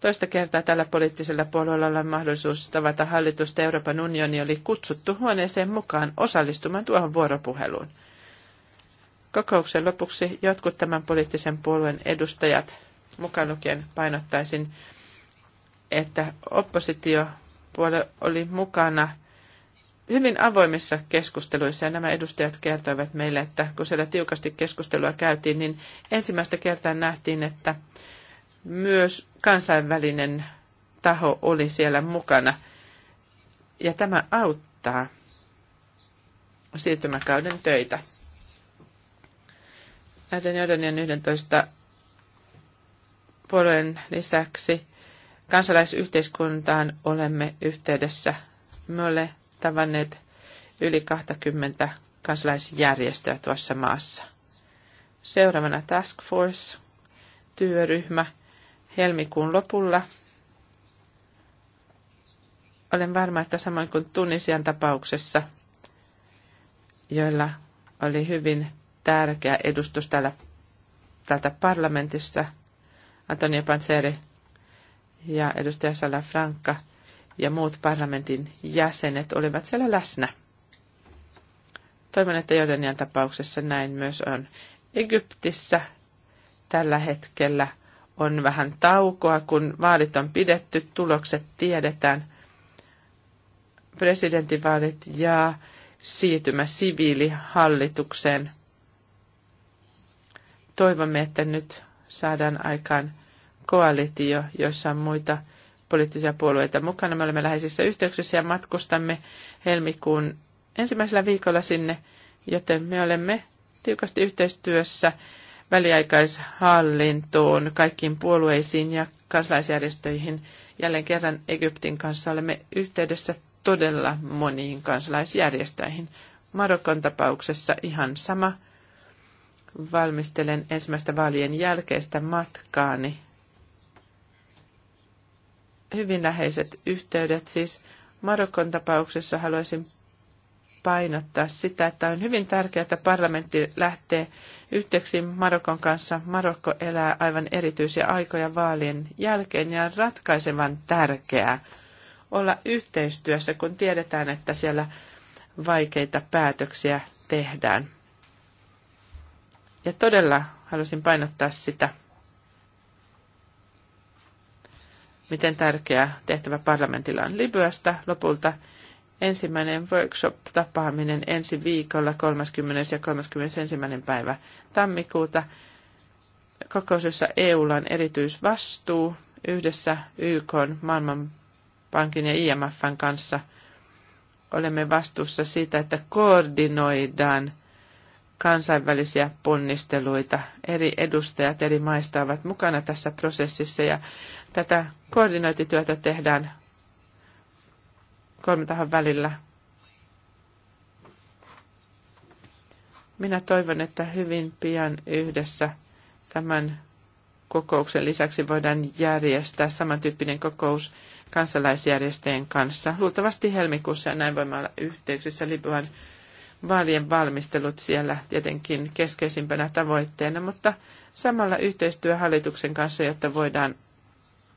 Toista kertaa tällä poliittisella puolueella on mahdollisuus tavata hallitusta Euroopan unioni oli kutsuttu huoneeseen mukaan osallistumaan tuohon vuoropuheluun. Kokouksen lopuksi jotkut tämän poliittisen puolueen edustajat, mukaan lukien painottaisin, että oppositiopuole oli mukana hyvin avoimissa keskusteluissa ja nämä edustajat kertoivat meille, että kun siellä tiukasti keskustelua käytiin, niin ensimmäistä kertaa nähtiin, että myös kansainvälinen taho oli siellä mukana. Ja tämä auttaa siirtymäkauden töitä. Näiden Jordanian 11 puolueen lisäksi kansalaisyhteiskuntaan olemme yhteydessä. Me olemme tavanneet yli 20 kansalaisjärjestöä tuossa maassa. Seuraavana Task Force, työryhmä – helmikuun lopulla. Olen varma, että samoin kuin Tunisian tapauksessa, joilla oli hyvin tärkeä edustus täällä, täältä parlamentissa, Antonio Panzeri ja edustaja Franka ja muut parlamentin jäsenet olivat siellä läsnä. Toivon, että Jordanian tapauksessa näin myös on. Egyptissä tällä hetkellä – on vähän taukoa, kun vaalit on pidetty, tulokset tiedetään, presidentinvaalit ja siirtymä siviilihallitukseen. Toivomme, että nyt saadaan aikaan koalitio, jossa on muita poliittisia puolueita mukana. Me olemme läheisissä yhteyksissä ja matkustamme helmikuun ensimmäisellä viikolla sinne, joten me olemme tiukasti yhteistyössä väliaikaishallintoon, kaikkiin puolueisiin ja kansalaisjärjestöihin. Jälleen kerran Egyptin kanssa olemme yhteydessä todella moniin kansalaisjärjestöihin. Marokon tapauksessa ihan sama. Valmistelen ensimmäistä vaalien jälkeistä matkaani. Hyvin läheiset yhteydet siis. Marokon tapauksessa haluaisin painottaa sitä, että on hyvin tärkeää, että parlamentti lähtee yhteyksi Marokon kanssa. Marokko elää aivan erityisiä aikoja vaalien jälkeen ja on ratkaisevan tärkeää olla yhteistyössä, kun tiedetään, että siellä vaikeita päätöksiä tehdään. Ja todella halusin painottaa sitä, miten tärkeä tehtävä parlamentilla on Libyasta lopulta – ensimmäinen workshop-tapaaminen ensi viikolla 30. ja 31. päivä tammikuuta. Kokousessa EUlla on erityisvastuu yhdessä YK, Maailmanpankin ja IMFn kanssa olemme vastuussa siitä, että koordinoidaan kansainvälisiä ponnisteluita. Eri edustajat eri maista ovat mukana tässä prosessissa ja tätä koordinointityötä tehdään kolme tahon välillä. Minä toivon, että hyvin pian yhdessä tämän kokouksen lisäksi voidaan järjestää samantyyppinen kokous kansalaisjärjestöjen kanssa. Luultavasti helmikuussa ja näin voimme olla yhteyksissä Libyan vaalien valmistelut siellä tietenkin keskeisimpänä tavoitteena, mutta samalla yhteistyö hallituksen kanssa, jotta voidaan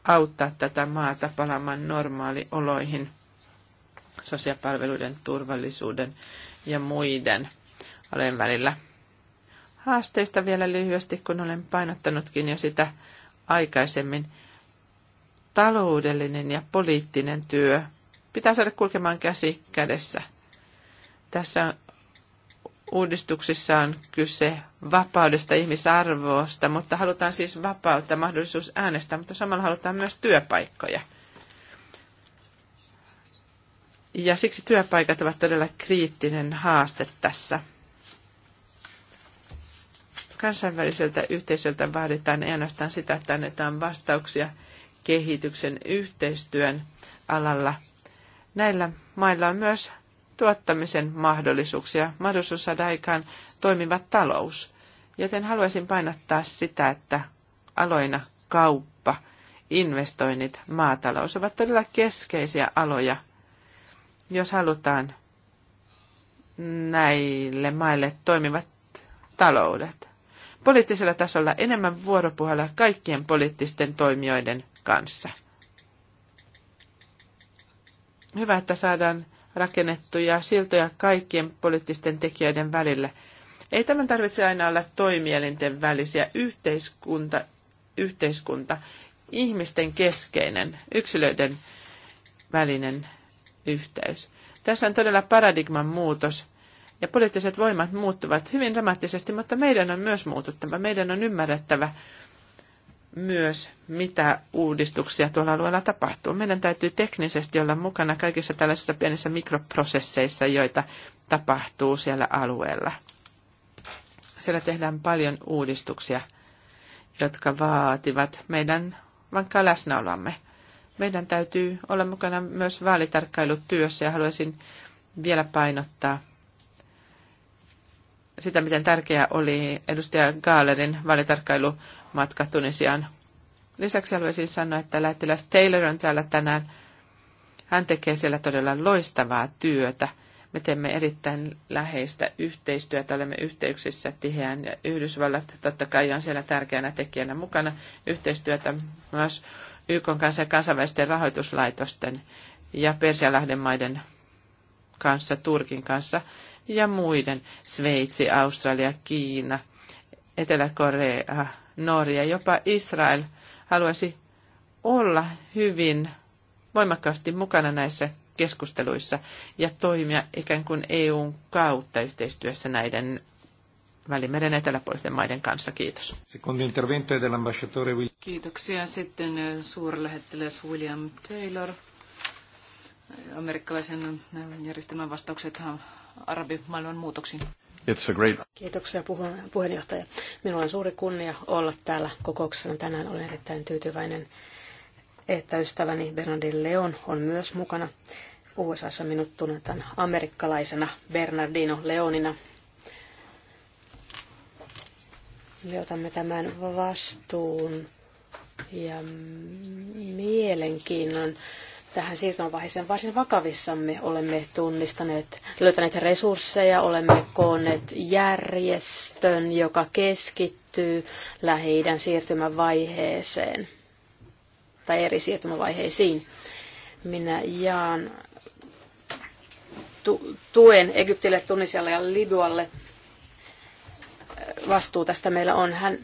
auttaa tätä maata palaamaan normaalioloihin sosiaalipalveluiden, turvallisuuden ja muiden alojen välillä. Haasteista vielä lyhyesti, kun olen painottanutkin jo sitä aikaisemmin. Taloudellinen ja poliittinen työ pitää saada kulkemaan käsi kädessä. Tässä uudistuksissa on kyse vapaudesta, ihmisarvoista, mutta halutaan siis vapautta, mahdollisuus äänestää, mutta samalla halutaan myös työpaikkoja – ja siksi työpaikat ovat todella kriittinen haaste tässä. Kansainväliseltä yhteisöltä vaaditaan ei ainoastaan sitä, että annetaan vastauksia kehityksen yhteistyön alalla. Näillä mailla on myös tuottamisen mahdollisuuksia, mahdollisuus saada aikaan toimiva talous. Joten haluaisin painottaa sitä, että aloina kauppa, investoinnit, maatalous ovat todella keskeisiä aloja jos halutaan näille maille toimivat taloudet. Poliittisella tasolla enemmän vuoropuhella kaikkien poliittisten toimijoiden kanssa. Hyvä, että saadaan rakennettuja siltoja kaikkien poliittisten tekijöiden välillä. Ei tämän tarvitse aina olla toimielinten välisiä. Yhteiskunta, yhteiskunta ihmisten keskeinen, yksilöiden välinen yhteys. Tässä on todella paradigman muutos ja poliittiset voimat muuttuvat hyvin dramaattisesti, mutta meidän on myös muututtava. Meidän on ymmärrettävä myös, mitä uudistuksia tuolla alueella tapahtuu. Meidän täytyy teknisesti olla mukana kaikissa tällaisissa pienissä mikroprosesseissa, joita tapahtuu siellä alueella. Siellä tehdään paljon uudistuksia, jotka vaativat meidän vankkaa läsnäoloamme. Meidän täytyy olla mukana myös vaalitarkkailutyössä ja haluaisin vielä painottaa sitä, miten tärkeä oli edustaja Gaalerin vaalitarkkailumatka Tunisiaan. Lisäksi haluaisin sanoa, että lähettiläs Taylor on täällä tänään. Hän tekee siellä todella loistavaa työtä. Me teemme erittäin läheistä yhteistyötä, olemme yhteyksissä tiheään ja Yhdysvallat totta kai on siellä tärkeänä tekijänä mukana. Yhteistyötä myös YK kanssa ja kansainvälisten rahoituslaitosten ja Persialahden maiden kanssa, Turkin kanssa ja muiden, Sveitsi, Australia, Kiina, Etelä-Korea, Norja, jopa Israel haluaisi olla hyvin voimakkaasti mukana näissä keskusteluissa ja toimia ikään kuin EUn kautta yhteistyössä näiden Välimeren eteläpuolisten maiden kanssa. Kiitos. Kiitoksia. Sitten eh, suurlähettiläs William Taylor. Amerikkalaisen eh, järjestelmän vastaukset arabimaailman muutoksiin. It's a great... Kiitoksia puheenjohtaja. Minulla on suuri kunnia olla täällä kokouksessa tänään. Olen erittäin tyytyväinen, että ystäväni Bernardin Leon on myös mukana. USAssa minut tunnetaan amerikkalaisena Bernardino Leonina. Me otamme tämän vastuun ja mielenkiinnon tähän siirtymävaiheeseen varsin vakavissamme. Olemme tunnistaneet, löytäneet resursseja, olemme koonneet järjestön, joka keskittyy lähi siirtymävaiheeseen tai eri siirtymävaiheisiin. Minä jaan tuen Egyptille, Tunisialle ja Libyalle – vastuu tästä meillä on. Hän,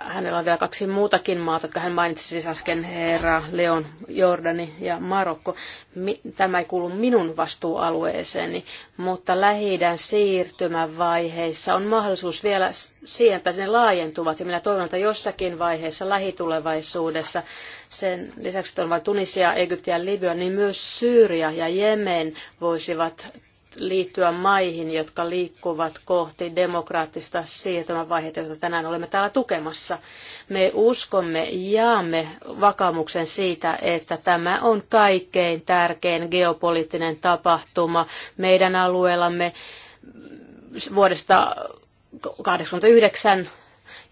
hänellä on vielä kaksi muutakin maata, jotka hän mainitsi siis äsken, Herra, Leon, Jordani ja Marokko. Mi, tämä ei kuulu minun vastuualueeseeni, mutta lähi siirtymävaiheissa on mahdollisuus vielä siihen, että ne laajentuvat. Ja minä toivon, että jossakin vaiheessa lähitulevaisuudessa, sen lisäksi että on vain Tunisia, Egypti ja Libya, niin myös Syyria ja Jemen voisivat liittyä maihin, jotka liikkuvat kohti demokraattista siirtymävaihetta, jota tänään olemme täällä tukemassa. Me uskomme, jaamme vakamuksen siitä, että tämä on kaikkein tärkein geopoliittinen tapahtuma meidän alueellamme vuodesta 1989,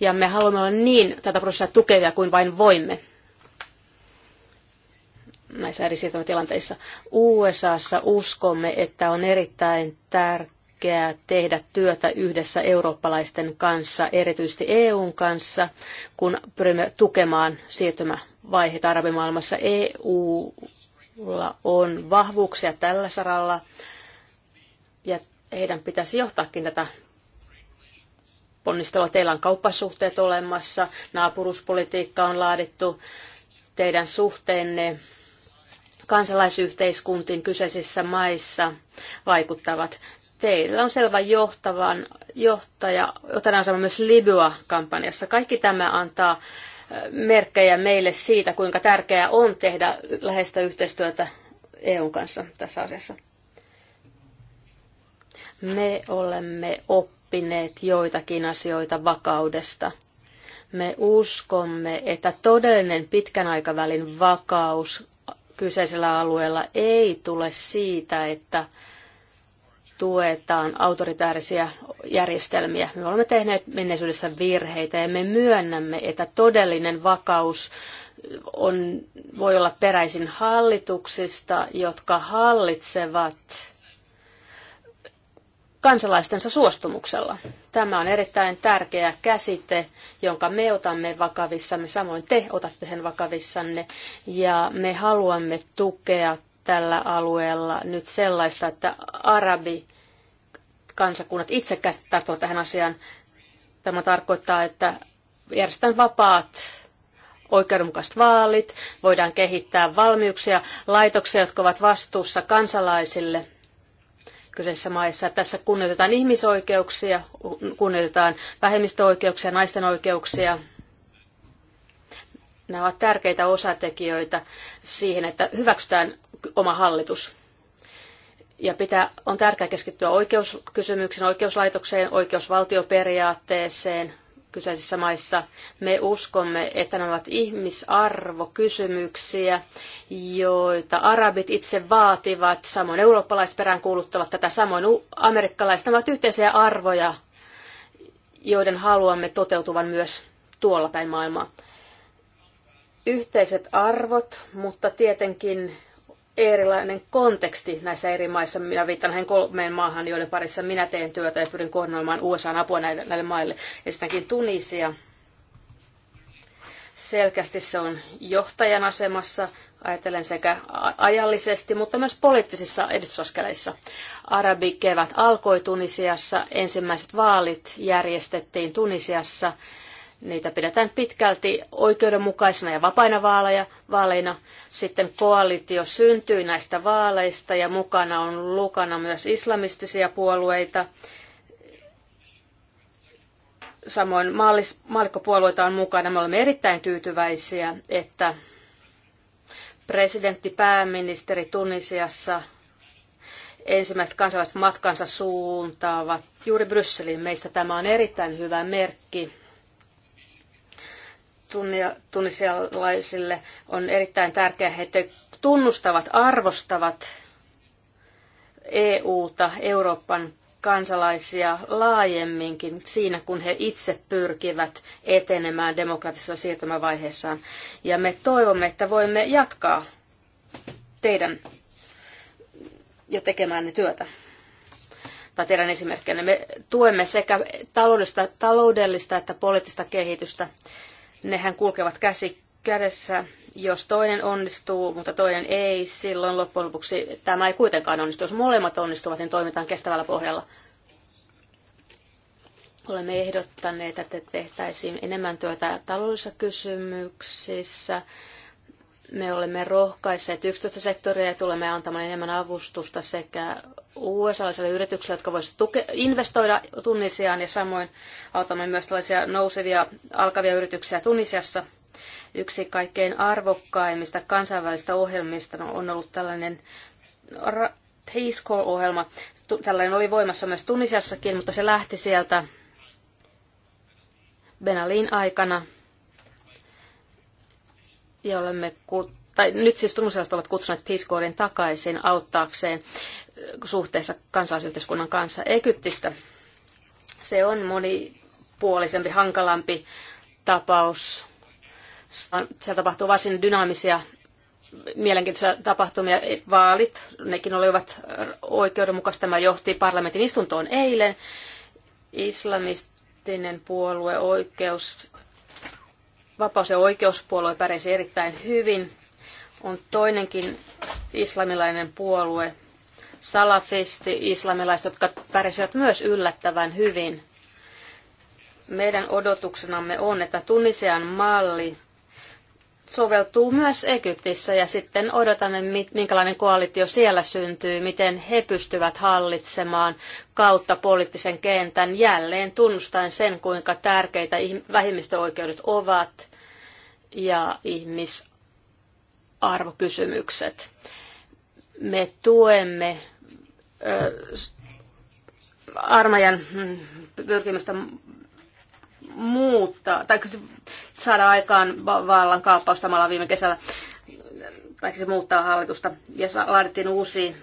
ja me haluamme olla niin tätä prosessia tukevia kuin vain voimme näissä eri siirtymätilanteissa. USAssa uskomme, että on erittäin tärkeää tehdä työtä yhdessä eurooppalaisten kanssa, erityisesti EUn kanssa, kun pyrimme tukemaan siirtymävaiheita arabimaailmassa. EUlla on vahvuuksia tällä saralla ja heidän pitäisi johtaakin tätä ponnistelua. Teillä on kauppasuhteet olemassa, naapuruspolitiikka on laadittu, teidän suhteenne kansalaisyhteiskuntiin kyseisissä maissa vaikuttavat. Teillä on selvä johtavan, johtaja, otetaan asema myös Libya-kampanjassa. Kaikki tämä antaa merkkejä meille siitä, kuinka tärkeää on tehdä läheistä yhteistyötä EUn kanssa tässä asiassa. Me olemme oppineet joitakin asioita vakaudesta. Me uskomme, että todellinen pitkän aikavälin vakaus kyseisellä alueella ei tule siitä, että tuetaan autoritäärisiä järjestelmiä. Me olemme tehneet menneisyydessä virheitä ja me myönnämme, että todellinen vakaus on, voi olla peräisin hallituksista, jotka hallitsevat kansalaistensa suostumuksella. Tämä on erittäin tärkeä käsite, jonka me otamme vakavissamme, samoin te otatte sen vakavissanne, ja me haluamme tukea tällä alueella nyt sellaista, että arabi kansakunnat itse tarttuvat tähän asiaan. Tämä tarkoittaa, että järjestetään vapaat oikeudenmukaiset vaalit, voidaan kehittää valmiuksia, laitoksia, jotka ovat vastuussa kansalaisille kyseisissä maissa. Tässä kunnioitetaan ihmisoikeuksia, kunnioitetaan vähemmistöoikeuksia, naisten oikeuksia. Nämä ovat tärkeitä osatekijöitä siihen, että hyväksytään oma hallitus. Ja pitää, on tärkeää keskittyä oikeuskysymyksiin, oikeuslaitokseen, oikeusvaltioperiaatteeseen, kyseisissä maissa. Me uskomme, että nämä ovat ihmisarvokysymyksiä, joita arabit itse vaativat, samoin eurooppalaiset peräänkuuluttavat tätä, samoin amerikkalaiset. Nämä ovat yhteisiä arvoja, joiden haluamme toteutuvan myös tuolla päin maailmaa. Yhteiset arvot, mutta tietenkin erilainen konteksti näissä eri maissa. Minä viittaan näihin kolmeen maahan, joiden parissa minä teen työtä ja pyrin koordinoimaan USAn apua näille, näille maille. Ensinnäkin Tunisia. Selkeästi se on johtajan asemassa, ajatellen sekä ajallisesti, mutta myös poliittisissa edistysaskeleissa. Arabikevät alkoi Tunisiassa, ensimmäiset vaalit järjestettiin Tunisiassa – Niitä pidetään pitkälti oikeudenmukaisena ja vapaina vaaleja, vaaleina. Sitten koalitio syntyi näistä vaaleista ja mukana on lukana myös islamistisia puolueita. Samoin maallis, maallikkopuolueita on mukana. Me olemme erittäin tyytyväisiä, että presidentti pääministeri Tunisiassa ensimmäiset kansalaiset matkansa suuntaavat juuri Brysseliin. Meistä tämä on erittäin hyvä merkki tunnisialaisille on erittäin tärkeää, että he tunnustavat, arvostavat EU-ta, Euroopan kansalaisia laajemminkin siinä, kun he itse pyrkivät etenemään demokratisessa siirtymävaiheessaan. Ja me toivomme, että voimme jatkaa teidän jo ne työtä tai teidän esimerkkinä. Me tuemme sekä taloudellista, taloudellista että poliittista kehitystä nehän kulkevat käsi kädessä. Jos toinen onnistuu, mutta toinen ei, silloin loppujen lopuksi tämä ei kuitenkaan onnistu. Jos molemmat onnistuvat, niin toimitaan kestävällä pohjalla. Olemme ehdottaneet, että tehtäisiin enemmän työtä taloudellisissa kysymyksissä. Me olemme rohkaisseet yksityistä sektoria ja tulemme antamaan enemmän avustusta sekä USA-laisille yrityksille, jotka voisivat tuke- investoida Tunisiaan ja samoin autamme myös tällaisia nousevia, alkavia yrityksiä Tunisiassa. Yksi kaikkein arvokkaimmista kansainvälistä ohjelmista no, on ollut tällainen Peace Corps-ohjelma. Tällainen oli voimassa myös Tunisiassakin, mutta se lähti sieltä Benalin aikana, ja olemme tai nyt siis tunnusilaiset ovat kutsuneet Peace Corpsin takaisin auttaakseen suhteessa kansalaisyhteiskunnan kanssa Egyptistä. Se on monipuolisempi, hankalampi tapaus. Siellä tapahtuu varsin dynaamisia mielenkiintoisia tapahtumia. Vaalit, nekin olivat oikeudenmukaista. Tämä johti parlamentin istuntoon eilen. Islamistinen puolue oikeus, vapaus- ja oikeuspuolue pärjäsi erittäin hyvin on toinenkin islamilainen puolue, salafisti-islamilaiset, jotka pärjäsivät myös yllättävän hyvin. Meidän odotuksenamme on, että Tunisian malli soveltuu myös Egyptissä ja sitten odotamme, minkälainen koalitio siellä syntyy, miten he pystyvät hallitsemaan kautta poliittisen kentän jälleen tunnustaen sen, kuinka tärkeitä vähemmistöoikeudet ovat ja ihmis arvokysymykset. Me tuemme armeijan mm, pyrkimystä muuttaa, tai saada aikaan vallan kaappaustamalla viime kesällä, tai se muuttaa hallitusta. Ja laadittiin uusi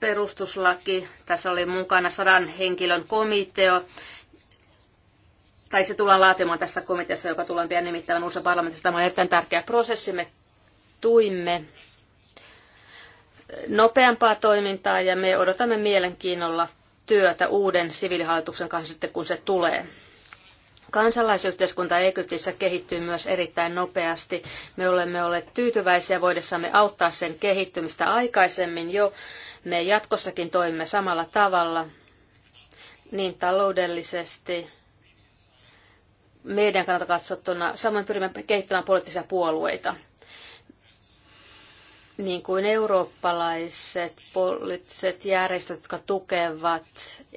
perustuslaki. Tässä oli mukana sadan henkilön komiteo, tai se tullaan laatimaan tässä komiteassa, joka tullaan pian nimittämään uusi parlamentissa. Tämä on erittäin tärkeä prosessi. Me tuimme nopeampaa toimintaa ja me odotamme mielenkiinnolla työtä uuden siviilihallituksen kanssa sitten, kun se tulee. Kansalaisyhteiskunta Egyptissä kehittyy myös erittäin nopeasti. Me olemme olleet tyytyväisiä voidessamme auttaa sen kehittymistä aikaisemmin jo. Me jatkossakin toimimme samalla tavalla, niin taloudellisesti, meidän kannalta katsottuna. Samoin pyrimme kehittämään poliittisia puolueita niin kuin eurooppalaiset poliittiset järjestöt, jotka tukevat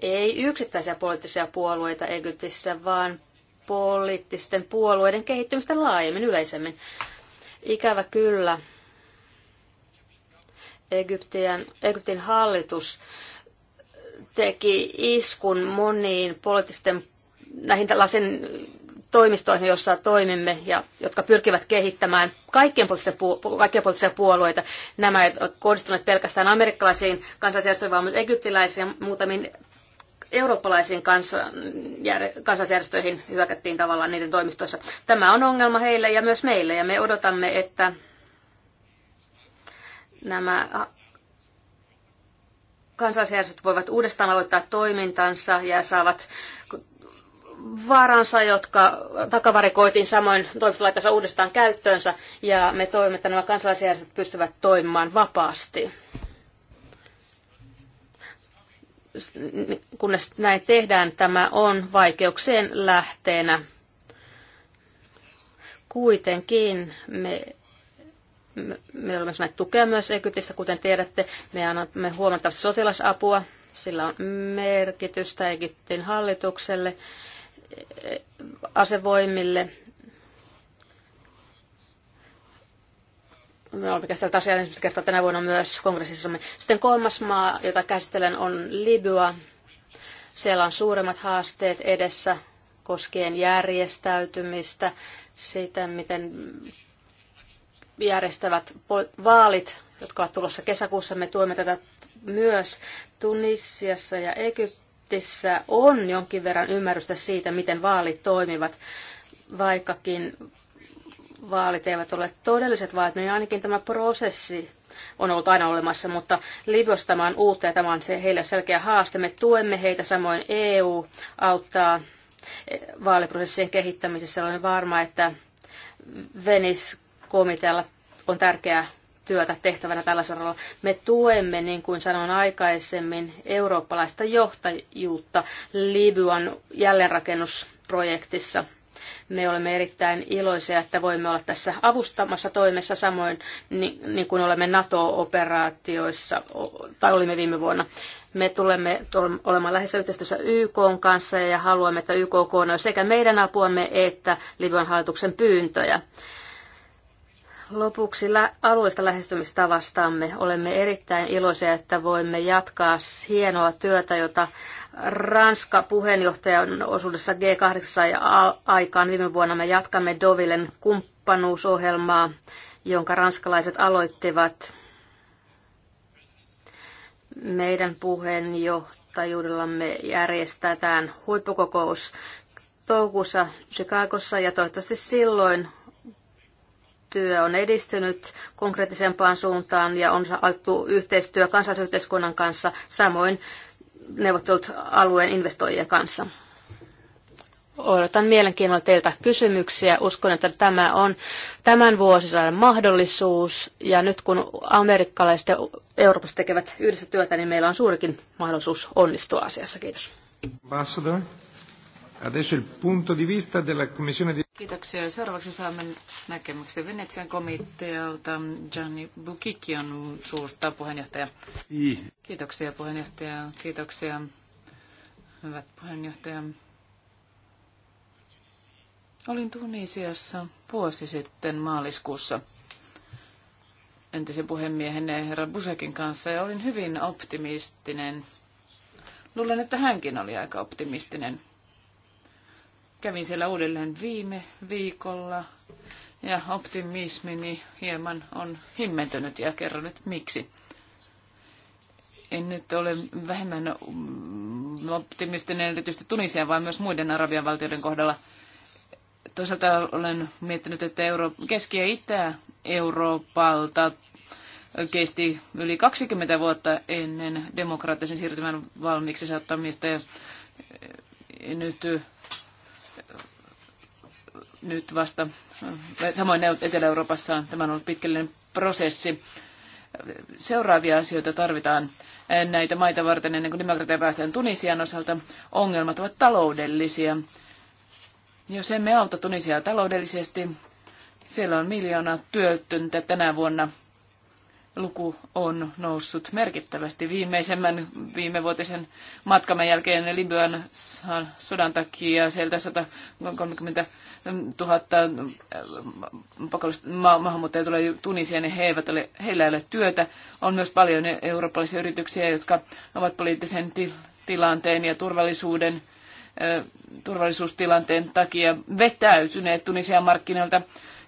ei yksittäisiä poliittisia puolueita Egyptissä, vaan poliittisten puolueiden kehittymistä laajemmin yleisemmin. Ikävä kyllä, Egyptian, Egyptin hallitus teki iskun moniin poliittisten näihin tällaisen toimistoihin, joissa toimimme ja jotka pyrkivät kehittämään kaikkien poliittisia, puol- kaikkien poliittisia puolueita. Nämä ovat kohdistuneet pelkästään amerikkalaisiin kansalaisjärjestöihin, vaan myös egyptiläisiin ja muutamiin eurooppalaisiin kansalaisjärjestöihin hyökättiin tavallaan niiden toimistoissa. Tämä on ongelma heille ja myös meille ja me odotamme, että nämä kansalaisjärjestöt voivat uudestaan aloittaa toimintansa ja saavat varansa, jotka takavarikoitiin samoin toimistolaitansa uudestaan käyttöönsä, ja me toivomme, että nämä kansalaisjärjestöt pystyvät toimimaan vapaasti. Kunnes näin tehdään, tämä on vaikeuksien lähteenä. Kuitenkin me me, me olemme saaneet tukea myös Egyptistä, kuten tiedätte. Me annamme huomattavasti sotilasapua. Sillä on merkitystä Egyptin hallitukselle asevoimille. Me olemme käsitelleet asiaa ensimmäistä kertaa tänä vuonna myös kongressissamme. Sitten kolmas maa, jota käsittelen, on Libya. Siellä on suuremmat haasteet edessä koskien järjestäytymistä, sitä, miten järjestävät vaalit, jotka ovat tulossa kesäkuussa. Me tuemme tätä myös Tunisiassa ja Egyptissä parlamentissa on jonkin verran ymmärrystä siitä, miten vaalit toimivat, vaikkakin vaalit eivät ole todelliset vaalit, niin ainakin tämä prosessi on ollut aina olemassa, mutta Libyassa tämä on uutta ja tämä on se heille selkeä haaste. Me tuemme heitä, samoin EU auttaa vaaliprosessien kehittämisessä. Olen varma, että Venis-komitealla on tärkeä työtä tehtävänä tällä saralla. Me tuemme, niin kuin sanoin aikaisemmin, eurooppalaista johtajuutta Libyan jälleenrakennusprojektissa. Me olemme erittäin iloisia, että voimme olla tässä avustamassa toimessa samoin niin, niin kuin olemme NATO-operaatioissa, tai olimme viime vuonna. Me tulemme olemaan lähes yhteistyössä YK kanssa ja haluamme, että YK on sekä meidän apuamme että Libyan hallituksen pyyntöjä. Lopuksi lä- alueesta lähestymistavastamme olemme erittäin iloisia, että voimme jatkaa hienoa työtä, jota Ranska puheenjohtajan osuudessa G8 aikaan viime vuonna me jatkamme Dovilen kumppanuusohjelmaa, jonka ranskalaiset aloittivat meidän puheenjohtajuudellamme järjestetään huippukokous toukokuussa Chicagossa ja toivottavasti silloin työ on edistynyt konkreettisempaan suuntaan ja on saatu yhteistyö kansalaisyhteiskunnan kanssa, samoin neuvottelut alueen investoijien kanssa. Odotan mielenkiinnolla teiltä kysymyksiä. Uskon, että tämä on tämän vuosisadan mahdollisuus. Ja nyt kun amerikkalaiset ja Euroopassa tekevät yhdessä työtä, niin meillä on suurikin mahdollisuus onnistua asiassa. Kiitos. Ambassador. Adesso il punto di vista della Commissione di... Kiitoksia. Seuraavaksi saamme näkemyksen Venetsian komitealta. Gianni Bukikki on suurta puheenjohtaja. Kiitoksia puheenjohtaja. Kiitoksia hyvät puheenjohtaja. Olin Tunisiassa vuosi sitten maaliskuussa entisen puhemiehen herra Busekin kanssa ja olin hyvin optimistinen. Luulen, että hänkin oli aika optimistinen Kävin siellä uudelleen viime viikolla ja optimismini hieman on himmentynyt ja kerron nyt miksi. En nyt ole vähemmän optimistinen erityisesti Tunisian, vaan myös muiden arabian valtioiden kohdalla. Toisaalta olen miettinyt, että Euro- Keski- ja Itä-Euroopalta kesti yli 20 vuotta ennen demokraattisen siirtymän valmiiksi saattamista. Ja nyt nyt vasta, samoin Etelä-Euroopassa tämä on ollut pitkällinen prosessi. Seuraavia asioita tarvitaan näitä maita varten ennen kuin demokratia päästään Tunisian osalta. Ongelmat ovat taloudellisia. Jos emme auta Tunisiaa taloudellisesti, siellä on miljoonaa työttöntä tänä vuonna luku on noussut merkittävästi viimeisemmän viimevuotisen matkamme jälkeen Libyan sodan takia. Sieltä 130 000 äh, pakollista ma- maahanmuuttajia tulee Tunisiaan ja he eivät ole, heillä ei ole työtä. On myös paljon eurooppalaisia yrityksiä, jotka ovat poliittisen tilanteen ja turvallisuuden äh, turvallisuustilanteen takia vetäytyneet Tunisian markkinoilta,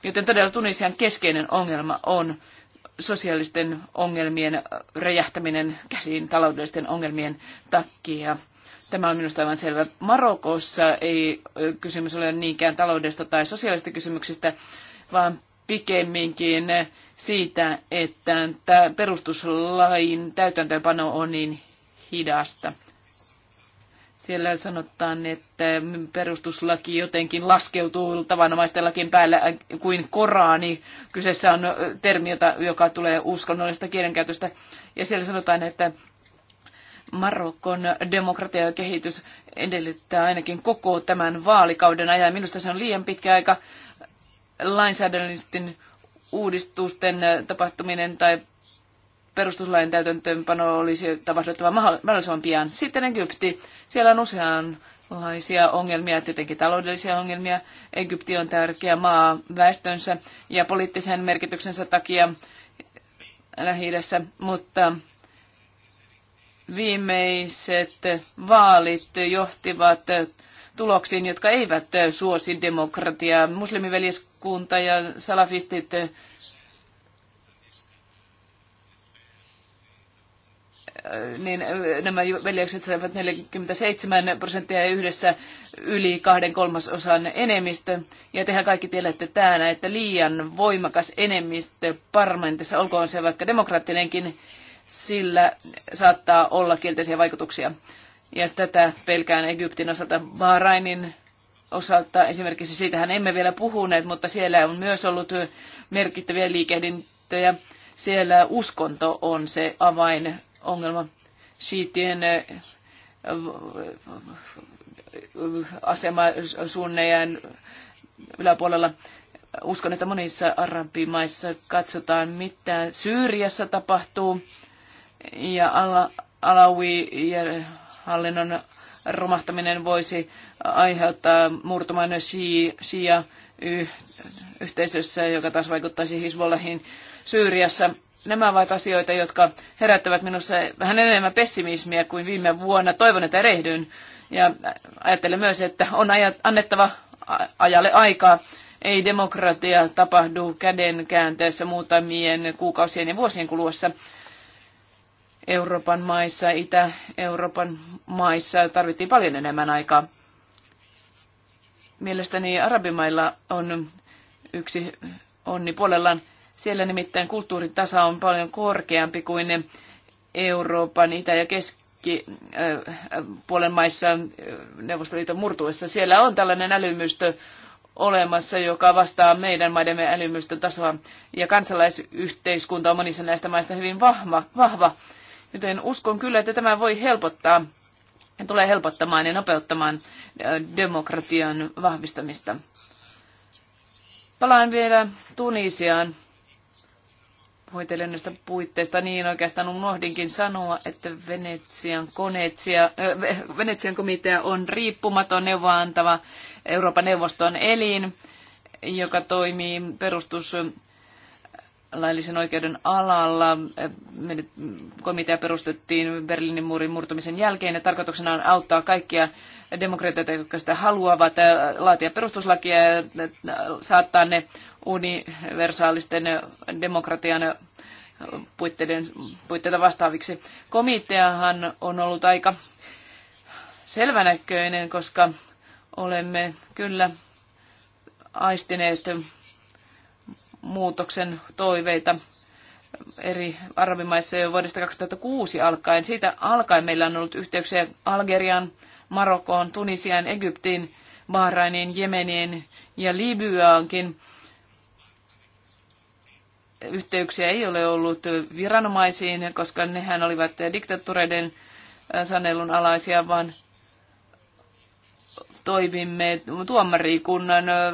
joten todella Tunisian keskeinen ongelma on sosiaalisten ongelmien räjähtäminen käsiin taloudellisten ongelmien takia. Tämä on minusta aivan selvä. Marokossa ei kysymys ole niinkään taloudesta tai sosiaalisista kysymyksistä, vaan pikemminkin siitä, että tämä perustuslain täytäntöönpano on niin hidasta. Siellä sanotaan, että perustuslaki jotenkin laskeutuu tavanomaisten lakien päälle kuin Korani. Kyseessä on termi, joka tulee uskonnollisesta kielenkäytöstä. Ja siellä sanotaan, että Marokon demokratia ja kehitys edellyttää ainakin koko tämän vaalikauden ajan. Minusta se on liian pitkä aika lainsäädännöllisten uudistusten tapahtuminen tai perustuslain täytäntöönpano olisi tapahduttava mahdollisimman pian. Sitten Egypti. Siellä on useanlaisia ongelmia, tietenkin taloudellisia ongelmia. Egypti on tärkeä maa väestönsä ja poliittisen merkityksensä takia lähi mutta viimeiset vaalit johtivat tuloksiin, jotka eivät suosi demokratiaa. Muslimiveljeskunta ja salafistit niin nämä veljekset saivat 47 prosenttia ja yhdessä yli kahden kolmasosan enemmistö. Ja tehän kaikki tiedätte täällä, että liian voimakas enemmistö parlamentissa, olkoon se vaikka demokraattinenkin, sillä saattaa olla kielteisiä vaikutuksia. Ja tätä pelkään Egyptin osalta Bahrainin osalta. Esimerkiksi siitähän emme vielä puhuneet, mutta siellä on myös ollut merkittäviä liikehdintöjä. Siellä uskonto on se avain ongelma. Siitien eh, asema suunneen yläpuolella. Uskon, että monissa arabimaissa katsotaan, mitä Syyriassa tapahtuu. Ja Alawi hallinnon romahtaminen voisi aiheuttaa murtuman shia yhteisössä, joka taas vaikuttaisi Hisbollahin Syyriassa. Nämä ovat asioita, jotka herättävät minussa vähän enemmän pessimismiä kuin viime vuonna. Toivon, että erehdyn. Ja ajattelen myös, että on annettava ajalle aikaa. Ei demokratia tapahdu käden käänteessä muutamien kuukausien ja vuosien kuluessa. Euroopan maissa, Itä-Euroopan maissa tarvittiin paljon enemmän aikaa. Mielestäni arabimailla on yksi onni puolellaan. Siellä nimittäin kulttuuritasa on paljon korkeampi kuin Euroopan itä- ja keskipuolen maissa Neuvostoliiton murtuessa. Siellä on tällainen älymystö olemassa, joka vastaa meidän maidemme älymystön tasoa. Ja kansalaisyhteiskunta on monissa näistä maista hyvin vahva, vahva. Joten uskon kyllä, että tämä voi helpottaa ja tulee helpottamaan ja nopeuttamaan demokratian vahvistamista. Palaan vielä Tunisiaan hoitelen näistä puitteista, niin oikeastaan unohdinkin sanoa, että Venetsian, konetsia, äh, Venetsian komitea on riippumaton neuvoantava Euroopan neuvoston elin, joka toimii perustus laillisen oikeuden alalla. Komitea perustettiin Berliinin muurin murtumisen jälkeen ja tarkoituksena on auttaa kaikkia demokratioita, jotka sitä haluavat laatia perustuslakia ja saattaa ne universaalisten demokratian puitteiden, puitteita vastaaviksi. Komiteahan on ollut aika selvänäköinen, koska olemme kyllä aistineet muutoksen toiveita eri arabimaissa jo vuodesta 2006 alkaen. Siitä alkaen meillä on ollut yhteyksiä Algerian, Marokkoon, Tunisiaan, Egyptiin, Bahrainiin, Jemeniin ja Libyaankin. Yhteyksiä ei ole ollut viranomaisiin, koska nehän olivat diktatureiden äh, sanelun alaisia, vaan toimimme tuomarikunnan äh,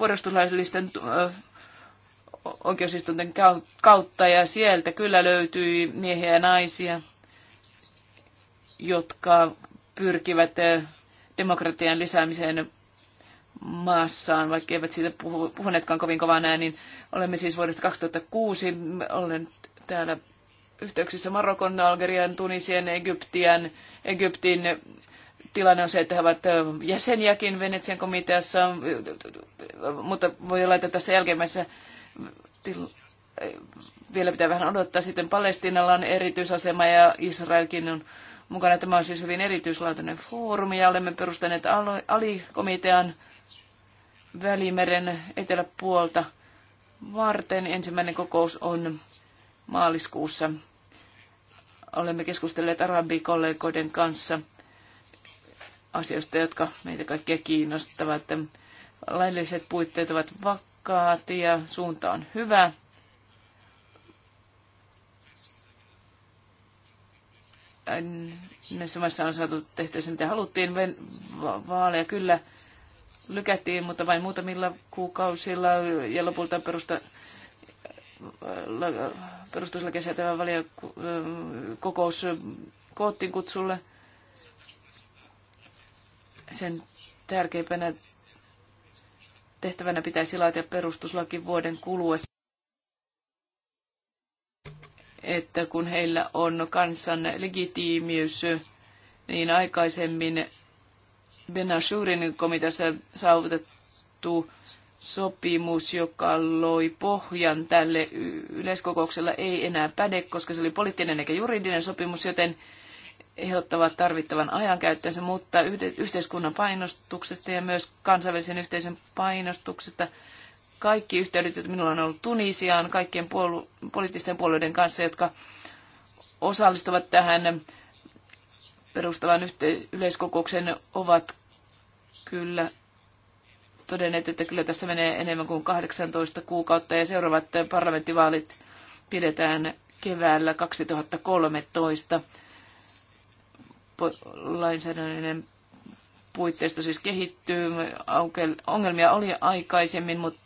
perustuslaillisten äh, oikeusistunten kautta ja sieltä kyllä löytyi miehiä ja naisia, jotka pyrkivät eh, demokratian lisäämiseen maassaan, vaikka eivät siitä puhu, puhuneetkaan kovin kovaa näin, niin olemme siis vuodesta 2006 olleet täällä yhteyksissä Marokon, Algerian, Tunisien, Egyptian, Egyptin tilanne on se, että he ovat eh, jäseniäkin Venetsian komiteassa, eh, mutta voi olla, että tässä jälkeimmäisessä vielä pitää vähän odottaa. Sitten Palestiinalla on erityisasema ja Israelkin on mukana. Tämä on siis hyvin erityislaatuinen foorumi ja olemme perustaneet alikomitean Välimeren eteläpuolta varten. Ensimmäinen kokous on maaliskuussa. Olemme keskustelleet arabikollegoiden kanssa asioista, jotka meitä kaikkia kiinnostavat. Lailliset puitteet ovat kaatia ja suunta on hyvä. Näissä maissa on saatu tehtyä se, mitä haluttiin. Vaaleja kyllä lykättiin, mutta vain muutamilla kuukausilla ja lopulta perusta perustuslakisätävä kokous koottiin kutsulle. Sen tärkeimpänä tehtävänä pitäisi laatia perustuslaki vuoden kuluessa, että kun heillä on kansan legitiimiys, niin aikaisemmin Benashurin komiteassa saavutettu sopimus, joka loi pohjan tälle yleiskokouksella, ei enää päde, koska se oli poliittinen eikä juridinen sopimus, joten ehdottavat tarvittavan ajankäyttönsä, mutta yhteiskunnan painostuksesta ja myös kansainvälisen yhteisön painostuksesta kaikki yhteydet, joita minulla on ollut Tunisiaan, kaikkien puolu- poliittisten puolueiden kanssa, jotka osallistuvat tähän perustavan yhte- yleiskokouksen, ovat kyllä todenneet, että kyllä tässä menee enemmän kuin 18 kuukautta ja seuraavat parlamenttivaalit pidetään keväällä 2013 lainsäädännöllinen puitteisto siis kehittyy. Ongelmia oli aikaisemmin, mutta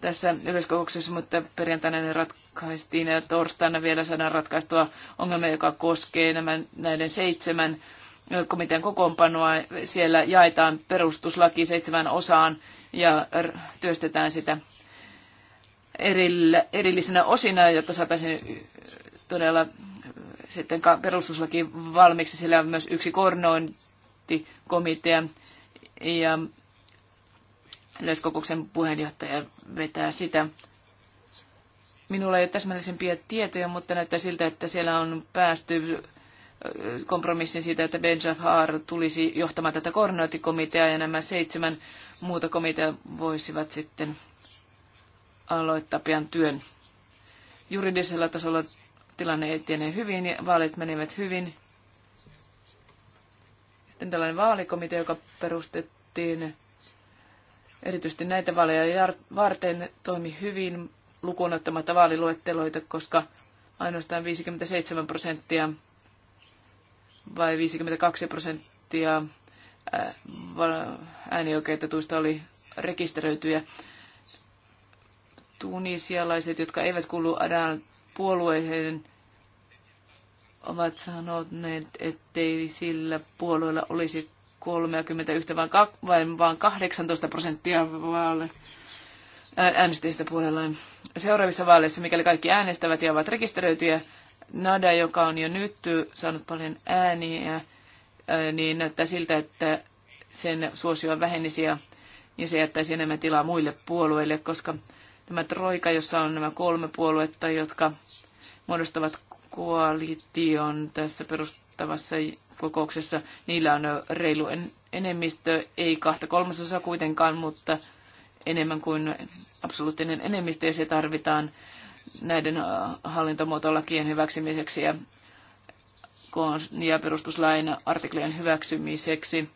tässä yleiskokouksessa, mutta perjantaina ne ratkaistiin ja torstaina vielä saadaan ratkaistua ongelma, joka koskee nämä, näiden seitsemän komitean kokoonpanoa. Siellä jaetaan perustuslaki seitsemän osaan ja työstetään sitä erillisenä osina, jotta saataisiin todella sitten perustuslaki valmiiksi. Sillä on myös yksi koordinointikomitea ja yleiskokouksen puheenjohtaja vetää sitä. Minulla ei ole täsmällisempiä tietoja, mutta näyttää siltä, että siellä on päästy kompromissin siitä, että Jafar tulisi johtamaan tätä koordinointikomiteaa ja nämä seitsemän muuta komitea voisivat sitten aloittaa pian työn. Juridisella tasolla tilanne etenee hyvin ja vaalit menivät hyvin. Sitten tällainen vaalikomitea, joka perustettiin erityisesti näitä vaaleja varten, toimi hyvin lukuun ottamatta vaaliluetteloita, koska ainoastaan 57 prosenttia vai 52 prosenttia äänioikeutetuista oli rekisteröityjä tunisialaiset, jotka eivät kuulu puolueiden ovat sanoneet, ettei sillä puolueella olisi 31 vaan, vaan 18 prosenttia vaale äänestäjistä puolella. Seuraavissa vaaleissa, mikäli kaikki äänestävät ja ovat rekisteröityjä, Nada, joka on jo nyt saanut paljon ääniä, niin näyttää siltä, että sen suosio vähenisi ja se jättäisi enemmän tilaa muille puolueille, koska tämä troika, jossa on nämä kolme puoluetta, jotka muodostavat koalition tässä perustavassa kokouksessa. Niillä on reilu enemmistö, ei kahta kolmasosaa kuitenkaan, mutta enemmän kuin absoluuttinen enemmistö, ja se tarvitaan näiden äh, hallintomuotolakien hyväksymiseksi ja, ja perustuslain artiklien hyväksymiseksi.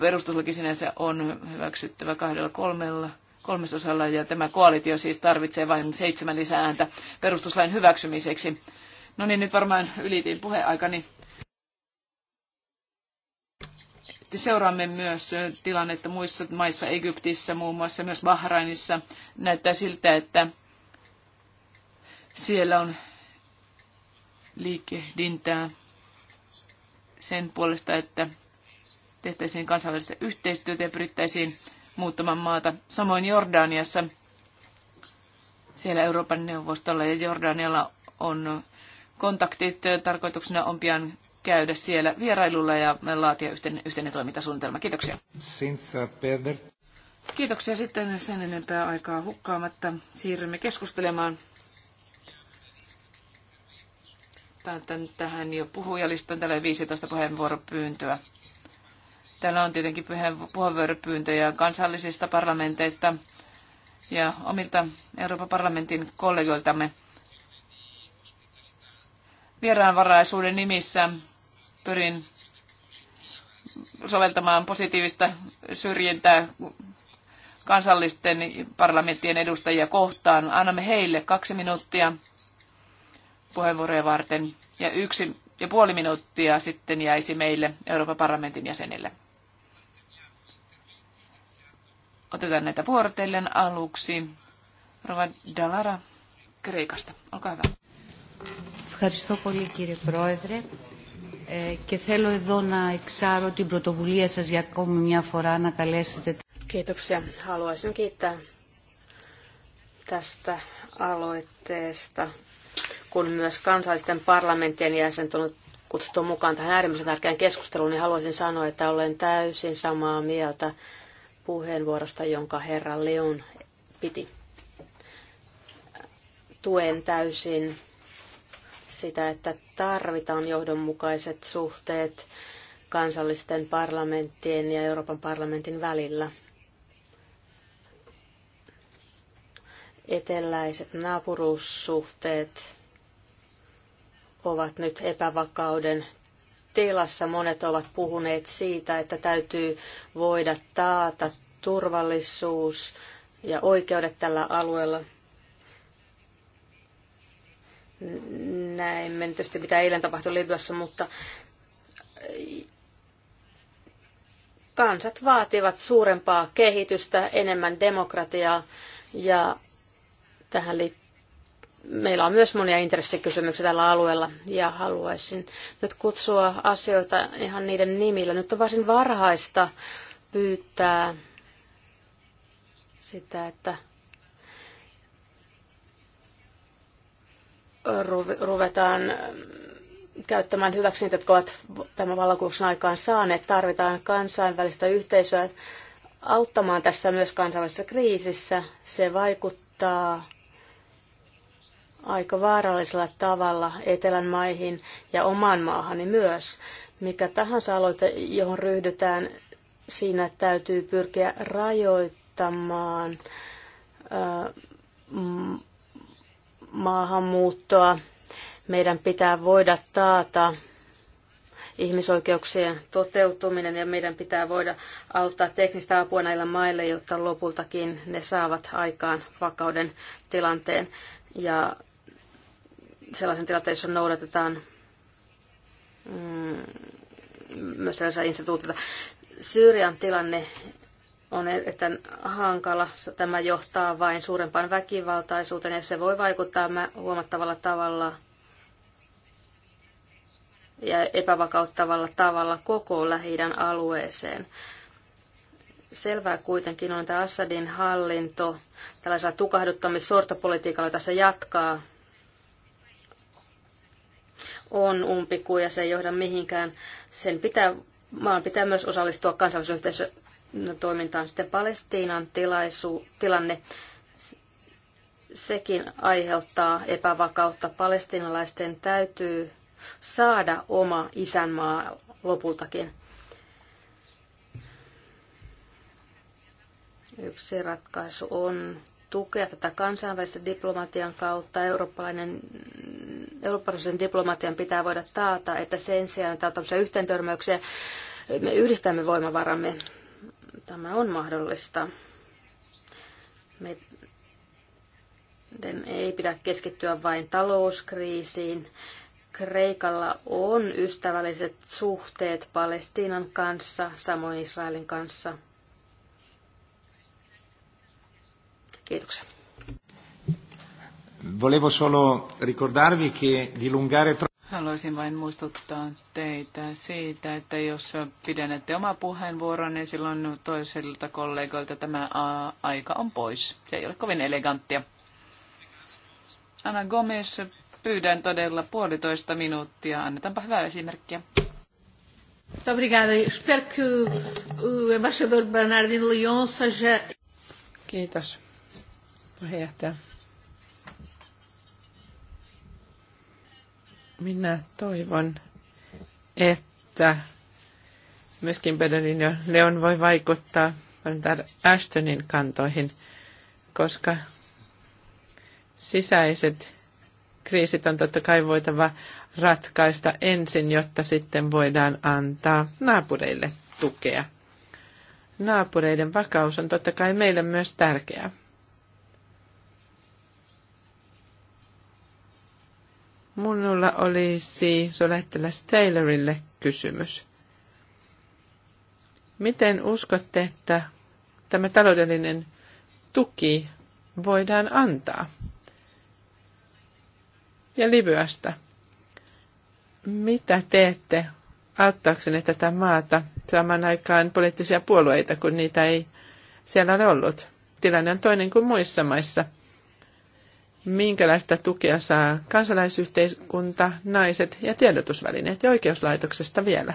Perustuslaki sinänsä on hyväksyttävä kahdella kolmella kolmasosalla ja tämä koalitio siis tarvitsee vain seitsemän lisääntä perustuslain hyväksymiseksi. No niin, nyt varmaan ylitin puheaikani. Seuraamme myös tilannetta muissa maissa, Egyptissä muun muassa, myös Bahrainissa. Näyttää siltä, että siellä on liikehdintää sen puolesta, että tehtäisiin kansainvälistä yhteistyötä ja pyrittäisiin Muutaman maata. Samoin Jordaniassa, siellä Euroopan neuvostolla ja Jordanialla on kontaktit. Tarkoituksena on pian käydä siellä vierailulla ja laatia yhteinen, yhteinen toimintasuunnitelma. Kiitoksia. Uh, Kiitoksia sitten sen enempää aikaa hukkaamatta. Siirrymme keskustelemaan. Päätän tähän jo puhujalistan. Täällä 15 puheenvuoropyyntöä. Täällä on tietenkin puheenvuoropyyntöjä kansallisista parlamenteista ja omilta Euroopan parlamentin kollegoiltamme. Vieraanvaraisuuden nimissä pyrin soveltamaan positiivista syrjintää kansallisten parlamenttien edustajia kohtaan. Annamme heille kaksi minuuttia puheenvuoroja varten ja yksi ja puoli minuuttia sitten jäisi meille Euroopan parlamentin jäsenille. Otetaan näitä vuorotellen aluksi. Rova Dalara Kreikasta. Olkaa hyvä. Ευχαριστώ πολύ κύριε Πρόεδρε ε, και θέλω εδώ να εξάρω την πρωτοβουλία σας για ακόμη μια φορά να καλέσετε. Kiitoksia. Haluaisin kiittää tästä aloitteesta, kun myös kansallisten parlamenttien jäsen on kutsuttu mukaan tähän äärimmäisen tärkeään keskusteluun, niin haluaisin sanoa, että olen täysin samaa mieltä puheenvuorosta, jonka herra Leon piti. Tuen täysin sitä, että tarvitaan johdonmukaiset suhteet kansallisten parlamenttien ja Euroopan parlamentin välillä. Eteläiset naapuruussuhteet ovat nyt epävakauden tilassa monet ovat puhuneet siitä, että täytyy voida taata turvallisuus ja oikeudet tällä alueella. Näin me tietysti mitä eilen tapahtui Libyassa, mutta kansat vaativat suurempaa kehitystä, enemmän demokratiaa ja tähän liittyy meillä on myös monia intressikysymyksiä tällä alueella ja haluaisin nyt kutsua asioita ihan niiden nimillä. Nyt on varsin varhaista pyytää sitä, että ruvetaan käyttämään hyväksi niitä, jotka ovat tämän vallankumouksen aikaan saaneet. Tarvitaan kansainvälistä yhteisöä auttamaan tässä myös kansainvälisessä kriisissä. Se vaikuttaa aika vaarallisella tavalla etelän maihin ja omaan maahani myös. Mikä tahansa aloite, johon ryhdytään, siinä täytyy pyrkiä rajoittamaan maahanmuuttoa. Meidän pitää voida taata ihmisoikeuksien toteutuminen ja meidän pitää voida auttaa teknistä apua näillä maille, jotta lopultakin ne saavat aikaan vakauden tilanteen. Ja sellaisen tilanteen, jossa noudatetaan mm, myös sellaisia instituutioita. Syyrian tilanne on erittäin hankala. Tämä johtaa vain suurempaan väkivaltaisuuteen ja se voi vaikuttaa huomattavalla tavalla ja epävakauttavalla tavalla koko lähi alueeseen. Selvää kuitenkin on, että Assadin hallinto tällaisella tukahduttamis-sortopolitiikalla tässä jatkaa on ja se ei johda mihinkään. Sen pitää, maan pitää myös osallistua kansainvälisen toimintaan. Sitten Palestiinan tilaisu, tilanne, sekin aiheuttaa epävakautta. Palestiinalaisten täytyy saada oma isänmaa lopultakin. Yksi ratkaisu on tukea tätä kansainvälistä diplomatian kautta. Eurooppalainen, eurooppalaisen diplomatian pitää voida taata, että sen sijaan tämmöisiä yhteentörmäyksiä me yhdistämme voimavaramme. Tämä on mahdollista. Meidän ei pidä keskittyä vain talouskriisiin. Kreikalla on ystävälliset suhteet Palestiinan kanssa, samoin Israelin kanssa – Kiitoksia. Volevo solo ricordarvi che dilungare Haluaisin vain muistuttaa teitä siitä, että jos pidennätte oma puheenvuoron, niin silloin toisilta kollegoilta tämä aika on pois. Se ei ole kovin eleganttia. Anna Gomes, pyydän todella puolitoista minuuttia. Annetaanpa hyvää esimerkkiä. Kiitos jag? Minä toivon, että myöskin Bedelino Leon voi vaikuttaa Ashtonin kantoihin, koska sisäiset kriisit on totta kai voitava ratkaista ensin, jotta sitten voidaan antaa naapureille tukea. Naapureiden vakaus on totta kai meille myös tärkeää. Minulla olisi suurlähettiläs Taylorille kysymys. Miten uskotte, että tämä taloudellinen tuki voidaan antaa? Ja Libyasta. Mitä teette auttaaksenne tätä maata saman aikaan poliittisia puolueita, kun niitä ei siellä ole ollut? Tilanne on toinen kuin muissa maissa – minkälaista tukea saa kansalaisyhteiskunta, naiset ja tiedotusvälineet ja oikeuslaitoksesta vielä.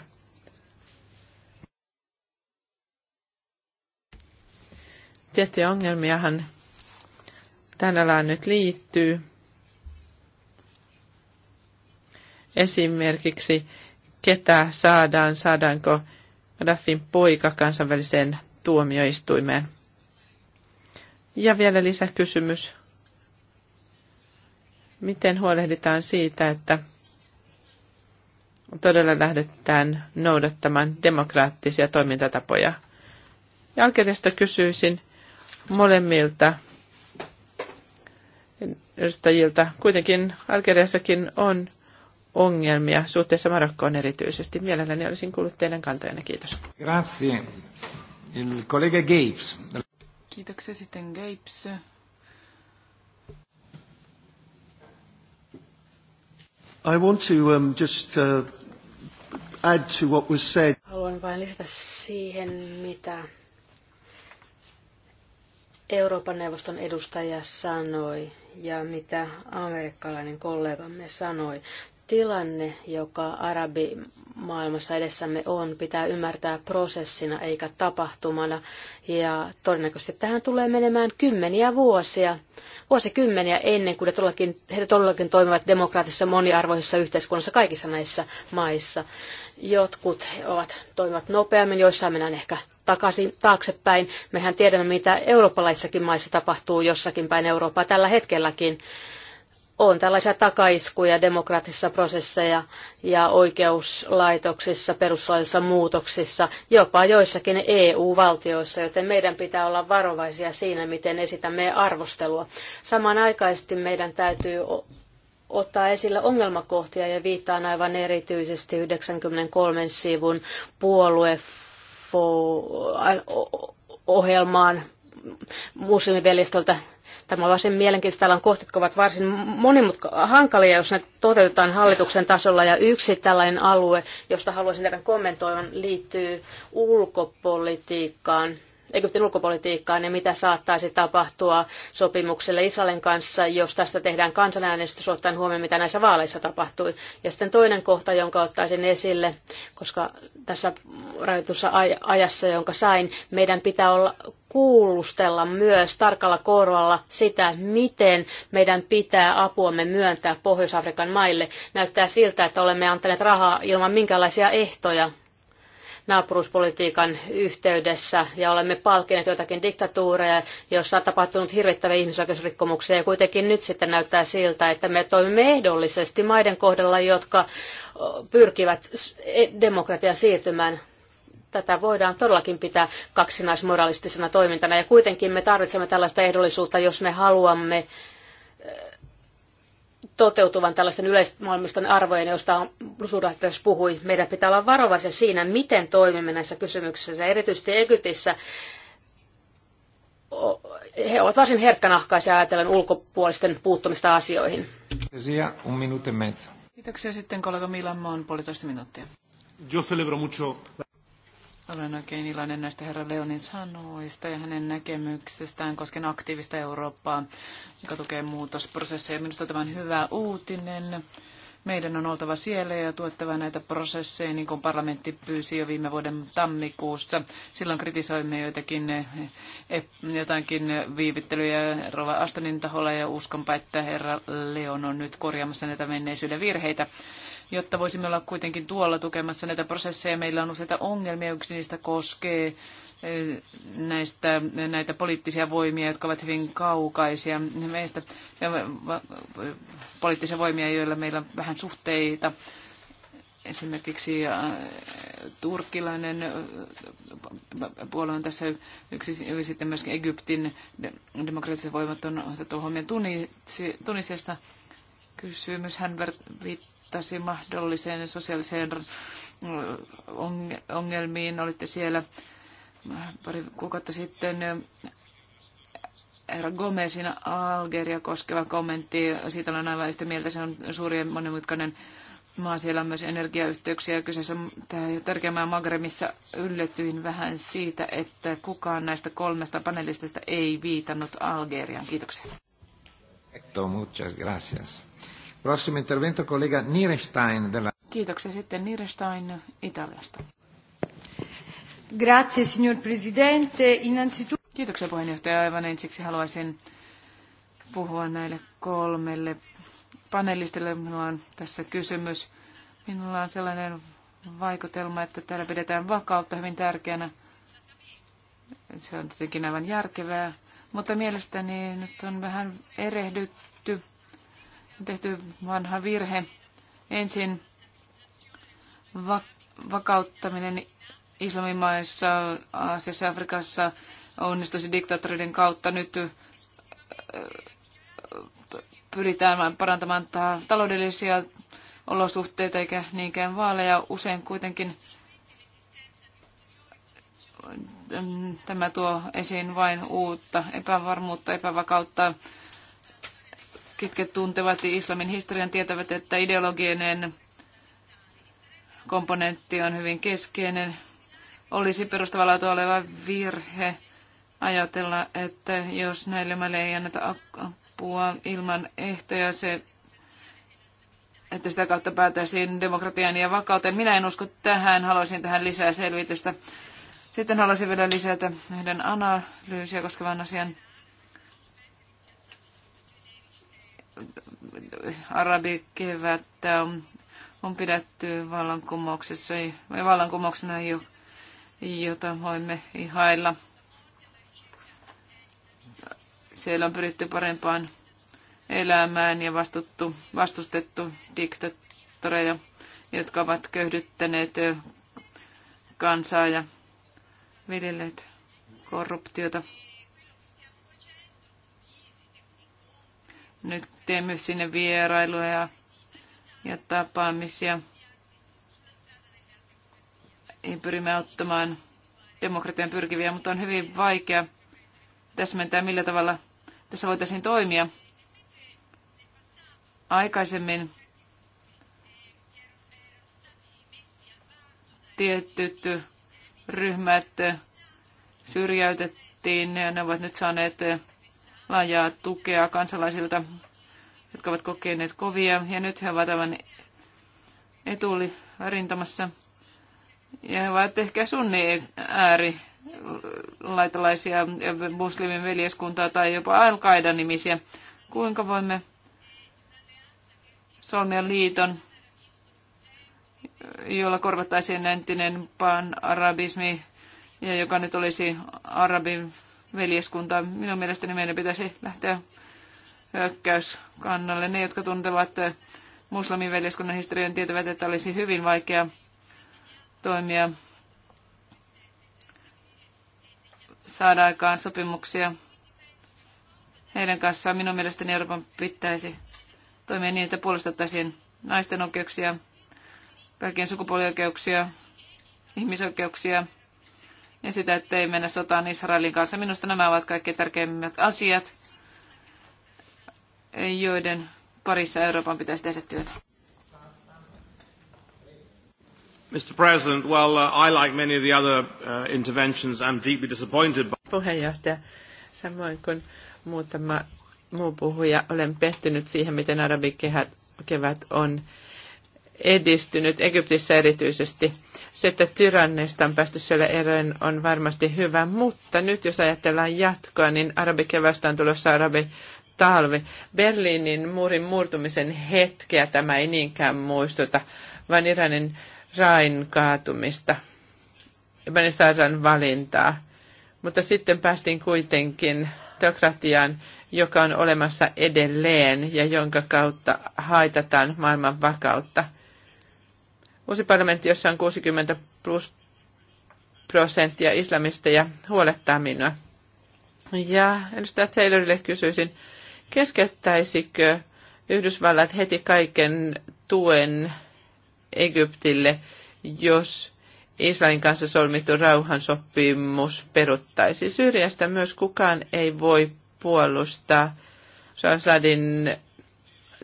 Tiettyjä ongelmiahan tänään nyt liittyy. Esimerkiksi ketä saadaan, saadaanko Raffin poika kansainväliseen tuomioistuimeen. Ja vielä lisäkysymys. Miten huolehditaan siitä, että todella lähdetään noudattamaan demokraattisia toimintatapoja? Ja Algeriasta kysyisin molemmilta edustajilta. Kuitenkin Algeriassakin on ongelmia suhteessa Marokkoon erityisesti. Mielelläni olisin kuullut teidän kantajanne. Kiitos. Grazie. Il collega Gapes. Kiitoksia sitten Gapes I want to um, just uh, add to what was said. Haluan vain lisätä siihen, mitä Euroopan neuvoston edustaja sanoi ja mitä amerikkalainen kollegamme sanoi tilanne, joka arabimaailmassa edessämme on, pitää ymmärtää prosessina eikä tapahtumana. Ja todennäköisesti tähän tulee menemään kymmeniä vuosia, vuosikymmeniä ennen kuin he todellakin, he todellakin toimivat demokraattisessa moniarvoisessa yhteiskunnassa kaikissa näissä maissa. Jotkut ovat, toimivat nopeammin, joissain mennään ehkä takaisin taaksepäin. Mehän tiedämme, mitä eurooppalaisissakin maissa tapahtuu jossakin päin Eurooppaa tällä hetkelläkin on tällaisia takaiskuja demokraattisissa prosesseja ja oikeuslaitoksissa, perustuslaillisissa muutoksissa, jopa joissakin EU-valtioissa, joten meidän pitää olla varovaisia siinä, miten esitämme arvostelua. Samanaikaisesti meidän täytyy ottaa esille ongelmakohtia ja viittaan aivan erityisesti 93 sivun puolueohjelmaan muslimiveljestöltä Tämä on varsin mielenkiintoista. Täällä on kohtia, jotka ovat varsin monimutka- hankalia, jos ne toteutetaan hallituksen tasolla. Ja yksi tällainen alue, josta haluaisin teidän kommentoivan, liittyy ulkopolitiikkaan Egyptin ulkopolitiikkaan ja mitä saattaisi tapahtua sopimukselle Israelin kanssa, jos tästä tehdään kansanäänestys, ottaen huomioon, mitä näissä vaaleissa tapahtui. Ja sitten toinen kohta, jonka ottaisin esille, koska tässä rajoitussa ajassa, jonka sain, meidän pitää olla kuulustella myös tarkalla korvalla sitä, miten meidän pitää apuamme myöntää Pohjois-Afrikan maille. Näyttää siltä, että olemme antaneet rahaa ilman minkälaisia ehtoja naapuruuspolitiikan yhteydessä ja olemme palkineet joitakin diktatuureja, joissa on tapahtunut hirvittäviä ihmisoikeusrikkomuksia ja kuitenkin nyt sitten näyttää siltä, että me toimimme ehdollisesti maiden kohdalla, jotka pyrkivät demokratia siirtymään tätä voidaan todellakin pitää kaksinaismoralistisena toimintana. Ja kuitenkin me tarvitsemme tällaista ehdollisuutta, jos me haluamme toteutuvan tällaisten yleismaailmaston arvojen, joista tässä puhui. Meidän pitää olla varovaisia siinä, miten toimimme näissä kysymyksissä. Erityisesti Egyptissä he ovat varsin herkkänahkaisia ajatellen ulkopuolisten puuttumista asioihin. E Kiitoksia sitten kollega Milan Moon, puolitoista minuuttia. Yo celebro mucho olen oikein iloinen näistä herra Leonin sanoista ja hänen näkemyksestään koskien aktiivista Eurooppaa, joka tukee muutosprosesseja. Minusta tämä on hyvä uutinen. Meidän on oltava siellä ja tuettava näitä prosesseja, niin kuin parlamentti pyysi jo viime vuoden tammikuussa. Silloin kritisoimme joitakin, eh, jotakin viivittelyjä Rova Astonin taholla ja uskonpa, että herra Leon on nyt korjaamassa näitä menneisyyden virheitä jotta voisimme olla kuitenkin tuolla tukemassa näitä prosesseja. Meillä on useita ongelmia, yksi niistä koskee eh, näistä, näitä poliittisia voimia, jotka ovat hyvin kaukaisia meistä, poliittisia voimia, joilla meillä on vähän suhteita. Esimerkiksi eh, turkkilainen eh, puolue on tässä yksi, sitten myöskin Egyptin demokraattiset voimat on otettu huomioon Tunisiasta. Kysymys, hän viittaa viittasi mahdolliseen sosiaaliseen mm, ongelmiin. Olitte siellä pari kuukautta sitten herra Gomezin Algeria koskeva kommentti. Siitä olen aivan yhtä mieltä. Se on suuri ja monimutkainen maa. Siellä on myös energiayhteyksiä. Kyseessä tärkeä maa Magremissa yllätyin vähän siitä, että kukaan näistä kolmesta panelistista ei viitannut Algeriaan. Kiitoksia. Muchas gracias. Prossimo intervento Della... Kiitoksia sitten Nierstein Italiasta. Grazie, signor Presidente. Innanzitutto... Kiitoksia puheenjohtaja. Aivan ensiksi haluaisin puhua näille kolmelle panelistille. Minulla on tässä kysymys. Minulla on sellainen vaikutelma, että täällä pidetään vakautta hyvin tärkeänä. Se on tietenkin aivan järkevää, mutta mielestäni nyt on vähän erehdytty tehty vanha virhe. Ensin va- vakauttaminen islamimaissa, Aasiassa ja Afrikassa onnistuisi diktaattoreiden kautta. Nyt pyritään parantamaan taloudellisia olosuhteita eikä niinkään vaaleja. Usein kuitenkin tämä tuo esiin vain uutta epävarmuutta, epävakautta ketkä tuntevat islamin historian, tietävät, että ideologinen komponentti on hyvin keskeinen. Olisi perustavalla oleva virhe ajatella, että jos näille maille ei anneta apua ilman ehtoja, se, että sitä kautta päätäisiin demokratian ja vakauteen. Minä en usko tähän, haluaisin tähän lisää selvitystä. Sitten haluaisin vielä lisätä yhden analyysiä koskevan asian. arabikevättä ähm, on, on pidetty vallankumouksessa, vallankumouksena, jota voimme ihailla. Siellä on pyritty parempaan elämään ja vastuttu, vastustettu diktatoreja, jotka ovat köyhdyttäneet kansaa ja viljelleet korruptiota. Nyt teemme sinne vierailuja ja, ja tapaamisia. Ei pyrimme auttamaan demokratian pyrkiviä, mutta on hyvin vaikea täsmentää, millä tavalla tässä voitaisiin toimia. Aikaisemmin tietyt ryhmät syrjäytettiin ja ne ovat nyt saaneet laajaa tukea kansalaisilta, jotka ovat kokeneet kovia. Ja nyt he ovat aivan rintamassa. Ja he ovat ehkä sunni ääri laitalaisia muslimin veljeskuntaa tai jopa al nimisiä. Kuinka voimme solmia liiton, jolla korvattaisiin entinen pan-arabismi ja joka nyt olisi arabin veljeskuntaa. Minun mielestäni meidän pitäisi lähteä hyökkäyskannalle. Ne, jotka tuntevat muslimin veljeskunnan historian, tietävät, että olisi hyvin vaikea toimia saada aikaan sopimuksia heidän kanssaan. Minun mielestäni Euroopan pitäisi toimia niin, että puolustettaisiin naisten oikeuksia, kaikkien sukupuolioikeuksia, ihmisoikeuksia, ja sitä, että ei mennä sotaan Israelin kanssa. Minusta nämä ovat kaikkein tärkeimmät asiat, joiden parissa Euroopan pitäisi tehdä työtä. Mr. President, well, uh, I, like many of the other uh, interventions, am deeply disappointed by... Puheenjohtaja, samoin kuin muutama muu puhuja, olen pettynyt siihen, miten arabikevät on edistynyt, Egyptissä erityisesti. Se, että tyranneista on päästy siellä eroon, on varmasti hyvä, mutta nyt jos ajatellaan jatkoa, niin arabikevästä on tulossa arabi talvi. Berliinin muurin murtumisen hetkeä tämä ei niinkään muistuta, vaan Iranin rain kaatumista, Ibanin valintaa. Mutta sitten päästiin kuitenkin teokratiaan, joka on olemassa edelleen ja jonka kautta haitataan maailman vakautta – Uusi parlamentti, jossa on 60 plus prosenttia islamisteja, huolettaa minua. Ja edustaja Taylorille kysyisin, keskeyttäisikö Yhdysvallat heti kaiken tuen Egyptille, jos Israelin kanssa solmittu rauhansopimus peruttaisi. Syyriasta myös kukaan ei voi puolustaa Sasadin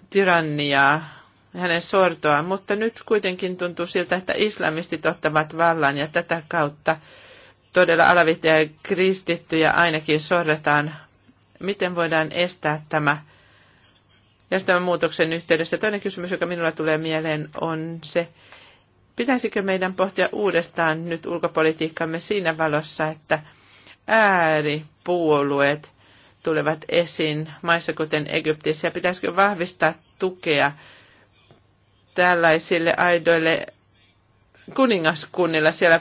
tyranniaa hänen sortoaan, mutta nyt kuitenkin tuntuu siltä, että islamistit ottavat vallan ja tätä kautta todella alavittuja ja kristittyjä ainakin sorretaan. Miten voidaan estää tämä ja tämän muutoksen yhteydessä? Toinen kysymys, joka minulla tulee mieleen, on se, pitäisikö meidän pohtia uudestaan nyt ulkopolitiikkamme siinä valossa, että ääripuolueet tulevat esiin maissa kuten Egyptissä ja pitäisikö vahvistaa tukea – tällaisille aidoille kuningaskunnilla siellä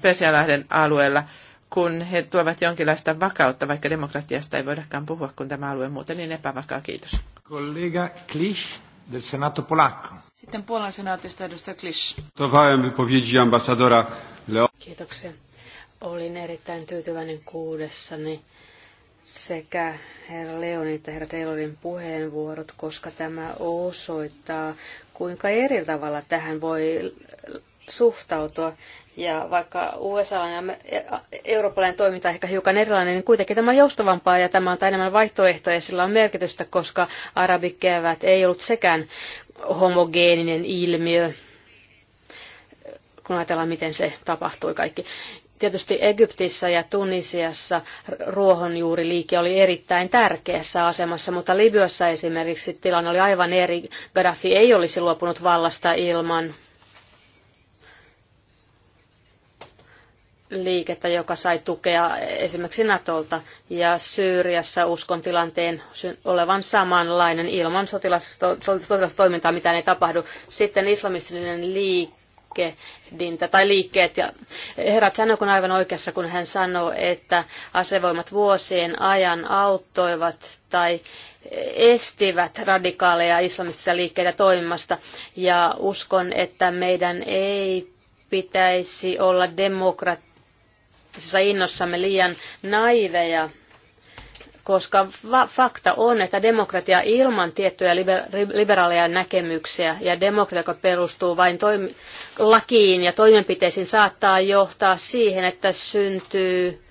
Persialahden alueella, kun he tuovat jonkinlaista vakautta, vaikka demokratiasta ei voidakaan puhua, kun tämä alue muuten niin epävakaa. Kiitos. Kollega Klisch, del Senato Polacco. Sitten Puolan senaatista edustaja Klisch. Kiitoksia. Olin erittäin tyytyväinen kuudessani sekä herra Leonin että herra Taylorin puheenvuorot, koska tämä osoittaa, kuinka eri tavalla tähän voi suhtautua. Ja vaikka USA ja e- eurooppalainen toiminta on ehkä hiukan erilainen, niin kuitenkin tämä on joustavampaa ja tämä on enemmän vaihtoehtoja ja sillä on merkitystä, koska arabikevät ei ollut sekään homogeeninen ilmiö, kun ajatellaan, miten se tapahtui kaikki. Tietysti Egyptissä ja Tunisiassa ruohonjuuriliike oli erittäin tärkeässä asemassa, mutta Libyassa esimerkiksi tilanne oli aivan eri. Gaddafi ei olisi luopunut vallasta ilman liikettä, joka sai tukea esimerkiksi Natolta, ja Syyriassa uskon tilanteen olevan samanlainen ilman sotilastoimintaa, mitä ei tapahdu. Sitten islamistinen liike liikehdintä tai liikkeet. Ja herra Chanok on aivan oikeassa, kun hän sanoo, että asevoimat vuosien ajan auttoivat tai estivät radikaaleja islamistisia liikkeitä toimimasta. Ja uskon, että meidän ei pitäisi olla demokraattisessa innossamme liian naiveja koska fakta on, että demokratia ilman tiettyjä liber- liberaaleja näkemyksiä ja demokratia, joka perustuu vain toim lakiin ja toimenpiteisiin, saattaa johtaa siihen, että syntyy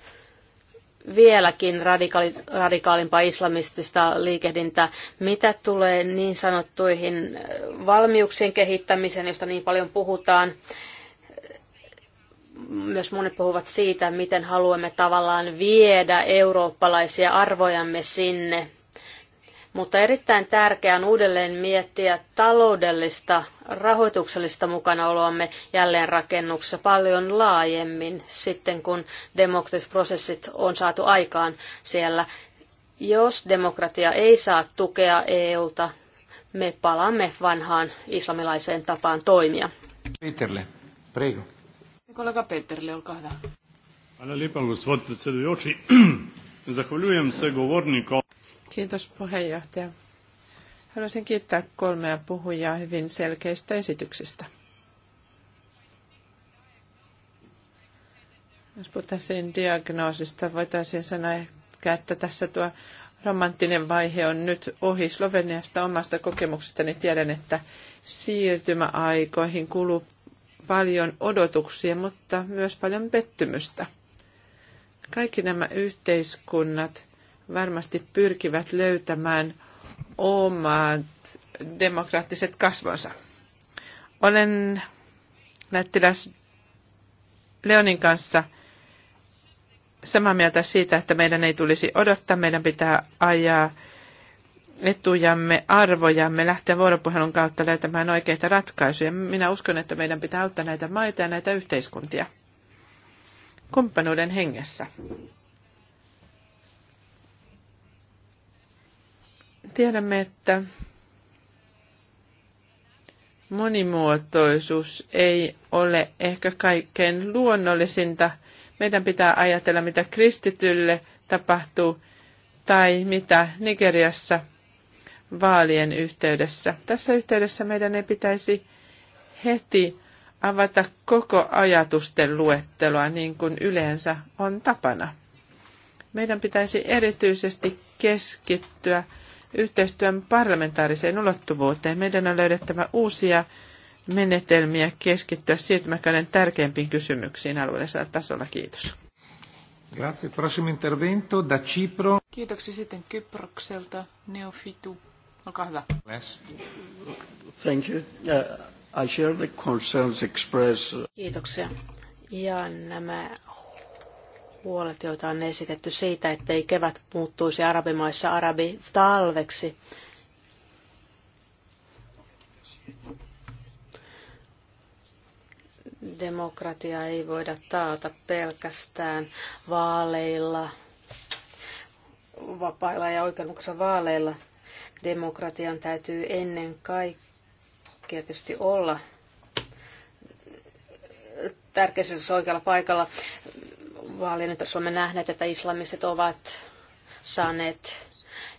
vieläkin radikaali, radikaalimpaa islamistista liikehdintää. Mitä tulee niin sanottuihin valmiuksien kehittämiseen, josta niin paljon puhutaan, myös monet puhuvat siitä, miten haluamme tavallaan viedä eurooppalaisia arvojamme sinne. Mutta erittäin tärkeää on uudelleen miettiä taloudellista, rahoituksellista mukanaoloamme jälleenrakennuksessa paljon laajemmin sitten, kun demokratiset prosessit on saatu aikaan siellä. Jos demokratia ei saa tukea EUlta, me palaamme vanhaan islamilaiseen tapaan toimia. Peterle, prego. Kolega Peterle, olkaa hyvä. Hvala lepa, gospod predsedujoči. Zahvaljujem se govornikom. Kiitos puheenjohtaja. Haluaisin kiittää kolmea puhujaa hyvin selkeistä esityksistä. Jos puhutaan diagnoosista, voitaisiin sanoa ehkä, että tässä tuo romanttinen vaihe on nyt ohi Sloveniasta omasta kokemuksestani. Tiedän, että siirtymäaikoihin kuluu paljon odotuksia, mutta myös paljon pettymystä. Kaikki nämä yhteiskunnat varmasti pyrkivät löytämään omat demokraattiset kasvonsa. Olen lähettiläs Leonin kanssa samaa mieltä siitä, että meidän ei tulisi odottaa, meidän pitää ajaa etujamme, arvojamme, lähteä vuoropuhelun kautta löytämään oikeita ratkaisuja. Minä uskon, että meidän pitää auttaa näitä maita ja näitä yhteiskuntia kumppanuuden hengessä. Tiedämme, että monimuotoisuus ei ole ehkä kaikkein luonnollisinta. Meidän pitää ajatella, mitä kristitylle tapahtuu tai mitä Nigeriassa – vaalien yhteydessä. Tässä yhteydessä meidän ei pitäisi heti avata koko ajatusten luetteloa niin kuin yleensä on tapana. Meidän pitäisi erityisesti keskittyä yhteistyön parlamentaariseen ulottuvuuteen. Meidän on löydettävä uusia menetelmiä keskittyä siirtymäkauden tärkeimpiin kysymyksiin alueellisella tasolla. Kiitos. Grazie. intervento da Cipro. Kiitoksia sitten Kyprokselta, Neofitu. Olkaa hyvä. Yes. Thank you. Uh, I share the concerns expressed. Kiitoksia. Ja nämä huolet, joita on esitetty siitä, että ei kevät muuttuisi arabimaissa arabi talveksi. Demokratia ei voida taata pelkästään vaaleilla, vapailla ja oikeudenmukaisilla vaaleilla. Demokratian täytyy ennen kaikkea tietysti olla tärkeässä oikealla paikalla. Vaalinnut olemme nähneet, että islamiset ovat saaneet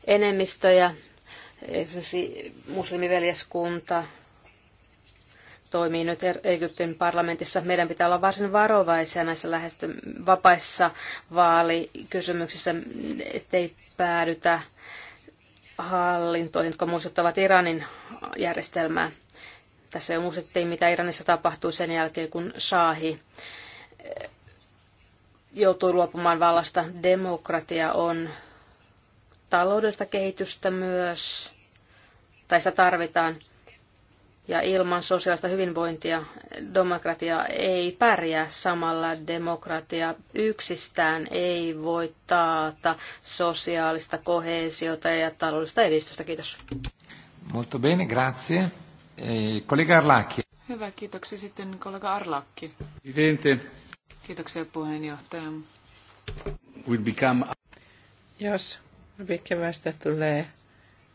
enemmistöjä. Esimerkiksi muslimiveljeskunta toimii nyt e- Egyptin parlamentissa. Meidän pitää olla varsin varovaisia näissä lähestö- vapaissa vaalikysymyksissä, ettei päädytä Hallinto jotka muistuttavat Iranin järjestelmää. Tässä jo muistettiin, mitä Iranissa tapahtui sen jälkeen, kun Shahi eh, joutui luopumaan vallasta. Demokratia on taloudellista kehitystä myös, tai sitä tarvitaan ja ilman sosiaalista hyvinvointia demokratia ei pärjää samalla. Demokratia yksistään ei voi taata sosiaalista kohesiota ja taloudellista edistystä. Kiitos. Molto bene, grazie. E, eh, kollega Arlacchi. Hyvä, kiitoksia sitten kollega Arlacchi. Presidente. Kiitoksia puheenjohtaja. Will become... Jos vikkevästä tulee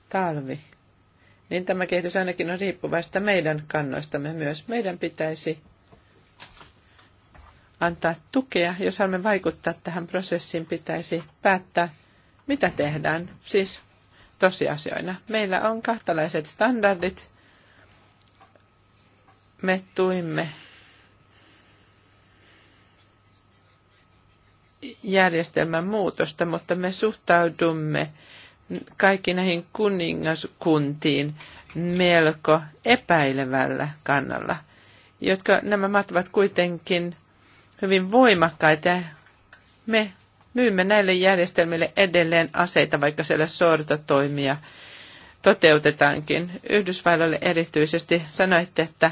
talvi, niin tämä kehitys ainakin on riippuvaista meidän kannoistamme myös. Meidän pitäisi antaa tukea, jos haluamme vaikuttaa tähän prosessiin, pitäisi päättää, mitä tehdään, siis tosiasioina. Meillä on kahtalaiset standardit. Me tuimme järjestelmän muutosta, mutta me suhtaudumme kaikki näihin kuningaskuntiin melko epäilevällä kannalla, jotka nämä maat ovat kuitenkin hyvin voimakkaita. Me myymme näille järjestelmille edelleen aseita, vaikka siellä sortotoimia toteutetaankin. Yhdysvalloille erityisesti sanoitte, että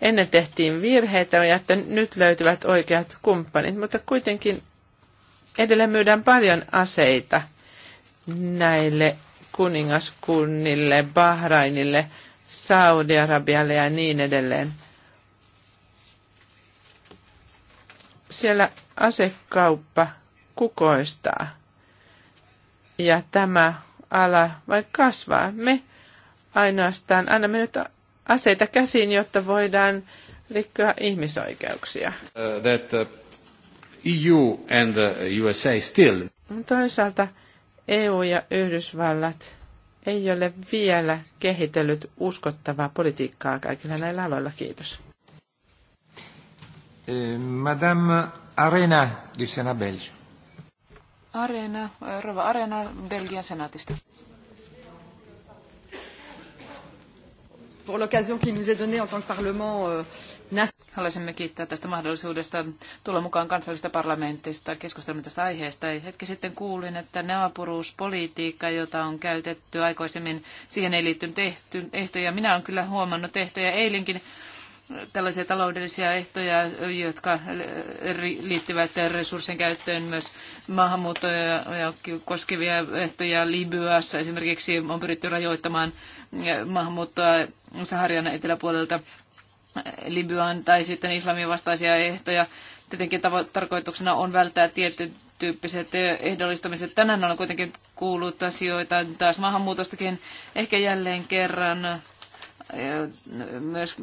ennen tehtiin virheitä ja että nyt löytyvät oikeat kumppanit, mutta kuitenkin edelleen myydään paljon aseita – näille kuningaskunnille, Bahrainille, Saudi-Arabialle ja niin edelleen. Siellä asekauppa kukoistaa ja tämä ala vai kasvaa. Me ainoastaan annamme nyt aseita käsiin, jotta voidaan rikkoa ihmisoikeuksia. Uh, that, uh, EU and the uh, USA still. Toisaalta EU ja Yhdysvallat ei ole vielä kehitellyt uskottavaa politiikkaa kaikilla näillä aloilla. Kiitos. Eh, Madame Arena du Sénat belge. Arena, Rova Arena Belgian senaatista. pour l'occasion qui nous est donnée en tant que Parlement euh, national. Haluaisimme kiittää tästä mahdollisuudesta tulla mukaan kansallisesta parlamentista keskustelemaan tästä aiheesta. Hetki sitten kuulin, että naapuruuspolitiikka, jota on käytetty aikaisemmin, siihen ei liittynyt ehty, ehtoja. Minä olen kyllä huomannut ehtoja eilenkin tällaisia taloudellisia ehtoja, jotka liittyvät resurssien käyttöön myös maahanmuuttoja koskevia ehtoja Libyassa. Esimerkiksi on pyritty rajoittamaan maahanmuuttoa Saharian eteläpuolelta Libyaan tai sitten islamin vastaisia ehtoja. Tietenkin tavo- tarkoituksena on välttää tietty tyyppiset ehdollistamiset. Tänään on kuitenkin kuullut asioita taas maahanmuutostakin ehkä jälleen kerran eh, myös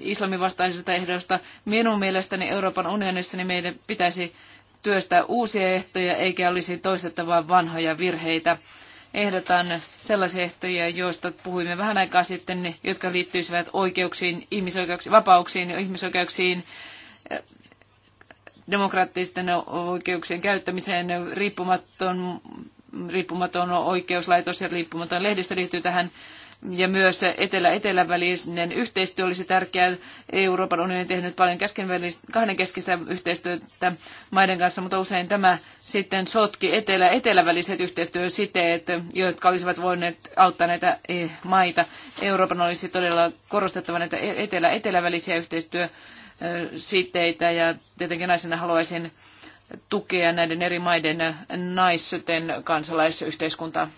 islamin vastaisista ehdoista. Minun mielestäni Euroopan unionissa niin meidän pitäisi työstää uusia ehtoja eikä olisi toistettavaa vanhoja virheitä ehdotan sellaisia ehtoja, joista puhuimme vähän aikaa sitten, jotka liittyisivät oikeuksiin, ihmisoikeuksiin, vapauksiin ja ihmisoikeuksiin, demokraattisten oikeuksien käyttämiseen, riippumaton, riippumaton oikeuslaitos ja riippumaton lehdistö liittyy tähän ja myös etelä välinen yhteistyö olisi tärkeää. Euroopan unioni on tehnyt paljon kahdenkeskistä yhteistyötä maiden kanssa, mutta usein tämä sitten sotki etelä-eteläväliset yhteistyösiteet, jotka olisivat voineet auttaa näitä eh, maita. Euroopan olisi todella korostettava näitä e-, etelä-etelävälisiä yhteistyösiteitä ja tietenkin naisena haluaisin tukea näiden eri maiden naisten kansalaisyhteiskuntaa.